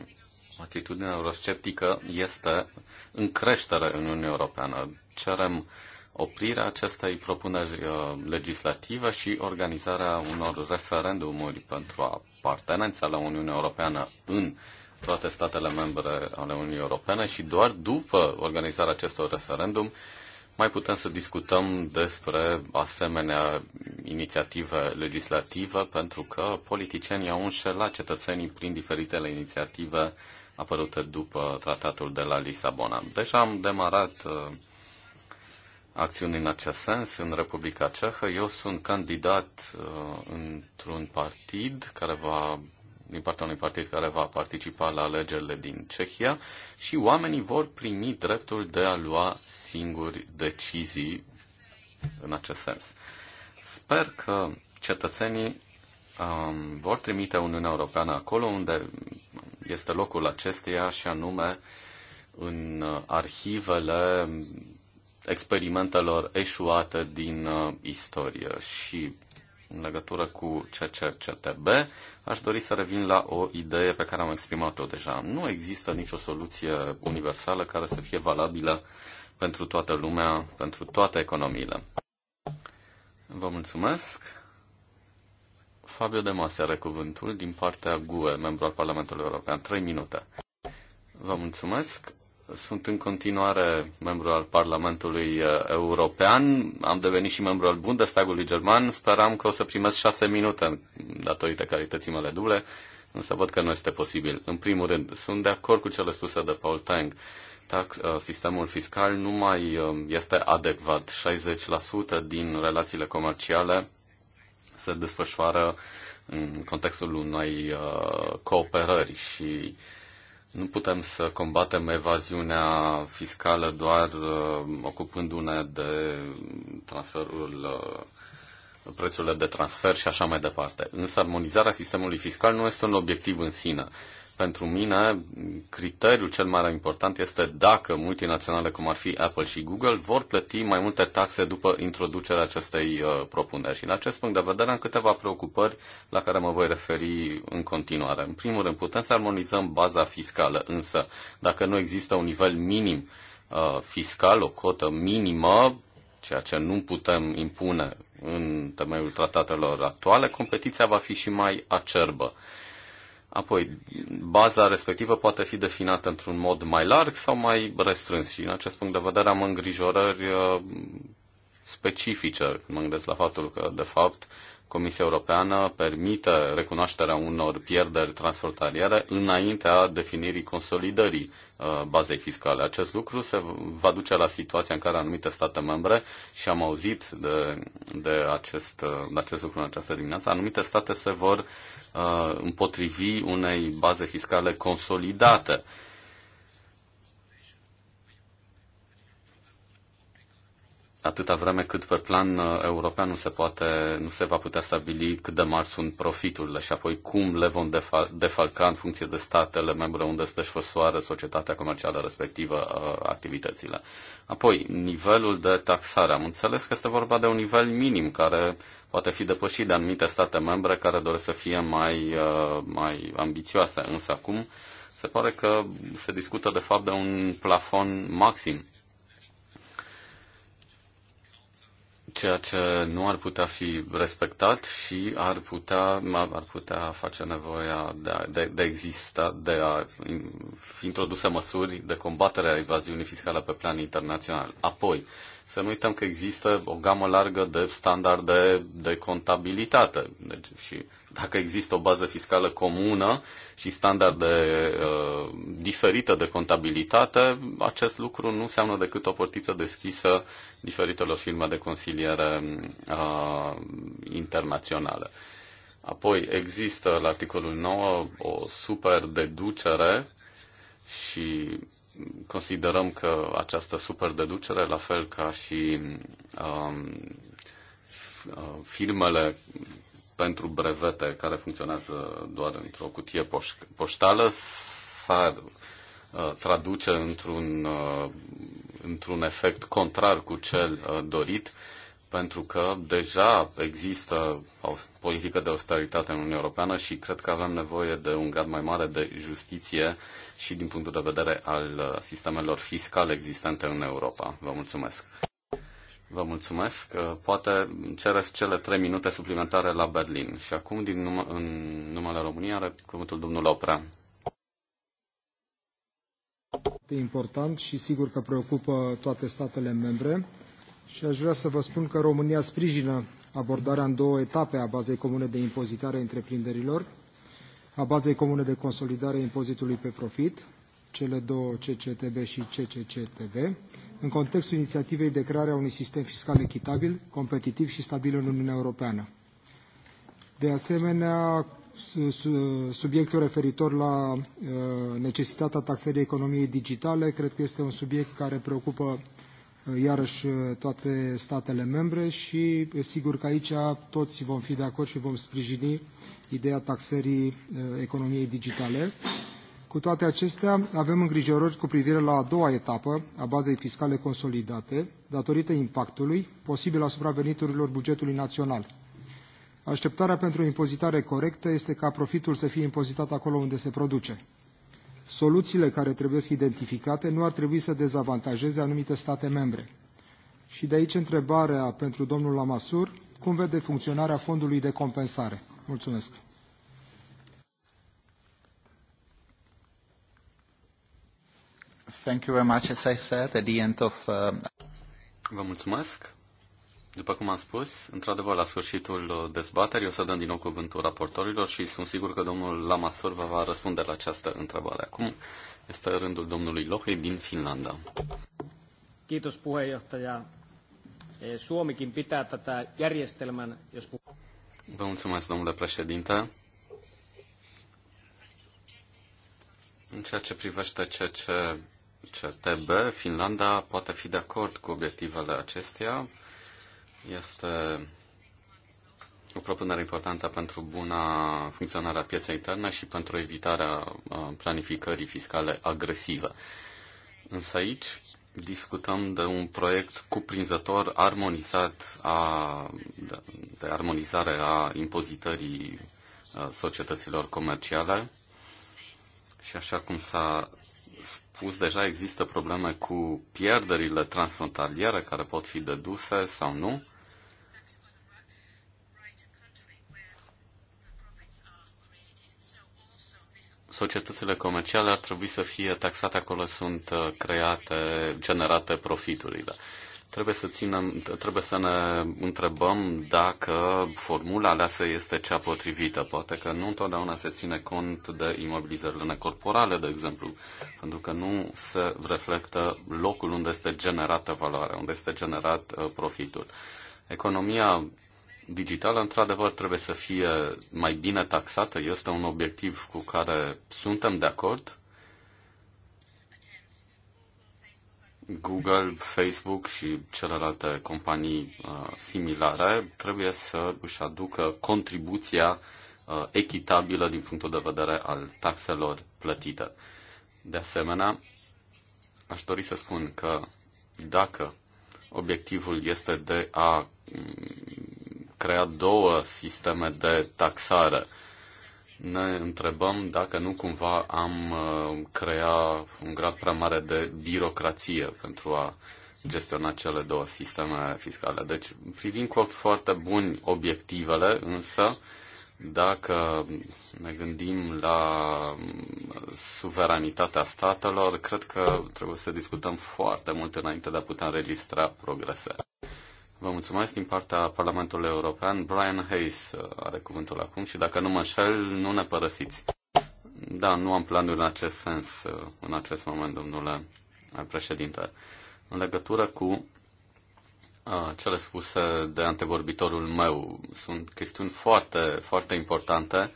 atitudinea eurosceptică este în creștere în Uniunea Europeană. Cerem oprirea acestei propuneri uh, legislative și organizarea unor referendumuri pentru apartenența la Uniunea Europeană în toate statele membre ale Uniunii Europene și doar după organizarea acestor referendum mai putem să discutăm despre asemenea inițiative legislative, pentru că politicienii au înșelat cetățenii prin diferitele inițiative apărută după tratatul de la Lisabona. Deja am demarat uh, acțiuni în acest sens în Republica Cehă. Eu sunt candidat uh, într-un partid care va din partea unui partid care va participa la alegerile din Cehia și oamenii vor primi dreptul de a lua singuri decizii în acest sens. Sper că cetățenii um, vor trimite Uniunea Europeană acolo unde este locul acesteia și anume în uh, arhivele experimentelor eșuate din uh, istorie și în legătură cu CCCTB, aș dori să revin la o idee pe care am exprimat-o deja. Nu există nicio soluție universală care să fie valabilă pentru toată lumea, pentru toate economiile. Vă mulțumesc! Fabio de Masi are cuvântul din partea GUE, membru al Parlamentului European. Trei minute. Vă mulțumesc. Sunt în continuare membru al Parlamentului eh, European, am devenit și membru al Bundestagului German, speram că o să primesc șase minute datorită calității mele duble, însă văd că nu este posibil. În primul rând, sunt de acord cu cele spuse de Paul Tang. Tax, eh, sistemul fiscal nu mai eh, este adecvat. 60% din relațiile comerciale se desfășoară în contextul unei uh, cooperări și nu putem să combatem evaziunea fiscală doar uh, ocupându-ne de transferul uh, prețurile de transfer și așa mai departe. Însă armonizarea sistemului fiscal nu este un obiectiv în sine. Pentru mine, criteriul cel mai important este dacă multinaționale cum ar fi Apple și Google vor plăti mai multe taxe după introducerea acestei uh, propuneri. Și în acest punct de vedere am câteva preocupări la care mă voi referi în continuare. În primul rând, putem să armonizăm baza fiscală, însă dacă nu există un nivel minim uh, fiscal, o cotă minimă, ceea ce nu putem impune în temeiul tratatelor actuale, competiția va fi și mai acerbă. Apoi, baza respectivă poate fi definată într-un mod mai larg sau mai restrâns și în acest punct de vedere am îngrijorări uh, specifice. mă gândesc la faptul că, de fapt, Comisia Europeană permite recunoașterea unor pierderi transfrontaliere înaintea definirii consolidării uh, bazei fiscale. Acest lucru se va duce la situația în care anumite state membre, și am auzit de, de, acest, uh, de acest lucru în această dimineață, anumite state se vor uh, Uh, împotrivi unei baze fiscale consolidate atâta vreme cât pe plan uh, european nu se, poate, nu se va putea stabili cât de mari sunt profiturile și apoi cum le vom defal- defalca în funcție de statele membre unde se desfășoară societatea comercială respectivă uh, activitățile. Apoi, nivelul de taxare. Am înțeles că este vorba de un nivel minim care poate fi depășit de anumite state membre care doresc să fie mai, uh, mai ambițioase, însă acum se pare că se discută de fapt de un plafon maxim ceea ce nu ar putea fi respectat și ar putea, ar putea face nevoia de a, de, de exista, de a fi introduse măsuri de combatere a evaziunii fiscale pe plan internațional. Apoi, uh, să nu uităm că există o gamă largă de standarde de contabilitate. Deci, și dacă există o bază fiscală comună și standarde uh, diferite de contabilitate, acest lucru nu înseamnă decât o portiță deschisă diferitelor firme de consiliere uh, internaționale. Apoi există la articolul 9 o super deducere și considerăm că această superdeducere, la fel ca și um, uh, firmele pentru brevete care funcționează doar într-o cutie poș- poștală, s-ar uh, traduce într-un, uh, într-un efect contrar cu cel uh, dorit, pentru că deja există o politică de austeritate în Uniunea Europeană și cred că avem nevoie de un grad mai mare de justiție și din punctul de vedere al uh, sistemelor fiscale existente în Europa. Vă mulțumesc! Vă mulțumesc. Uh, poate cereți cele trei minute suplimentare la Berlin. Și acum, din num- în numele României, are cuvântul domnul Oprea. Important și sigur că preocupă toate statele membre. Și aș vrea să vă spun că România sprijină abordarea în două etape a bazei comune de impozitare a întreprinderilor a bazei comune de consolidare a impozitului pe profit, cele două CCTB și CCCTB, în contextul inițiativei de creare a unui sistem fiscal echitabil, competitiv și stabil în Uniunea Europeană. De asemenea, subiectul referitor la uh, necesitatea taxării economiei digitale, cred că este un subiect care preocupă uh, iarăși uh, toate statele membre și sigur că aici toți vom fi de acord și vom sprijini ideea taxării uh, economiei digitale. Cu toate acestea, avem îngrijorări cu privire la a doua etapă a bazei fiscale consolidate, datorită impactului posibil asupra veniturilor bugetului național. Așteptarea pentru o impozitare corectă este ca profitul să fie impozitat acolo unde se produce. Soluțiile care trebuie identificate nu ar trebui să dezavantajeze anumite state membre. Și de aici întrebarea pentru domnul Lamassoure, cum vede funcționarea fondului de compensare? Mulțumesc! Thank you very much, as I said, at the end of... Uh... Vă mulțumesc! După cum am spus, într-adevăr, la sfârșitul dezbaterii o să dăm din nou cuvântul raportorilor și sunt sigur că domnul Lamasur vă va răspunde la această întrebare. Acum este rândul domnului Lohi din Finlanda. Kiitos puheenjohtaja. Suomikin pitää tätä järjestelmän, jos Vă mulțumesc, domnule președinte. În ceea ce privește CCTB, Finlanda poate fi de acord cu obiectivele acestea. Este o propunere importantă pentru buna funcționare a pieței interne și pentru evitarea uh, planificării fiscale agresive. Însă aici discutăm de un proiect cuprinzător, armonizat, a, de, de armonizare a impozitării uh, societăților comerciale și așa cum s-a spus, deja există probleme cu pierderile transfrontaliere care pot fi deduse sau nu. societățile comerciale ar trebui să fie taxate acolo sunt uh, create, generate profiturile. Trebuie să, ținem, trebuie să ne întrebăm dacă formula aleasă este cea potrivită. Poate că nu întotdeauna se ține cont de imobilizările necorporale, de exemplu, pentru că nu se reflectă locul unde este generată valoarea, unde este generat uh, profitul. Economia digitală, într-adevăr, trebuie să fie mai bine taxată. Este un obiectiv cu care suntem de acord. Google, Facebook și celelalte companii uh, similare trebuie să își aducă contribuția uh, echitabilă din punctul de vedere al taxelor plătite. De asemenea, aș dori să spun că dacă obiectivul este de a mm, crea două sisteme de taxare. Ne întrebăm dacă nu cumva am uh, crea un grad prea mare de birocrație pentru a gestiona cele două sisteme fiscale. Deci privind cu ochi foarte buni obiectivele, însă dacă ne gândim la suveranitatea statelor, cred că trebuie să discutăm foarte mult înainte de a putea înregistra progrese. Vă mulțumesc din partea Parlamentului European. Brian Hayes uh, are cuvântul acum și dacă nu mă înșel, nu ne părăsiți. Da, nu am planul în acest sens uh, în acest moment, domnule președinte. În legătură cu uh, cele spuse de antevorbitorul meu, sunt chestiuni foarte, foarte importante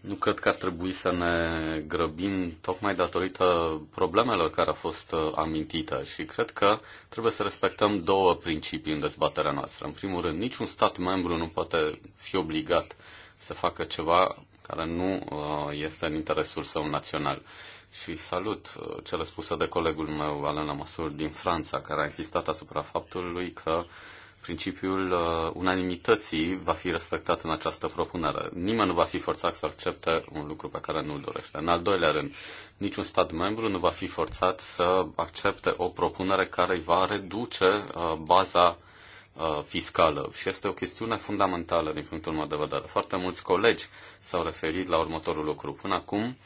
nu cred că ar trebui să ne grăbim tocmai datorită problemelor care au fost uh, amintite și cred că trebuie să respectăm două principii în dezbaterea noastră. În primul rând, niciun stat membru nu poate fi obligat să facă ceva care nu uh, este în interesul său național. Și salut uh, cele spuse de colegul meu, Alena Masur, din Franța, care a insistat asupra faptului că principiul uh, unanimității va fi respectat în această propunere. Nimeni nu va fi forțat să accepte un lucru pe care nu-l dorește. În al doilea rând, niciun stat membru nu va fi forțat să accepte o propunere care îi va reduce uh, baza uh, fiscală și este o chestiune fundamentală din punctul meu de vedere. Foarte mulți colegi s-au referit la următorul lucru. Până acum,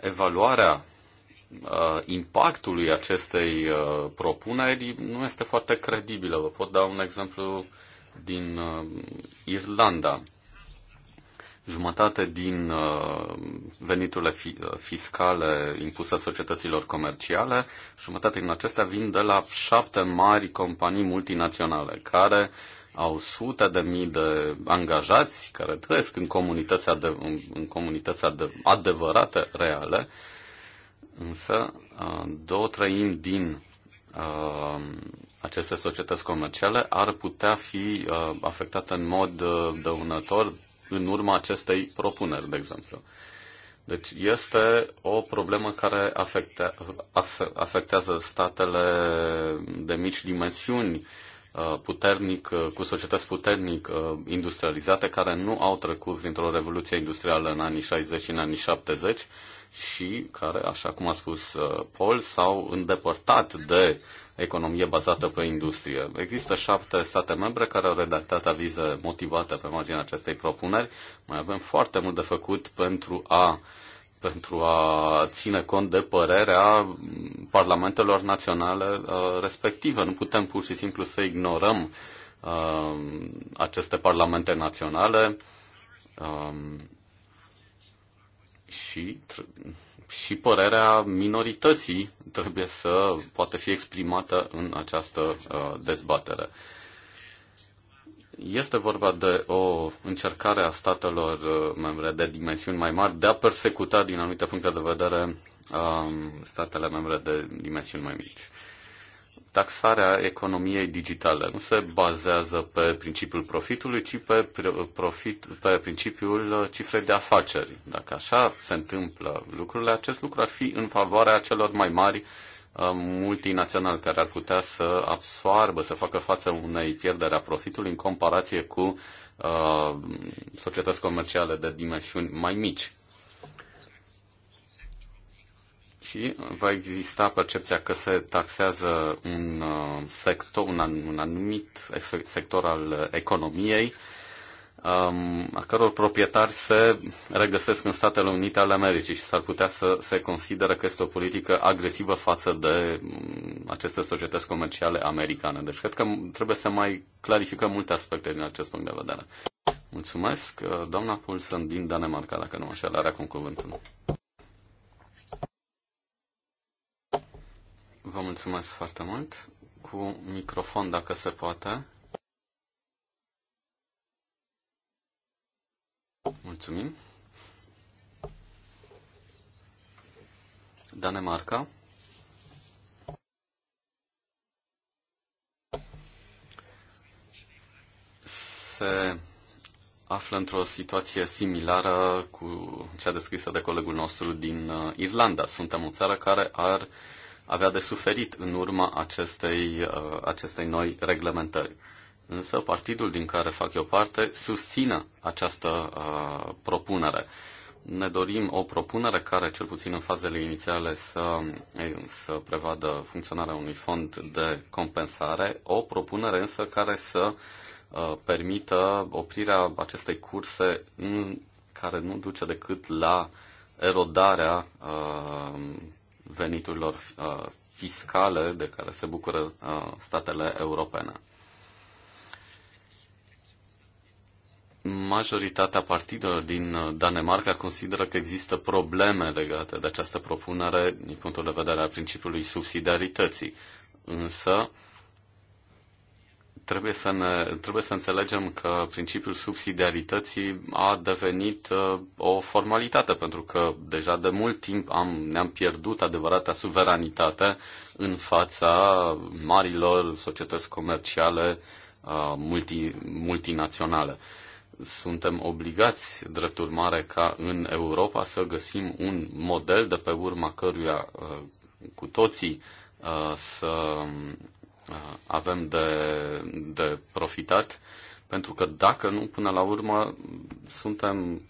evaluarea Uh, impactului acestei uh, propuneri nu este foarte credibilă. Vă pot da un exemplu din uh, Irlanda. Jumătate din veniturile fiscale impuse societăților comerciale, jumătate din acestea vin de la șapte mari companii multinaționale care au sute de mii de angajați care trăiesc în comunități, adev- în comunități adev- adevărate, reale, uh, Însă, uh, două treimi din uh, aceste societăți comerciale ar putea fi uh, afectate în mod dăunător în urma acestei propuneri, de exemplu. Deci este o problemă care afecte, afectează statele de mici dimensiuni, puternic, cu societăți puternic industrializate, care nu au trecut printr-o revoluție industrială în anii 60 și în anii 70 și care, așa cum a spus uh, Paul, s-au îndepărtat de economie bazată pe industrie. Există șapte state membre care au redactat avize motivate pe marginea acestei propuneri. Mai avem foarte mult de făcut pentru a pentru a ține cont de părerea parlamentelor naționale uh, respective. Nu putem pur și simplu să ignorăm uh, aceste parlamente naționale. Uh, și, și părerea minorității trebuie să poată fi exprimată în această uh, dezbatere. Este vorba de o încercare a statelor uh, membre de dimensiuni mai mari de a persecuta din anumite puncte de vedere um, statele membre de dimensiuni mai mici taxarea economiei digitale nu se bazează pe principiul profitului, ci pe, profit, pe principiul cifrei de afaceri. Dacă așa se întâmplă lucrurile, acest lucru ar fi în favoarea celor mai mari uh, multinaționali care ar putea să absoarbă, să facă față unei pierdere a profitului în comparație cu uh, societăți comerciale de dimensiuni mai mici. și va exista percepția că se taxează un uh, sector, un anumit sector al economiei, um, a căror proprietari se regăsesc în Statele Unite ale Americii și s-ar putea să se consideră că este o politică agresivă față de mm, aceste societăți comerciale americane. Deci cred că trebuie să mai clarificăm multe aspecte din acest punct de vedere. Mulțumesc. Uh, doamna Pulsen din Danemarca, dacă nu așa, are acum cuvântul. Vă mulțumesc foarte mult. Cu microfon, dacă se poate. Mulțumim. Danemarca. Se află într-o situație similară cu cea descrisă de colegul nostru din uh, Irlanda. Suntem o țară care are avea de suferit în urma acestei, uh, acestei noi reglementări. Însă partidul din care fac eu parte susține această uh, propunere. Ne dorim o propunere care, cel puțin în fazele inițiale, să, eh, să prevadă funcționarea unui fond de compensare, o propunere însă care să uh, permită oprirea acestei curse în, care nu duce decât la erodarea uh, veniturilor uh, fiscale de care se bucură uh, statele europene. Majoritatea partidelor din uh, Danemarca consideră că există probleme legate de această propunere din punctul de vedere al principiului subsidiarității. Însă, Trebuie să, ne, trebuie să înțelegem că principiul subsidiarității a devenit uh, o formalitate, pentru că deja de mult timp am, ne-am pierdut adevărata suveranitate în fața marilor societăți comerciale uh, multi, multinaționale. Suntem obligați, drept urmare, ca în Europa să găsim un model de pe urma căruia uh, cu toții să avem de, de profitat, pentru că dacă nu, până la urmă, suntem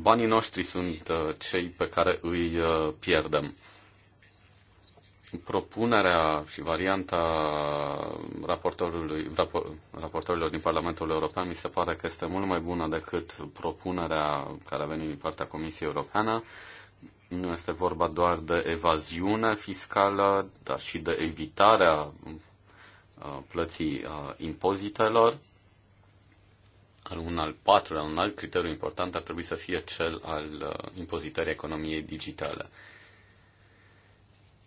banii noștri sunt uh, cei pe care îi uh, pierdem. Propunerea și varianta raportorului, rapor, raportorilor din Parlamentul European mi se pare că este mult mai bună decât propunerea care a venit din partea Comisiei Europeană. Nu este vorba doar de evaziune fiscală, dar și de evitarea uh, plății uh, impozitelor. Un al patrulea, un alt criteriu important ar trebui să fie cel al uh, impozitării economiei digitale.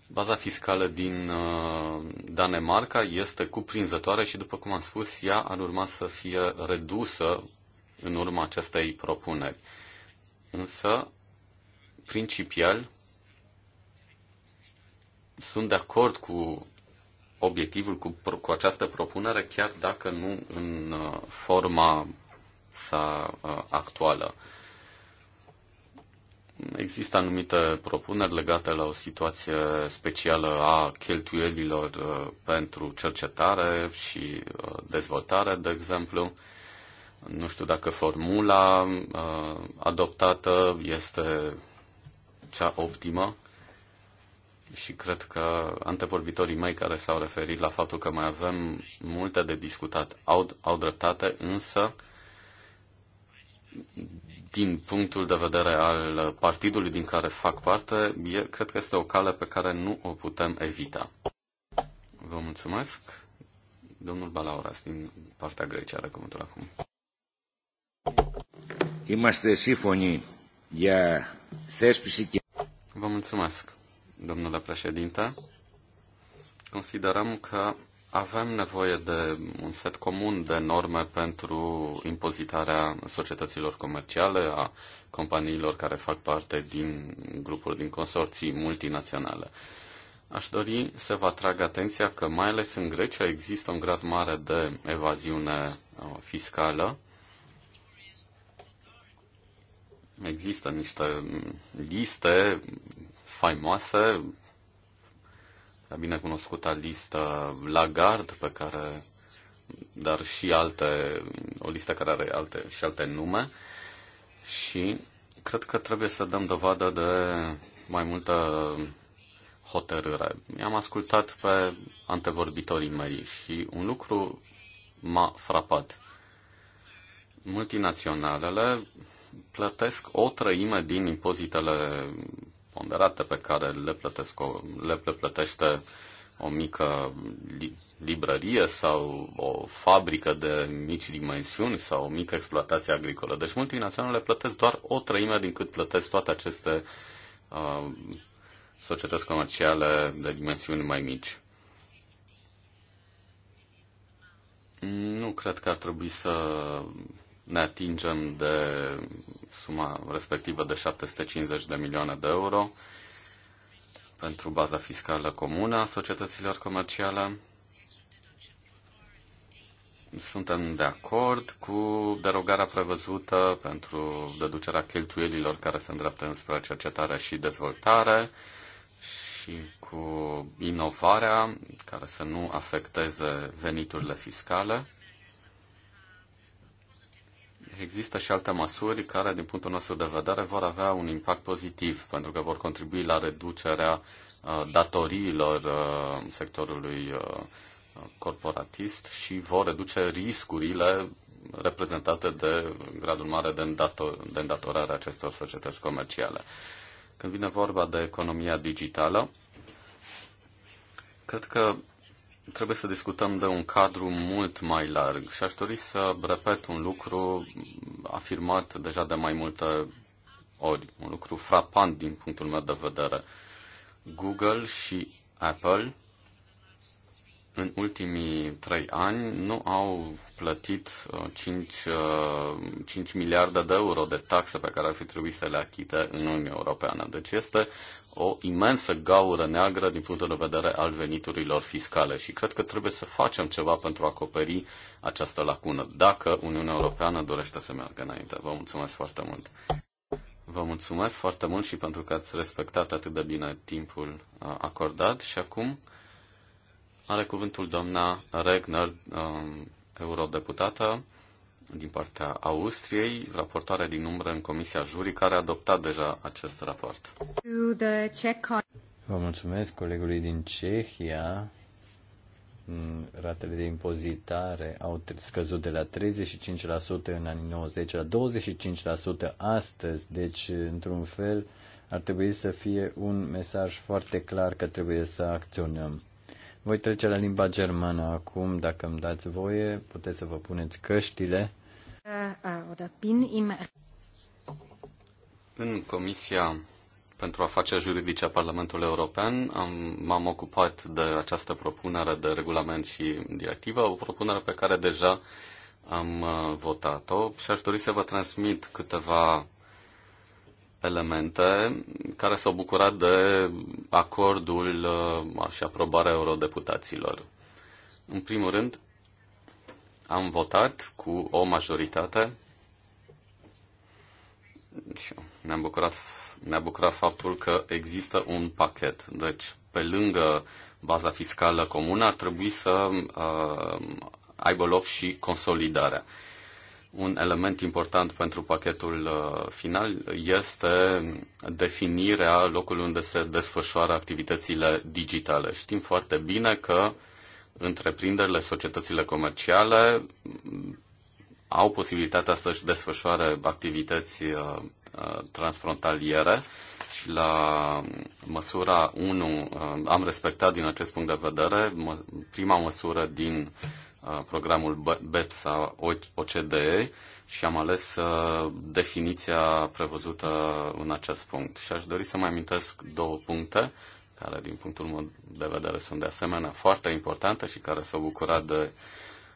Baza fiscală din Danemarca este cuprinzătoare și, după cum am spus, ea ar urma să fie redusă în urma acestei propuneri. Însă, principial, sunt de acord cu obiectivul, cu, cu această propunere, chiar dacă nu în uh, forma sa uh, actuală. Există anumite propuneri legate la o situație specială a cheltuielilor uh, pentru cercetare și dezvoltare, de exemplu. Nu știu dacă formula adoptată este cea optimă și cred că antevorbitorii mei care s-au referit la faptul că mai avem multe de discutat au, au dreptate, însă din punctul de vedere al partidului din care fac parte, e, cred că este o cale pe care nu o putem evita. Vă mulțumesc. Domnul Balauras, din partea Greciei, are cuvântul acum. Είμαστε σύμφωνοι για θέσπιση και Vă mulțumesc, domnule președinte. Considerăm că avem nevoie de un set comun de norme pentru impozitarea societăților comerciale, a companiilor care fac parte din grupuri, din consorții multinaționale. Aș dori să vă atrag atenția că mai ales în Grecia există un grad mare de evaziune uh, fiscală Există niște liste faimoase, la binecunoscuta listă Lagard, pe care, dar și alte, o listă care are alte, și alte nume. Și cred că trebuie să dăm dovadă de mai multă hotărâre. I-am ascultat pe antevorbitorii mei și un lucru m-a frapat. Multinaționalele plătesc o trăime din impozitele ponderate pe care le, plătesc, le, le plătește o mică li, librărie sau o fabrică de mici dimensiuni sau o mică exploatație agricolă. Deci multinaționale plătesc doar o trăime din cât plătesc toate aceste uh, societăți comerciale de dimensiuni mai mici. Nu cred că ar trebui să ne atingem de suma respectivă de 750 de milioane de euro pentru baza fiscală comună a societăților comerciale. Suntem de acord cu derogarea prevăzută pentru deducerea cheltuielilor care se îndreaptă înspre cercetare și dezvoltare și cu inovarea care să nu afecteze veniturile fiscale există și alte măsuri care, din punctul nostru de vedere, vor avea un impact pozitiv, pentru că vor contribui la reducerea uh, datoriilor uh, sectorului uh, corporatist și vor reduce riscurile reprezentate de gradul mare de, îndator- de îndatorare a acestor societăți comerciale. Când vine vorba de economia digitală, cred că trebuie să discutăm de un cadru mult mai larg și aș dori să repet un lucru afirmat deja de mai multe ori, un lucru frapant din punctul meu de vedere. Google și Apple în ultimii trei ani nu au plătit 5, uh, 5 uh, miliarde de euro de taxe pe care ar fi trebuit să le achite în Uniunea Europeană. Deci este o imensă gaură neagră din punctul de vedere al veniturilor fiscale și cred că trebuie să facem ceva pentru a acoperi această lacună, dacă Uniunea Europeană dorește să meargă înainte. Vă mulțumesc foarte mult! Vă mulțumesc foarte mult și pentru că ați respectat atât de bine timpul uh, acordat și acum are cuvântul doamna Regner, um, eurodeputată, din partea Austriei, raportarea din umbră în Comisia Jurii, care a adoptat deja acest raport. Vă mulțumesc colegului din Cehia. Mm, Ratele de impozitare au scăzut de la 35% în anii 90 la 25% astăzi, deci, într-un fel, ar trebui să fie un mesaj foarte clar că trebuie să acționăm. Voi trece la limba germană acum, dacă îmi dați voie, puteți să vă puneți căștile. În Comisia pentru Afaceri Juridice a Parlamentului European m-am ocupat de această propunere de regulament și directivă, o propunere pe care deja am uh, votat-o și aș dori să vă transmit câteva elemente care s-au bucurat de acordul uh, și aprobarea eurodeputaților. În primul rând, am votat cu o majoritate ne-am bucurat, ne-a bucurat faptul că există un pachet. Deci, pe lângă baza fiscală comună, ar trebui să uh, aibă loc și consolidarea. Un element important pentru pachetul uh, final este definirea locului unde se desfășoară activitățile digitale. Știm foarte bine că uh, întreprinderile, societățile comerciale au posibilitatea să-și desfășoare activități uh, uh, transfrontaliere și la măsura 1 uh, am respectat din acest punct de vedere prima măsură din programul BEPS sau OCDE și am ales definiția prevăzută în acest punct. Și aș dori să mai amintesc două puncte care din punctul meu de vedere sunt de asemenea foarte importante și care s-au bucurat de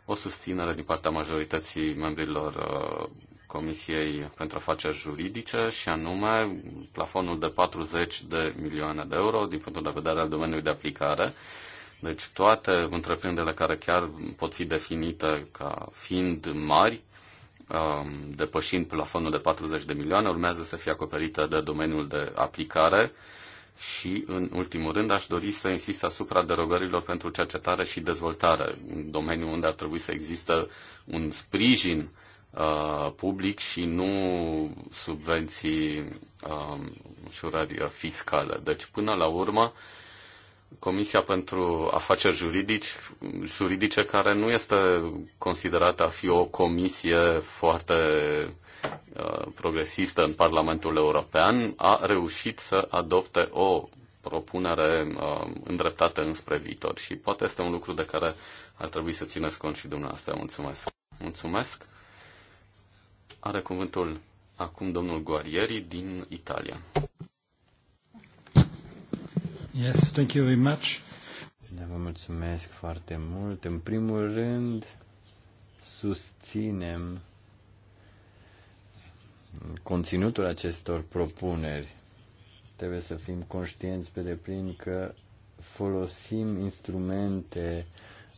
o susținere din partea majorității membrilor uh, Comisiei pentru Afaceri Juridice și anume plafonul de 40 de milioane de euro din punctul de vedere al domeniului de aplicare. Deci toate întreprinderile care chiar pot fi definite ca fiind mari, um, depășind plafonul de 40 de milioane, urmează să fie acoperite de domeniul de aplicare și, în ultimul rând, aș dori să insist asupra derogărilor pentru cercetare și dezvoltare, un domeniu unde ar trebui să există un sprijin uh, public și nu subvenții uh, ușurări fiscale. Deci, până la urmă, Comisia pentru Afaceri Juridici, Juridice, care nu este considerată a fi o comisie foarte Uh, progresistă în Parlamentul European a reușit să adopte o propunere uh, îndreptată înspre viitor și poate este un lucru de care ar trebui să țineți cont și dumneavoastră. Mulțumesc! Mulțumesc! Are cuvântul acum domnul Guarieri din Italia. Yes, thank you very much. Da, vă mulțumesc foarte mult. În primul rând, susținem conținutul acestor propuneri. Trebuie să fim conștienți pe deplin că folosim instrumente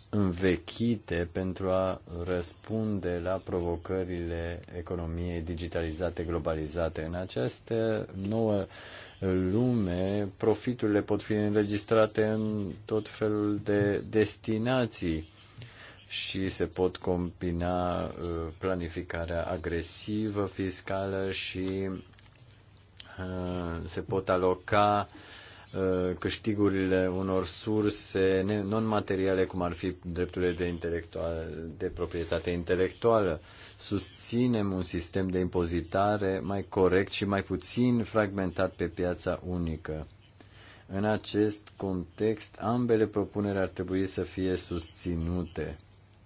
învechite pentru a răspunde la provocările economiei digitalizate, globalizate. În această nouă lume, profiturile pot fi înregistrate în tot felul de destinații și se pot combina uh, planificarea agresivă fiscală și uh, se pot aloca uh, câștigurile unor surse non-materiale, cum ar fi drepturile de, de proprietate intelectuală. Susținem un sistem de impozitare mai corect și mai puțin fragmentat pe piața unică. În acest context, ambele propuneri ar trebui să fie susținute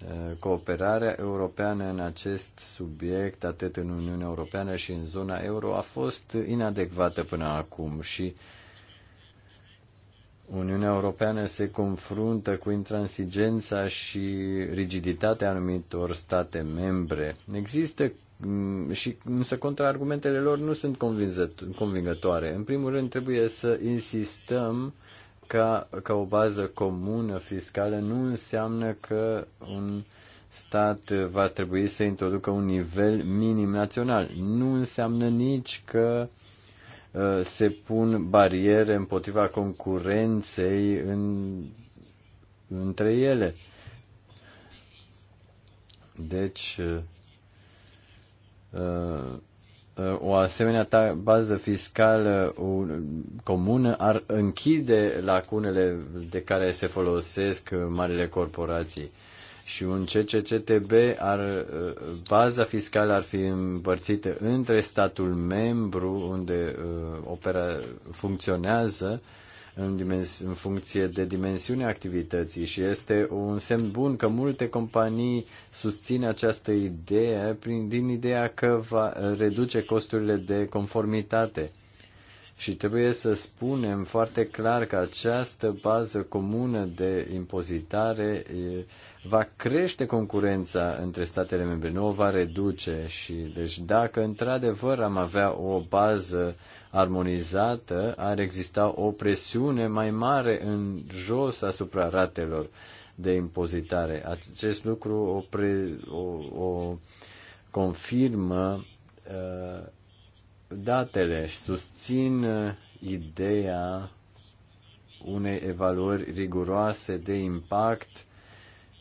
Eh, cooperarea europeană în acest subiect, atât în Uniunea Europeană și în zona euro, a fost inadecvată până acum și Uniunea Europeană se confruntă cu intransigența și rigiditatea anumitor state membre. Există mm, și însă contraargumentele lor nu sunt convingătoare. În primul rând trebuie să insistăm ca, ca o bază comună fiscală nu înseamnă că un stat va trebui să introducă un nivel minim național. Nu înseamnă nici că uh, se pun bariere împotriva concurenței în, între ele. Deci, uh, uh o asemenea ta- bază fiscală o, comună ar închide lacunele de care se folosesc marile corporații. Și un CCCTB ar, baza fiscală ar fi împărțită între statul membru unde opera funcționează în, în funcție de dimensiunea activității și este un semn bun că multe companii susțin această idee prin, din ideea că va reduce costurile de conformitate. Și trebuie să spunem foarte clar că această bază comună de impozitare va crește concurența între statele membre, nu o va reduce. Și, deci dacă într-adevăr am avea o bază armonizată, ar exista o presiune mai mare în jos asupra ratelor de impozitare. Acest lucru o, pre, o, o confirmă uh, datele și susțin uh, ideea unei evaluări riguroase de impact.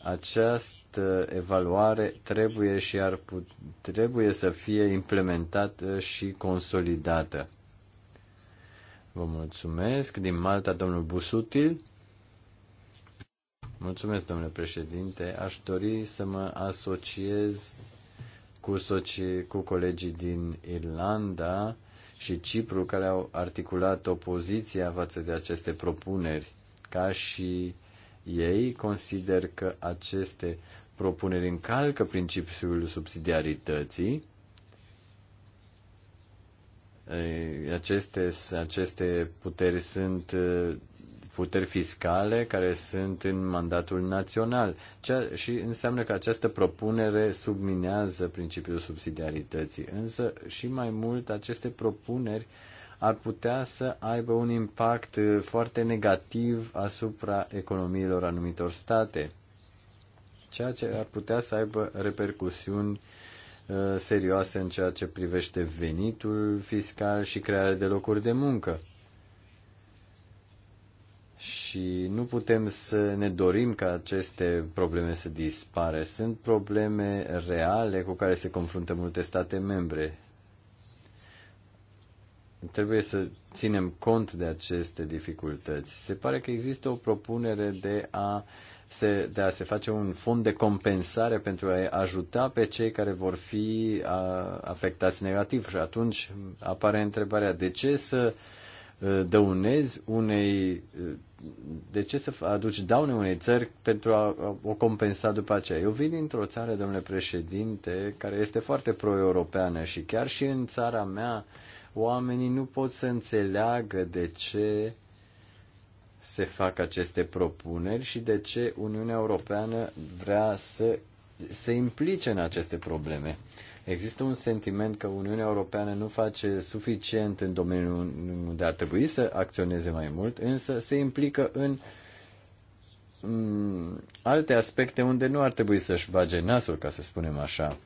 Această evaluare trebuie și ar put, trebuie să fie implementată și consolidată. Vă mulțumesc. Din Malta, domnul Busutil. Mulțumesc, domnule președinte. Aș dori să mă asociez cu, soci- cu colegii din Irlanda și Cipru care au articulat opoziția față de aceste propuneri. Ca și ei, consider că aceste propuneri încalcă principiul subsidiarității aceste, aceste puteri sunt puteri fiscale care sunt în mandatul național Cea, și înseamnă că această propunere subminează principiul subsidiarității. Însă și mai mult aceste propuneri ar putea să aibă un impact foarte negativ asupra economiilor anumitor state, ceea ce ar putea să aibă repercusiuni uh, Uh, serioase în ceea ce privește venitul fiscal și crearea de locuri de muncă. Și nu putem să ne dorim ca aceste probleme să dispare. Sunt probleme reale cu care se confruntă multe state membre. Trebuie să ținem cont de aceste dificultăți. Se pare că există o propunere de a uh, se, de a se face un fond de compensare pentru a ajuta pe cei care vor fi a, afectați negativ. Și atunci apare întrebarea de ce să dăunezi unei de ce să aduci daune unei țări pentru a o compensa după aceea? Eu vin dintr-o țară, domnule președinte, care este foarte pro-europeană și chiar și în țara mea oamenii nu pot să înțeleagă de ce se fac aceste propuneri și de ce Uniunea Europeană vrea să se implice în aceste probleme. Există un sentiment că Uniunea Europeană nu face suficient în domeniul unde ar trebui să acționeze mai mult, însă se implică în, mm, alte aspecte unde nu ar trebui să-și bage nasul, ca să spunem așa.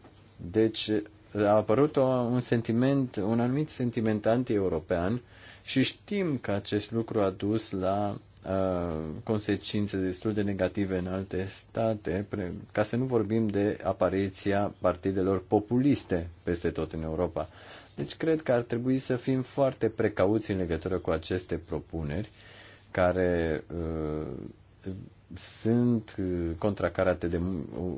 Deci a apărut o, un sentiment, un anumit sentiment anti-european și știm că acest lucru a dus la Uh, consecințe destul de negative în alte state, ca să nu vorbim de apariția partidelor populiste peste tot în Europa. Deci cred că ar trebui să fim foarte precauți în legătură cu aceste propuneri care uh, sunt contracarate de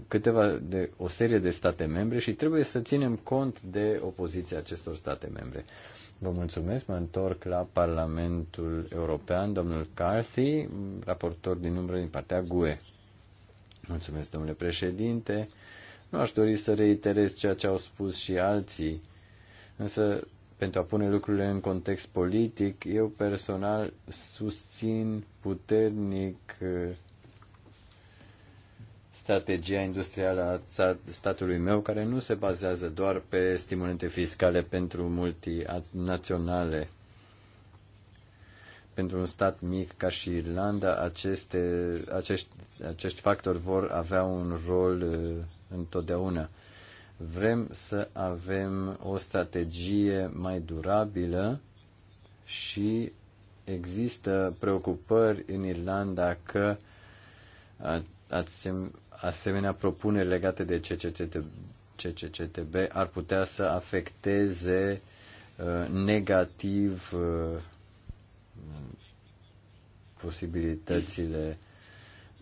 câteva de o serie de state membre și trebuie să ținem cont de opoziția acestor state membre. Vă mulțumesc, mă întorc la Parlamentul European, domnul Carthy, raportor din umbră din partea GUE. Mulțumesc, domnule președinte. Nu aș dori să reiterez ceea ce au spus și alții, însă pentru a pune lucrurile în context politic, eu personal susțin puternic strategia industrială a statului meu, care nu se bazează doar pe stimulente fiscale pentru multinaționale. Pentru un stat mic ca și Irlanda, aceste, acești, acești factori vor avea un rol uh, întotdeauna. Vrem să avem o strategie mai durabilă și există preocupări în Irlanda că ați asemenea propuneri legate de CCCTB, CCCTB ar putea să afecteze uh, negativ uh, posibilitățile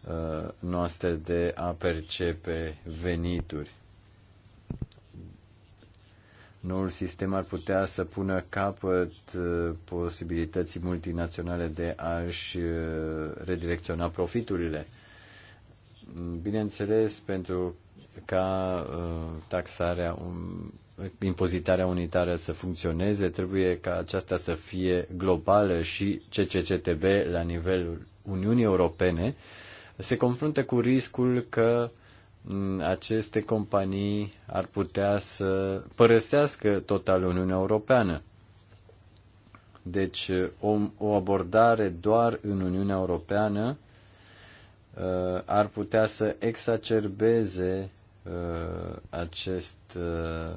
uh, noastre de a percepe venituri. Noul sistem ar putea să pună capăt posibilității multinaționale de a-și redirecționa profiturile bineînțeles, pentru ca uh, taxarea, impozitarea unitară să funcționeze, trebuie ca aceasta să fie globală și CCCTB la nivelul Uniunii Europene se confruntă cu riscul că mm, aceste companii ar putea să părăsească total Uniunea Europeană. Deci o, o abordare doar în Uniunea Europeană Uh, ar putea să exacerbeze uh, acest, uh,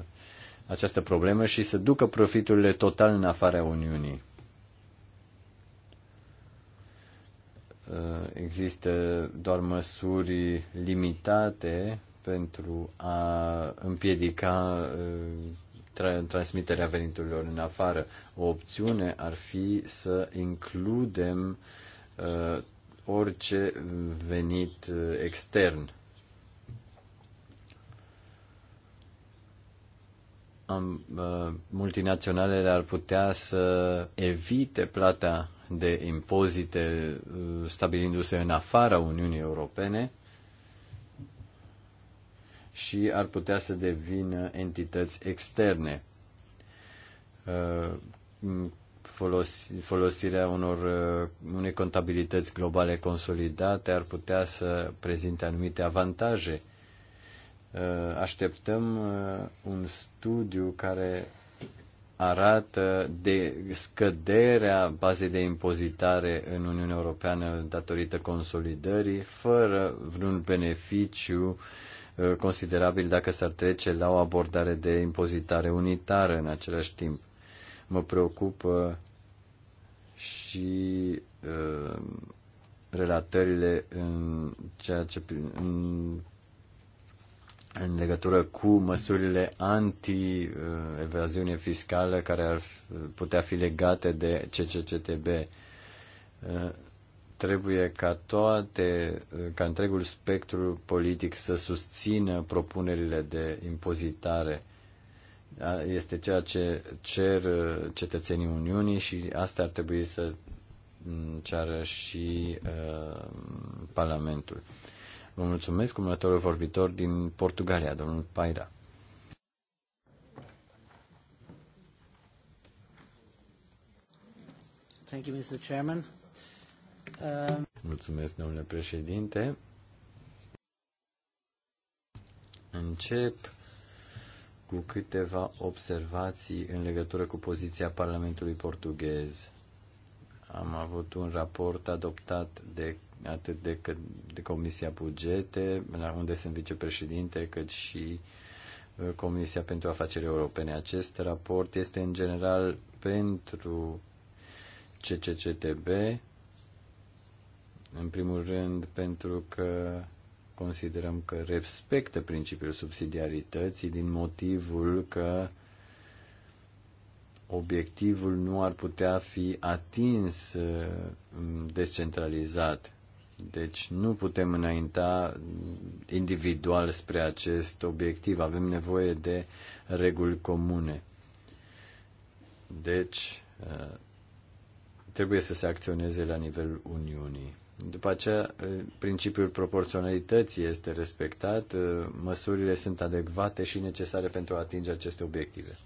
această problemă și să ducă profiturile total în afara Uniunii. Există doar măsuri limitate pentru a împiedica transmiterea veniturilor în afară. O opțiune ar fi să includem orice venit uh, extern. Am, uh, multinaționalele ar putea să evite plata de impozite uh, stabilindu-se în afara Uniunii Europene și ar putea să devină entități externe folos, folosirea unor, uh, unei contabilități globale consolidate ar putea să prezinte anumite avantaje. Uh, așteptăm uh, un studiu care arată de scăderea bazei de impozitare în Uniunea Europeană datorită consolidării, fără vreun beneficiu considerabil dacă s-ar trece la o abordare de impozitare unitară în același timp. Mă preocupă și uh, relatările în ceea ce în, în legătură cu măsurile anti-evaziune fiscală care ar putea fi legate de CCCTB. Uh, trebuie ca toate, uh, ca întregul spectru politic să susțină propunerile de impozitare este ceea ce cer uh, cetățenii Uniunii și asta ar trebui să mm, ceară și uh, Parlamentul. Vă mulțumesc, următorul vorbitor din Portugalia, domnul Paira. Thank you, Mr. Chairman. Uh... Mulțumesc, domnule președinte. Încep cu câteva observații în legătură cu poziția Parlamentului portughez. Am avut un raport adoptat de atât de, că, de Comisia Bugete, unde sunt vicepreședinte, cât și uh, Comisia pentru Afaceri Europene. Acest raport este în general pentru CCCTB, în primul rând pentru că considerăm că respectă principiul subsidiarității din motivul că obiectivul nu ar putea fi atins uh, descentralizat. Deci nu putem înainta individual spre acest obiectiv. Avem nevoie de reguli comune. Deci uh, trebuie să se acționeze la nivelul Uniunii. După aceea, principiul proporționalității este respectat, măsurile sunt adecvate și necesare pentru a atinge aceste obiective.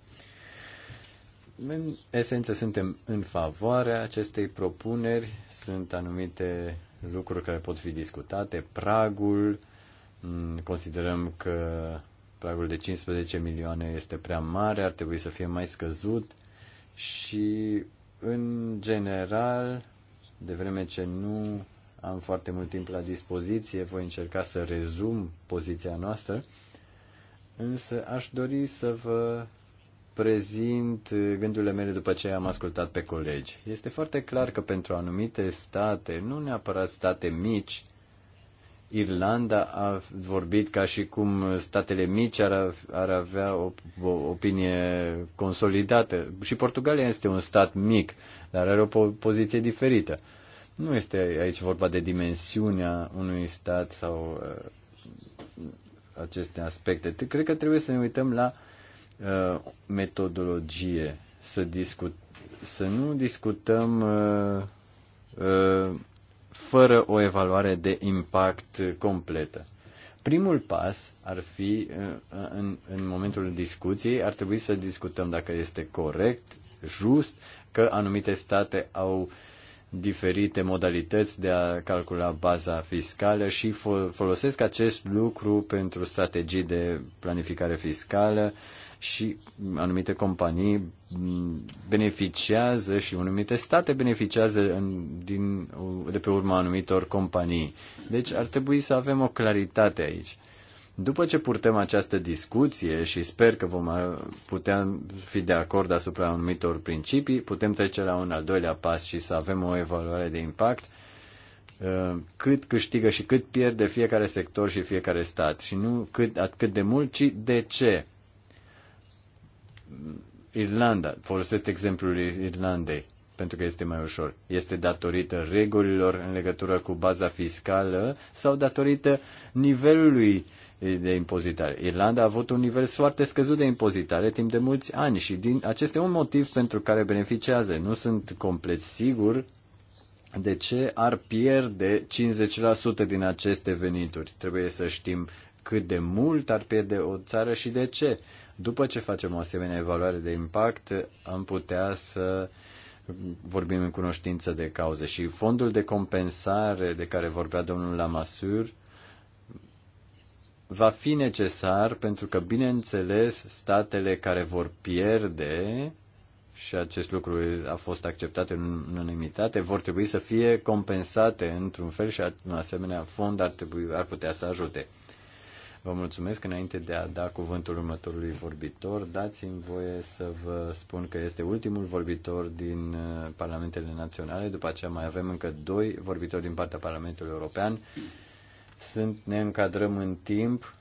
În esență, suntem în favoarea acestei propuneri, sunt anumite lucruri care pot fi discutate, pragul, mm, considerăm că pragul de 15 milioane este prea mare, ar trebui să fie mai scăzut și, în general, de vreme ce nu am foarte mult timp la dispoziție, voi încerca să rezum poziția noastră, însă aș dori să vă prezint gândurile mele după ce am ascultat pe colegi. Este foarte clar că pentru anumite state, nu neapărat state mici, Irlanda a vorbit ca și cum statele mici ar, ar avea o, o opinie consolidată. Și Portugalia este un stat mic, dar are o poziție diferită. Uh, nu este aici vorba de dimensiunea unui stat sau uh, aceste aspecte. Cred că trebuie să ne uităm la uh, metodologie, să, discut, să nu discutăm uh, uh, fără o evaluare de impact completă. Primul pas ar fi, uh, în, în momentul discuției, ar trebui să discutăm dacă este corect, just, că anumite state au uh, diferite modalități de a calcula baza fiscală și folosesc acest lucru pentru strategii de planificare fiscală și anumite companii beneficiază și anumite state beneficiază în, din, de pe urma anumitor companii. Deci ar trebui să avem o claritate aici. După ce purtăm această discuție și sper că vom uh, putea fi de acord asupra anumitor principii, putem trece la un al doilea pas și să avem o evaluare de impact uh, cât câștigă și cât pierde fiecare sector și fiecare stat. Și nu cât, cât de mult, ci de ce. Irlanda, folosesc exemplul Irlandei, pentru că este mai ușor. Este datorită regulilor în legătură cu baza fiscală sau datorită nivelului uh, de impozitare. Irlanda a avut un nivel foarte scăzut de impozitare timp de mulți ani și din acest un motiv pentru care beneficiază. Nu sunt complet sigur de ce ar pierde 50% din aceste venituri. Trebuie să știm cât de mult ar pierde o țară și de ce. După ce facem o asemenea evaluare de impact, am putea să vorbim în cunoștință de cauze. Și fondul de compensare de care vorbea domnul Lamassur, va fi necesar pentru că, bineînțeles, statele care vor pierde, și acest lucru a fost acceptat în unanimitate, vor trebui să fie compensate într-un fel și în asemenea fond ar, trebui, ar putea să ajute. Vă mulțumesc. Înainte de a da cuvântul următorului vorbitor, dați-mi voie să vă spun că este ultimul vorbitor din uh, Parlamentele Naționale. După aceea mai avem încă doi vorbitori din partea Parlamentului European sunt, ne încadrăm în timp.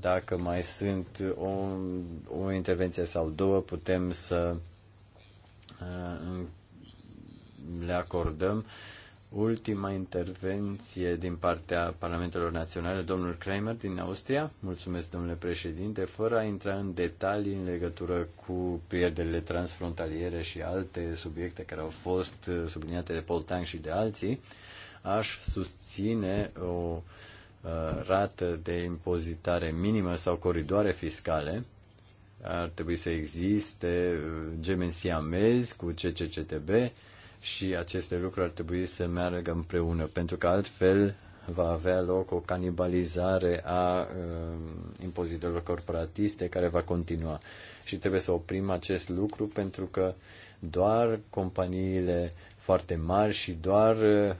Dacă mai sunt o, o intervenție sau două, putem să uh, le acordăm. Ultima intervenție din partea Parlamentelor Naționale, domnul Kramer din Austria. Mulțumesc, domnule președinte. Fără a intra în detalii în legătură cu pierderile transfrontaliere și alte subiecte care au fost subliniate de Paul Tang și de alții, aș susține o Uh, rată de impozitare minimă sau coridoare fiscale. Ar trebui să existe uh, gemensiamezi cu CCCTB și aceste lucruri ar trebui să meargă împreună, pentru că altfel va avea loc o canibalizare a uh, impozitelor corporatiste care va continua. Și trebuie să oprim acest lucru pentru că doar companiile foarte mari și doar uh,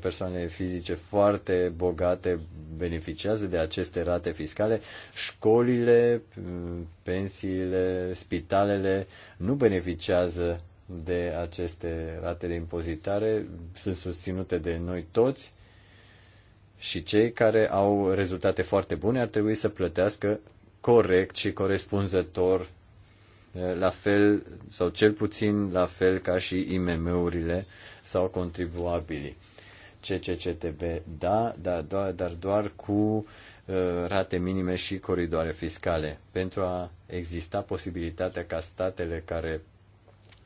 Persoane fizice foarte bogate beneficiază de aceste rate fiscale, școlile, pensiile, spitalele nu beneficiază de aceste rate de impozitare, sunt susținute de noi toți și cei care au rezultate foarte bune ar trebui să plătească corect și corespunzător la fel sau cel puțin la fel ca și IMM-urile sau contribuabilii. CCCTB, da, da, doar, dar doar cu uh, rate minime și coridoare fiscale, pentru a exista posibilitatea ca statele care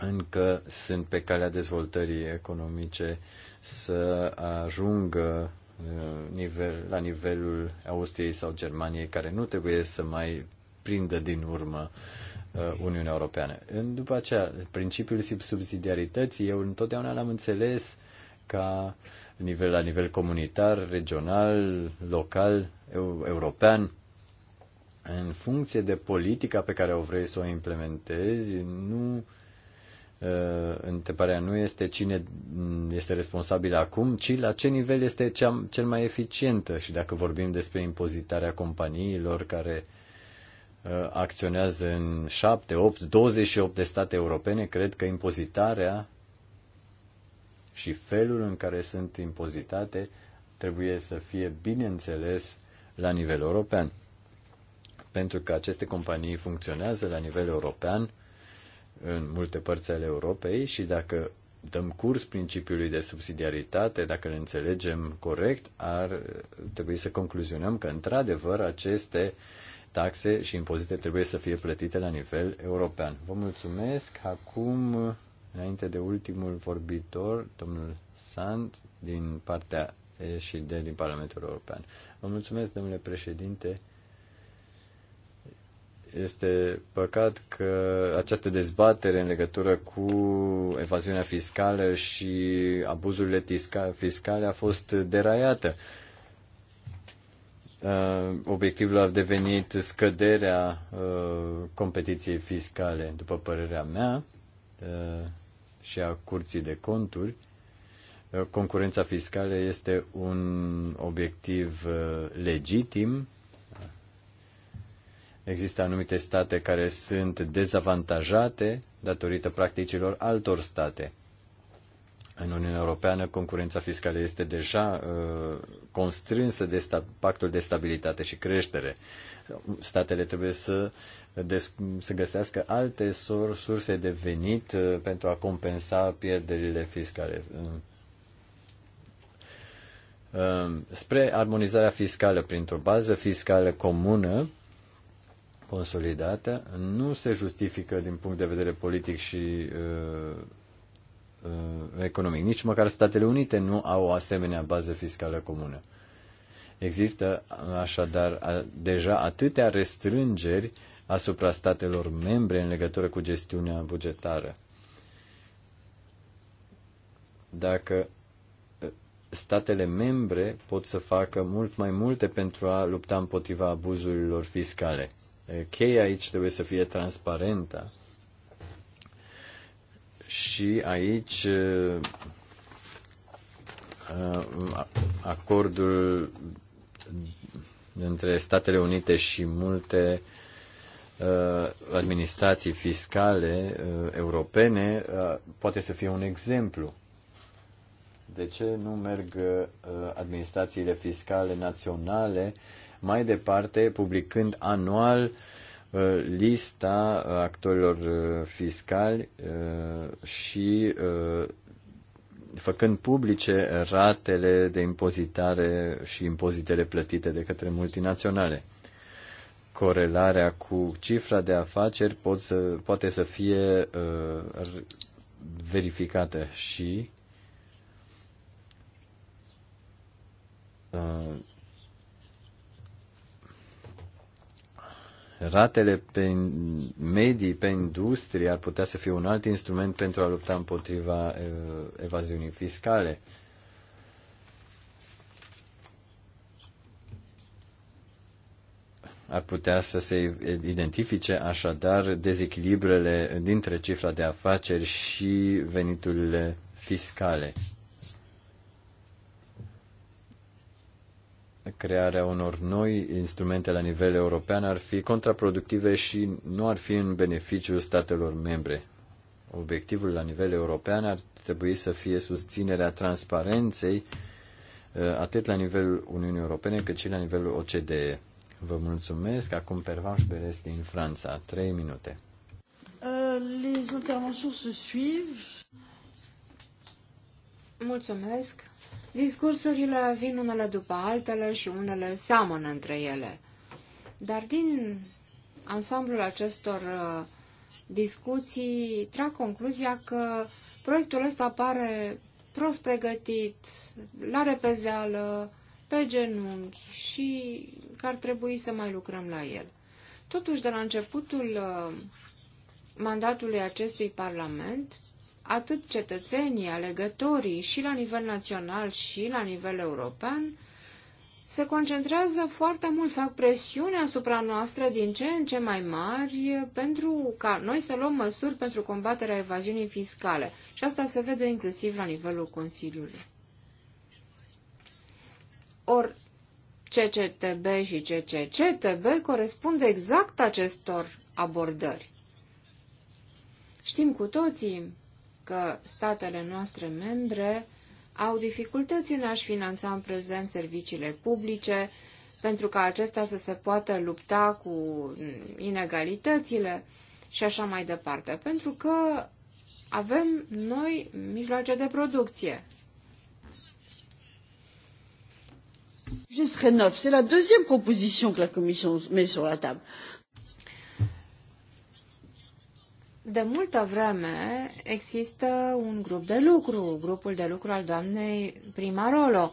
încă sunt pe calea dezvoltării economice să ajungă uh, nivel, la nivelul Austriei sau Germaniei, care nu trebuie să mai prindă din urmă uh, Uniunea Europeană. După aceea, principiul subsidiarității, eu întotdeauna l-am înțeles ca uh, nivel, la nivel comunitar, regional, local, eu, european. În funcție de politica pe care o vrei să o implementezi, nu uh, întrebarea nu este cine este responsabil acum, ci la ce nivel este cea, cel mai eficientă. Și dacă vorbim despre impozitarea companiilor care uh, acționează în 7, 8, 28 de state europene, cred că impozitarea și felul în care sunt impozitate trebuie să fie bineînțeles la nivel european. Pentru că aceste companii funcționează la nivel european în multe părți ale Europei și dacă dăm curs principiului de subsidiaritate, dacă le înțelegem corect, ar trebui să concluzionăm că, într-adevăr, aceste taxe și impozite trebuie să fie plătite la nivel european. Vă mulțumesc. Acum Înainte de ultimul vorbitor, domnul Sand, din partea și de din Parlamentul European. Vă mulțumesc, domnule președinte. Este păcat că această dezbatere în legătură cu evaziunea fiscală și abuzurile fiscale a fost deraiată. Uh, obiectivul a devenit scăderea uh, competiției fiscale, după părerea mea Uh, și a curții de conturi. Uh, concurența fiscală este un obiectiv uh, legitim. Există anumite state care sunt dezavantajate datorită practicilor altor state. În Uniunea Europeană, concurența fiscală este deja uh, constrânsă de sta- pactul de stabilitate și creștere statele trebuie să, să găsească alte surse de venit uh, pentru a compensa pierderile fiscale. Um, um, spre armonizarea fiscală printr-o bază fiscală comună, consolidată, nu se justifică din punct de vedere politic și uh, uh, economic. Nici măcar Statele Unite nu au o asemenea bază fiscală comună. Există așadar deja atâtea restrângeri asupra statelor membre în legătură cu gestiunea bugetară. Dacă statele membre pot să facă mult mai multe pentru a lupta împotriva abuzurilor fiscale. Cheia aici trebuie să fie transparentă. Și aici acordul între Statele Unite și multe uh, administrații fiscale uh, europene uh, poate să fie un exemplu. De ce nu merg uh, administrațiile fiscale naționale mai departe, publicând anual uh, lista uh, actorilor uh, fiscali uh, și uh, făcând publice ratele de impozitare și impozitele plătite de către multinaționale. Corelarea cu cifra de afaceri pot să, poate să fie uh, verificată și uh, ratele pe medii pe industrie ar putea să fie un alt instrument pentru a lupta împotriva evaziunii fiscale. Ar putea să se identifice așadar dezechilibrele dintre cifra de afaceri și veniturile fiscale. crearea unor noi instrumente la nivel european ar fi contraproductive și nu ar fi în beneficiul statelor membre. Obiectivul la nivel european ar trebui să fie susținerea transparenței uh, atât la nivelul Uniunii Europene cât și la nivelul OCDE. Vă mulțumesc. Acum Pervanș Beres din Franța. Trei minute. Uh, les interventions se suivent. Mulțumesc. Discursurile vin unele după altele și unele seamănă între ele. Dar din ansamblul acestor uh, discuții trag concluzia că proiectul ăsta pare prost pregătit, la repezeală, pe genunchi și că ar trebui să mai lucrăm la el. Totuși, de la începutul uh, mandatului acestui Parlament, atât cetățenii, alegătorii și la nivel național și la nivel european, se concentrează foarte mult, fac presiune asupra noastră din ce în ce mai mari pentru ca noi să luăm măsuri pentru combaterea evaziunii fiscale. Și asta se vede inclusiv la nivelul Consiliului. Or, CCTB și CCCTB corespund exact acestor abordări. Știm cu toții că statele noastre membre au dificultăți în a-și finanța în prezent serviciile publice, pentru ca acesta să se poată lupta cu inegalitățile și așa mai departe. Pentru că avem noi mijloace de producție. Je serai neuf. C'est la deuxième proposition que la Commission met sur la table. de multă vreme există un grup de lucru, grupul de lucru al doamnei Primarolo,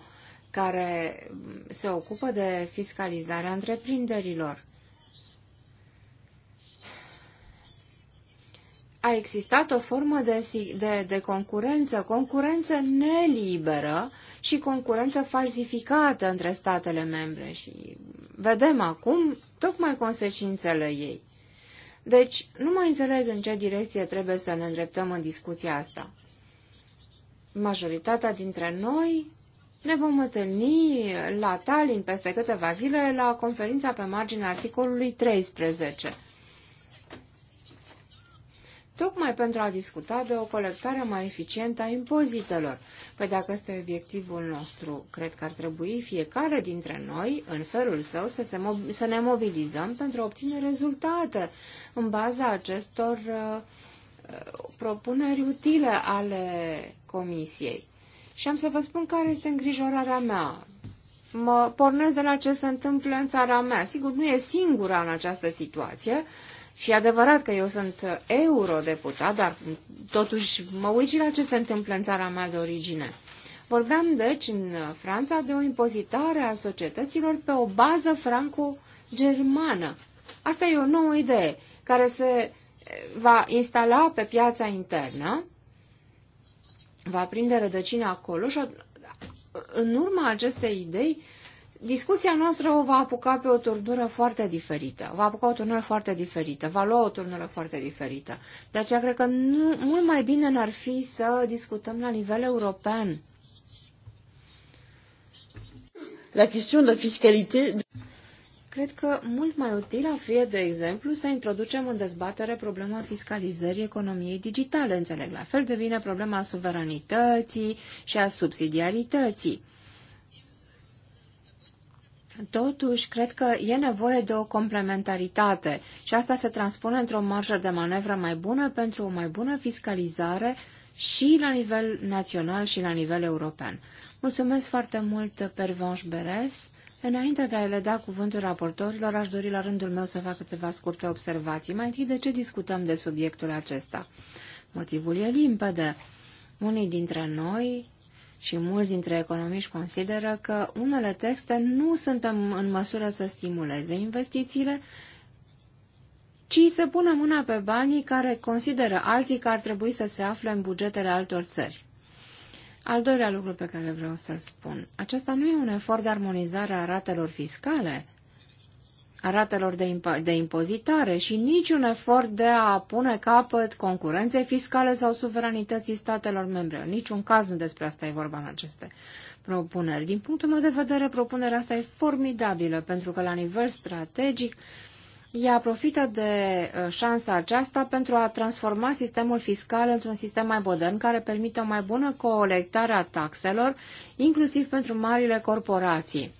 care se ocupă de fiscalizarea întreprinderilor. A existat o formă de, de, de concurență, concurență neliberă și concurență falsificată între statele membre și vedem acum tocmai consecințele ei. Deci, nu mai înțeleg în ce direcție trebuie să ne îndreptăm în discuția asta. Majoritatea dintre noi ne vom întâlni la Tallinn peste câteva zile la conferința pe marginea articolului 13 tocmai pentru a discuta de o colectare mai eficientă a impozitelor. Păi dacă este obiectivul nostru, cred că ar trebui fiecare dintre noi, în felul său, să, se să ne mobilizăm pentru a obține rezultate în baza acestor uh, uh, propuneri utile ale Comisiei. Și am să vă spun care este îngrijorarea mea. Mă pornesc de la ce se întâmplă în țara mea. Sigur, nu e singura în această situație, uh, și e adevărat că eu sunt eurodeputat, dar totuși mă uit și la ce se întâmplă în țara mea de origine. Vorbeam, deci, în Franța de o impozitare a societăților pe o bază franco-germană. Asta e o nouă idee care se eh, va instala pe piața internă, va prinde rădăcina acolo și în urma acestei idei discuția noastră o va apuca pe o turnură foarte diferită. Va apuca o turnură foarte diferită, va lua o turnură foarte diferită. De aceea cred că nu, mult mai bine n-ar fi să discutăm la nivel european. La chestiune de fiscalitate. Cred că mult mai util ar fi, de exemplu, să introducem în dezbatere problema fiscalizării economiei digitale, înțeleg la fel de bine problema suveranității și a subsidiarității. Totuși, cred că e nevoie de o complementaritate și asta se transpune într-o marjă de manevră mai bună pentru o mai bună fiscalizare și la nivel național și la nivel european. Mulțumesc foarte mult, Pervanș Beres. Înainte de a le da cuvântul raportorilor, aș dori la rândul meu să fac câteva scurte observații. Mai întâi, de ce discutăm de subiectul acesta? Motivul e limpede. Unii dintre noi și mulți dintre economiști consideră că unele texte nu sunt în măsură să stimuleze investițiile, ci să pună mâna pe banii care consideră alții că ar trebui să se afle în bugetele altor țări. Al doilea lucru pe care vreau să-l spun, acesta nu e un efort de armonizare a ratelor fiscale, ratelor de, imp- de impozitare și niciun efort de a pune capăt concurenței fiscale sau suveranității statelor membre. În niciun caz nu despre asta e vorba în aceste propuneri. Din punctul meu de vedere, propunerea asta e formidabilă, pentru că la nivel strategic ea profită de ă, șansa aceasta pentru a transforma sistemul fiscal într-un sistem mai modern care permite o mai bună colectare a taxelor, inclusiv pentru marile corporații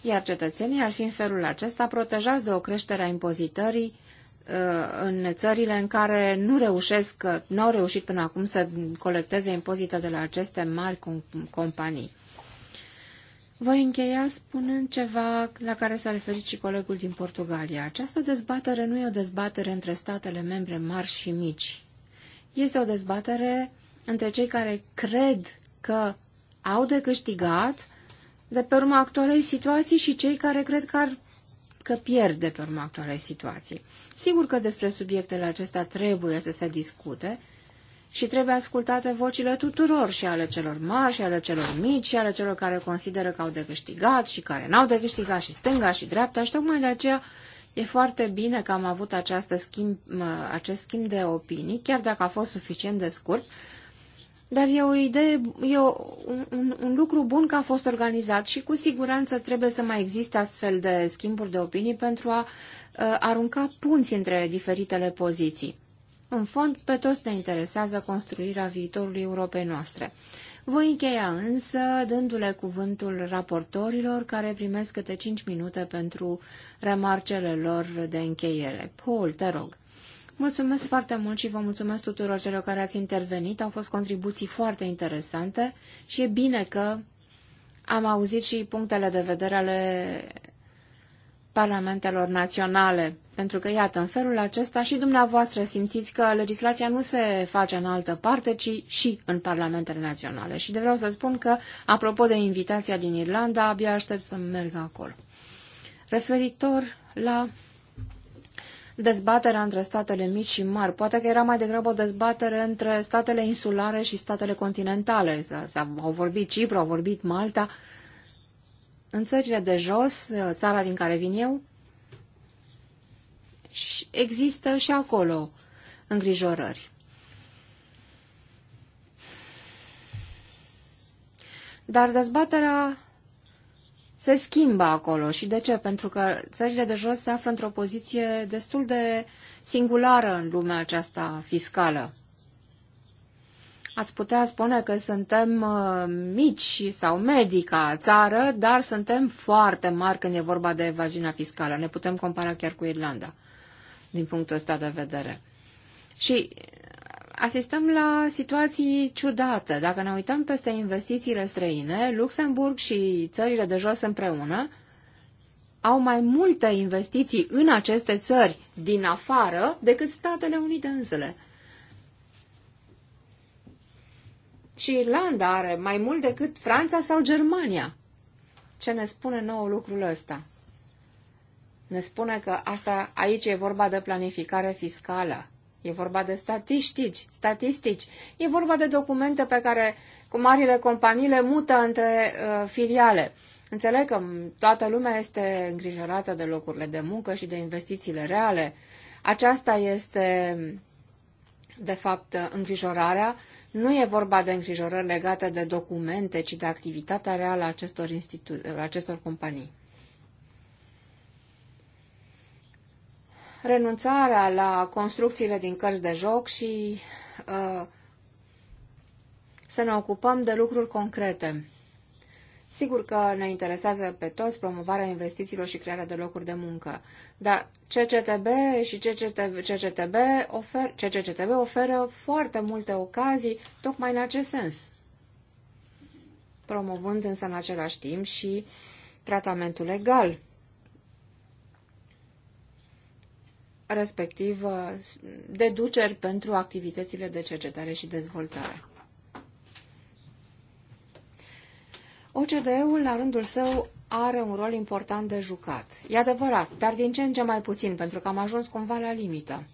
iar cetățenii ar fi în felul acesta protejați de o creștere a impozitării uh, în țările în care nu reușesc, nu au reușit până acum să colecteze impozite de la aceste mari companii. Voi încheia spunând ceva la care s-a referit și colegul din Portugalia. Această dezbatere nu e o dezbatere între statele membre mari și mici. Este o dezbatere între cei care cred că au de câștigat de pe urma actualei situații și cei care cred că, ar, că pierd de pe urma actualei situații. Sigur că despre subiectele acestea trebuie să se discute și trebuie ascultate vocile tuturor și ale celor mari și ale celor mici și ale celor care consideră că au de câștigat și care n-au de câștigat și stânga și dreapta și tocmai de aceea E foarte bine că am avut această schimb, acest schimb de opinii, chiar dacă a fost suficient de scurt, dar e o idee, e o, un, un lucru bun că a fost organizat și cu siguranță trebuie să mai existe astfel de schimburi de opinii pentru a uh, arunca punți între diferitele poziții. În fond, pe toți ne interesează construirea viitorului Europei noastre. Voi încheia însă dându-le cuvântul raportorilor care primesc câte 5 minute pentru remarcele lor de încheiere. Paul, te rog. Mulțumesc foarte mult și vă mulțumesc tuturor celor care ați intervenit. Au fost contribuții foarte interesante și e bine că am auzit și punctele de vedere ale parlamentelor naționale, pentru că, iată, în felul acesta și dumneavoastră simțiți că legislația nu se face în altă parte, ci și în parlamentele naționale. Și de vreau să spun că, apropo de invitația din Irlanda, abia aștept să merg acolo. Referitor la dezbaterea între statele mici și mari. Poate că era mai degrabă o dezbatere între statele insulare și statele continentale. Au vorbit Cipru, au vorbit Malta. În țările de jos, țara din care vin eu, există și acolo îngrijorări. Dar dezbaterea se schimbă acolo. Și de ce? Pentru că țările de jos se află într-o poziție destul de singulară în lumea aceasta fiscală. Ați putea spune că suntem uh, mici sau medii ca țară, dar suntem foarte mari când e vorba de evaziunea fiscală. Ne putem compara chiar cu Irlanda, din punctul ăsta de vedere. Și asistăm la situații ciudate. Dacă ne uităm peste investițiile străine, Luxemburg și țările de jos împreună au mai multe investiții în aceste țări din afară decât Statele Unite însele. Și Irlanda are mai mult decât Franța sau Germania. Ce ne spune nou lucrul ăsta? Ne spune că asta aici e vorba de planificare fiscală e vorba de statistici, statistici, e vorba de documente pe care cu marile companii le mută între uh, filiale. Înțeleg că toată lumea este îngrijorată de locurile de muncă și de investițiile reale. Aceasta este, de fapt, îngrijorarea. Nu e vorba de îngrijorări legate de documente, ci de activitatea reală a acestor, institu- acestor companii. renunțarea la construcțiile din cărți de joc și uh, să ne ocupăm de lucruri concrete. Sigur că ne interesează pe toți promovarea investițiilor și crearea de locuri de muncă, dar CCTB și CCTB, CCTB, ofer, CCCTB oferă foarte multe ocazii tocmai în acest sens, promovând însă în același timp și tratamentul legal respectiv uh, deduceri pentru activitățile de cercetare și dezvoltare. OCDE-ul, la rândul său, are un rol important de jucat. E adevărat, dar din ce în ce mai puțin, pentru că am ajuns cumva la limită.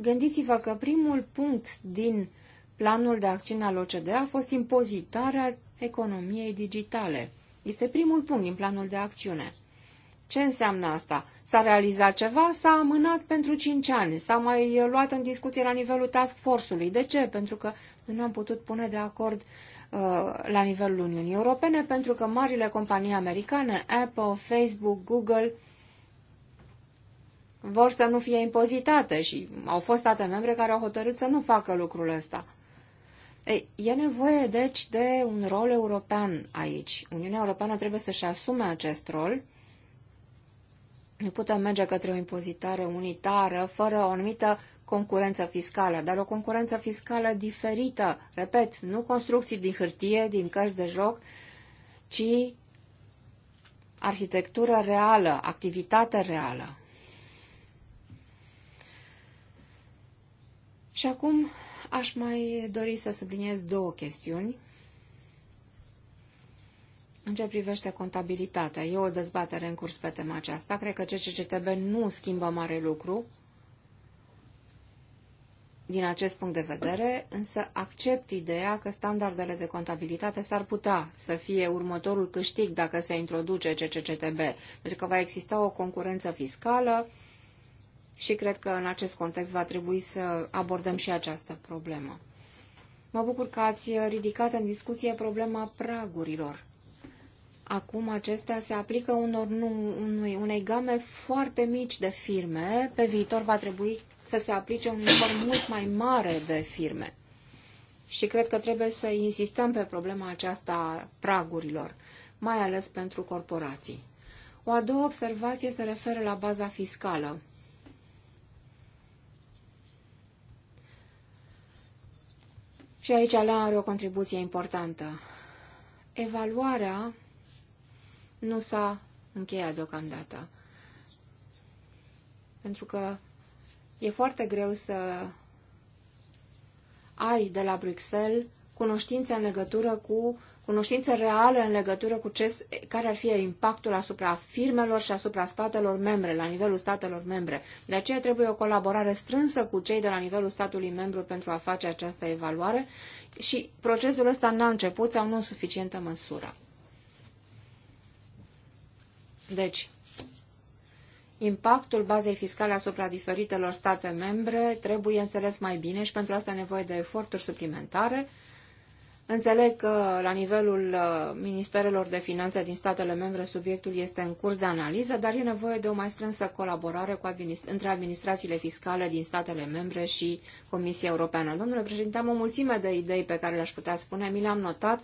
gândiți-vă că primul punct din planul de acțiune al OCDE a fost impozitarea economiei digitale. Este primul punct din planul de acțiune. Ce înseamnă asta? S-a realizat ceva? S-a amânat pentru cinci ani? S-a mai luat în discuție la nivelul task force-ului? De ce? Pentru că nu ne-am putut pune de acord uh, la nivelul Uniunii Europene, pentru că marile companii americane, Apple, Facebook, Google, vor să nu fie impozitate și au fost state membre care au hotărât să nu facă lucrul ăsta. Ei, e nevoie, deci, de un rol european aici. Uniunea Europeană trebuie să-și asume acest rol nu putem merge către o impozitare unitară fără o anumită concurență fiscală, dar o concurență fiscală diferită. Repet, nu construcții din hârtie, din cărți de joc, ci arhitectură reală, activitate reală. Și acum aș mai dori să subliniez două chestiuni. În ce privește contabilitatea, e o dezbatere în curs pe tema aceasta. Cred că CCCTB nu schimbă mare lucru din acest punct de vedere, însă accept ideea că standardele de contabilitate s-ar putea să fie următorul câștig dacă se introduce CCCTB, pentru deci că va exista o concurență fiscală și cred că în acest context va trebui să abordăm și această problemă. Mă bucur că ați ridicat în discuție problema pragurilor Acum acestea se aplică unor, unui, unei game foarte mici de firme. Pe viitor va trebui să se aplice un număr mult mai mare de firme. Și cred că trebuie să insistăm pe problema aceasta a pragurilor, mai ales pentru corporații. O a doua observație se referă la baza fiscală. Și aici Alain are o contribuție importantă. Evaluarea nu s-a încheiat deocamdată. Pentru că e foarte greu să ai de la Bruxelles cunoștințe în legătură cu cunoștințe reale în legătură cu ce, care ar fi impactul asupra firmelor și asupra statelor membre, la nivelul statelor membre. De aceea trebuie o colaborare strânsă cu cei de la nivelul statului membru pentru a face această evaluare și procesul ăsta n-a început sau nu în suficientă măsură. Deci, impactul bazei fiscale asupra diferitelor state membre trebuie înțeles mai bine și pentru asta e nevoie de eforturi suplimentare. Înțeleg că la nivelul uh, Ministerelor de Finanțe din statele membre subiectul este în curs de analiză, dar e nevoie de o mai strânsă colaborare cu administ- între administrațiile fiscale din statele membre și Comisia Europeană. Domnule președinte, am o mulțime de idei pe care le-aș putea spune, mi le-am notat,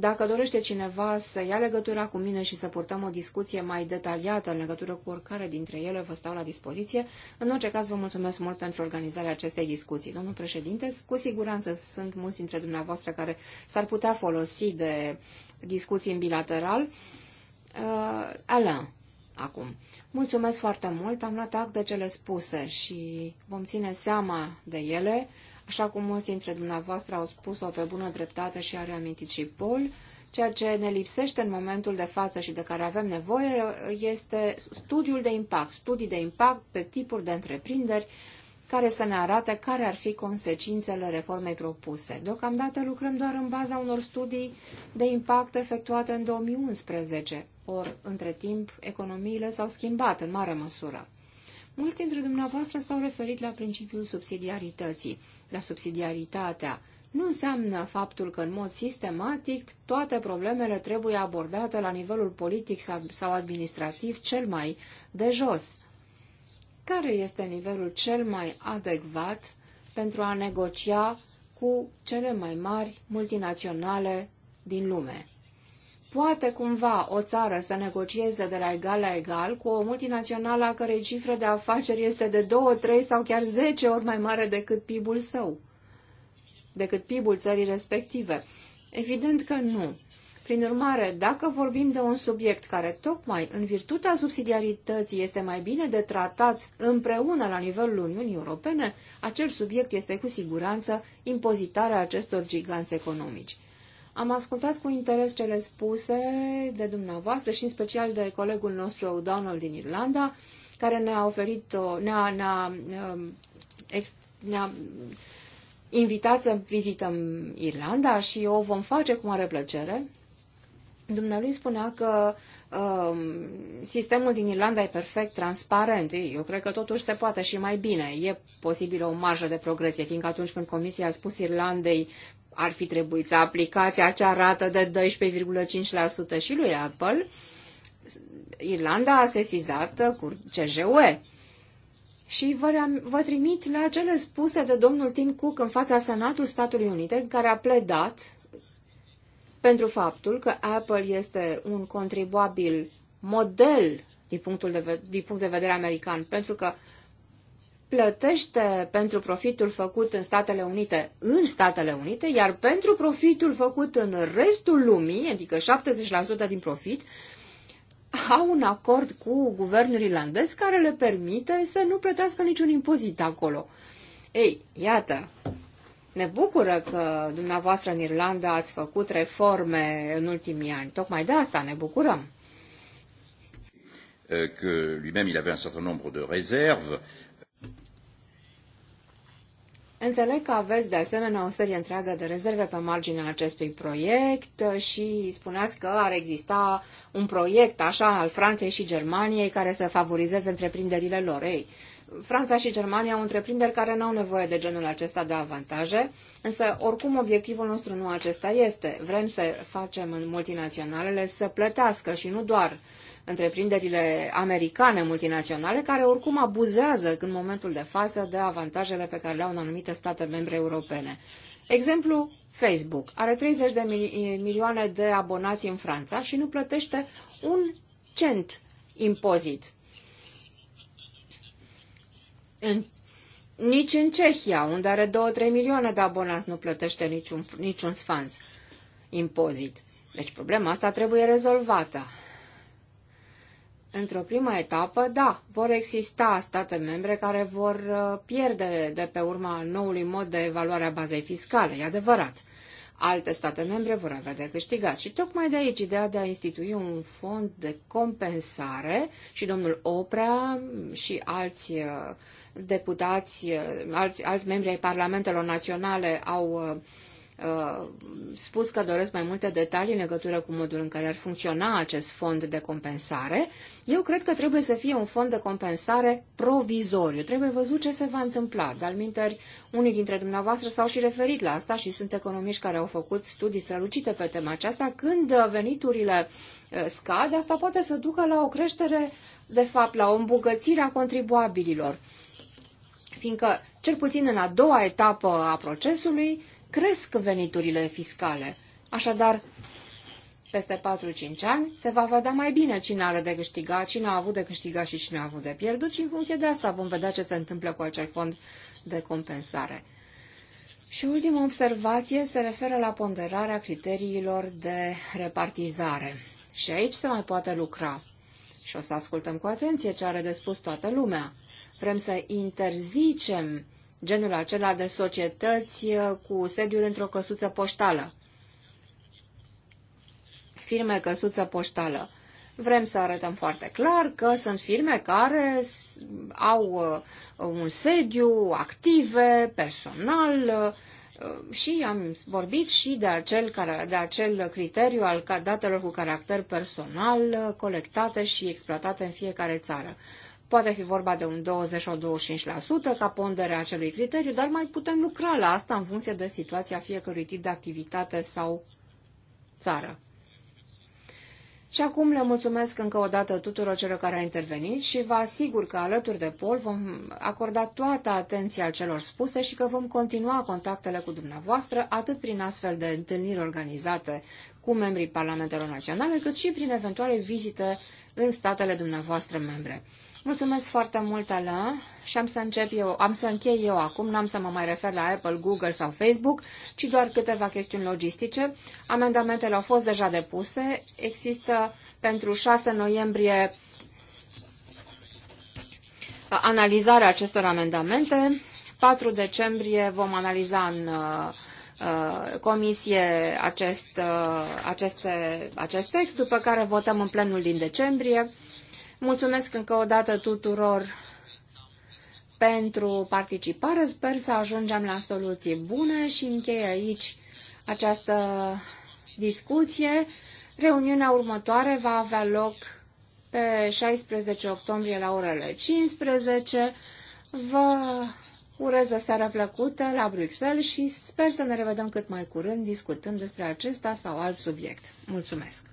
dacă dorește cineva să ia legătura cu mine și să purtăm o discuție mai detaliată în legătură cu oricare dintre ele, vă stau la dispoziție. În orice caz, vă mulțumesc mult pentru organizarea acestei discuții. Domnul președinte, cu siguranță sunt mulți dintre dumneavoastră care s-ar putea folosi de discuții în bilateral. Uh, Alain, acum. Mulțumesc foarte mult, am luat act de cele spuse și vom ține seama de ele așa cum mulți dintre dumneavoastră au spus-o pe bună dreptate și a reamintit și Paul, ceea ce ne lipsește în momentul de față și de care avem nevoie este studiul de impact, studii de impact pe tipuri de întreprinderi care să ne arate care ar fi consecințele reformei propuse. Deocamdată lucrăm doar în baza unor studii de impact efectuate în 2011, ori între timp economiile s-au schimbat în mare măsură. Mulți dintre dumneavoastră s-au referit la principiul subsidiarității, la subsidiaritatea nu înseamnă faptul că în mod sistematic toate problemele trebuie abordate la nivelul politic sau administrativ cel mai de jos. Care este nivelul cel mai adecvat pentru a negocia cu cele mai mari multinaționale din lume? poate cumva o țară să negocieze de la egal la egal cu o multinațională a cărei cifră de afaceri este de 2, 3 sau chiar 10 ori mai mare decât PIB-ul său, decât PIB-ul țării respective? Evident că nu. Prin urmare, dacă vorbim de un subiect care tocmai în virtutea subsidiarității este mai bine de tratat împreună la nivelul Uniunii Europene, acel subiect este cu siguranță impozitarea acestor giganți economici. Am ascultat cu interes cele spuse de dumneavoastră și în special de colegul nostru O'Donnell din Irlanda, care ne-a oferit, uh, ne-a, ne-a, um, ne-a invitat să vizităm Irlanda și o vom face cu mare plăcere. Dumnealui spunea că um, sistemul din Irlanda e perfect transparent. Eu cred că totuși se poate și mai bine. E posibil o marjă de progresie, fiindcă atunci când Comisia a spus Irlandei ar fi trebuit să aplicați acea rată de 12,5% și lui Apple, Irlanda a sesizat cu CJUE. Și vă, vă trimit la cele spuse de domnul Tim Cook în fața Senatului Statului Unite, care a pledat pentru faptul că Apple este un contribuabil model din, punctul de, din punct de vedere american, pentru că plătește pentru profitul făcut în Statele Unite, în Statele Unite, iar pentru profitul făcut în restul lumii, adică 70% din profit, au un acord cu guvernul irlandez care le permite să nu plătească niciun impozit acolo. Ei, iată, ne bucură că dumneavoastră în Irlanda ați făcut reforme în ultimii ani. Tocmai de asta ne bucurăm. Euh, que lui-même il avait un certain nombre de réserves Înțeleg că aveți de asemenea o serie întreagă de rezerve pe marginea acestui proiect și spuneați că ar exista un proiect așa al Franței și Germaniei care să favorizeze întreprinderile lor. Ei, Franța și Germania au întreprinderi care nu au nevoie de genul acesta de avantaje, însă oricum obiectivul nostru nu acesta este. Vrem să facem în multinaționalele să plătească și nu doar întreprinderile americane multinaționale, care oricum abuzează în momentul de față de avantajele pe care le-au în anumite state membre europene. Exemplu, Facebook are 30 de milioane de abonați în Franța și nu plătește un cent impozit. În, nici în Cehia, unde are 2-3 milioane de abonați, nu plătește niciun, niciun sfanz impozit. Deci problema asta trebuie rezolvată într-o primă etapă, da, vor exista state membre care vor uh, pierde de pe urma noului mod de evaluare a bazei fiscale, e adevărat. Alte state membre vor avea de câștigat. Și tocmai de aici ideea de a institui un fond de compensare și domnul Oprea și alți uh, deputați, uh, alți, alți membri ai parlamentelor naționale au Uh, spus că doresc mai multe detalii în legătură cu modul în care ar funcționa acest fond de compensare. Eu cred că trebuie să fie un fond de compensare provizoriu. Trebuie văzut ce se va întâmpla. Dar minteri, unii dintre dumneavoastră s-au și referit la asta și sunt economiști care au făcut studii strălucite pe tema aceasta. Când uh, veniturile uh, scad, asta poate să ducă la o creștere, de fapt, la o îmbogățire a contribuabililor fiindcă, cel puțin în a doua etapă a procesului, cresc veniturile fiscale. Așadar, peste 4-5 ani se va vedea mai bine cine are de câștigat, cine a avut de câștigat și cine a avut de pierdut și în funcție de asta vom vedea ce se întâmplă cu acel fond de compensare. Și ultima observație se referă la ponderarea criteriilor de repartizare. Și aici se mai poate lucra. Și o să ascultăm cu atenție ce are de spus toată lumea. Vrem să interzicem genul acela de societăți uh, cu sediul într-o căsuță poștală. Firme căsuță poștală. Vrem să arătăm foarte clar că sunt firme care au uh, un sediu active, personal, uh, și am vorbit și de acel, de acel criteriu al datelor cu caracter personal colectate și exploatate în fiecare țară. Poate fi vorba de un 20 sau 25% ca pondere a acelui criteriu, dar mai putem lucra la asta în funcție de situația fiecărui tip de activitate sau țară. Și acum le mulțumesc încă o dată tuturor celor care au intervenit și vă asigur că alături de Pol vom acorda toată atenția celor spuse și că vom continua contactele cu dumneavoastră atât prin astfel de întâlniri organizate cu membrii Parlamentelor Naționale, cât și prin eventuale vizite în statele dumneavoastră membre. Mulțumesc foarte mult, Ala, și am să încep eu, am să închei eu acum, n-am să mă mai refer la Apple, Google sau Facebook, ci doar câteva chestiuni logistice. Amendamentele au fost deja depuse, există pentru 6 noiembrie analizarea acestor amendamente, 4 decembrie vom analiza în uh, uh, comisie acest, uh, aceste, acest text, după care votăm în plenul din decembrie. Mulțumesc încă o dată tuturor pentru participare. Sper să ajungem la soluții bune și închei aici această discuție. Reuniunea următoare va avea loc pe 16 octombrie la orele 15. Vă urez o seară plăcută la Bruxelles și sper să ne revedem cât mai curând discutând despre acesta sau alt subiect. Mulțumesc!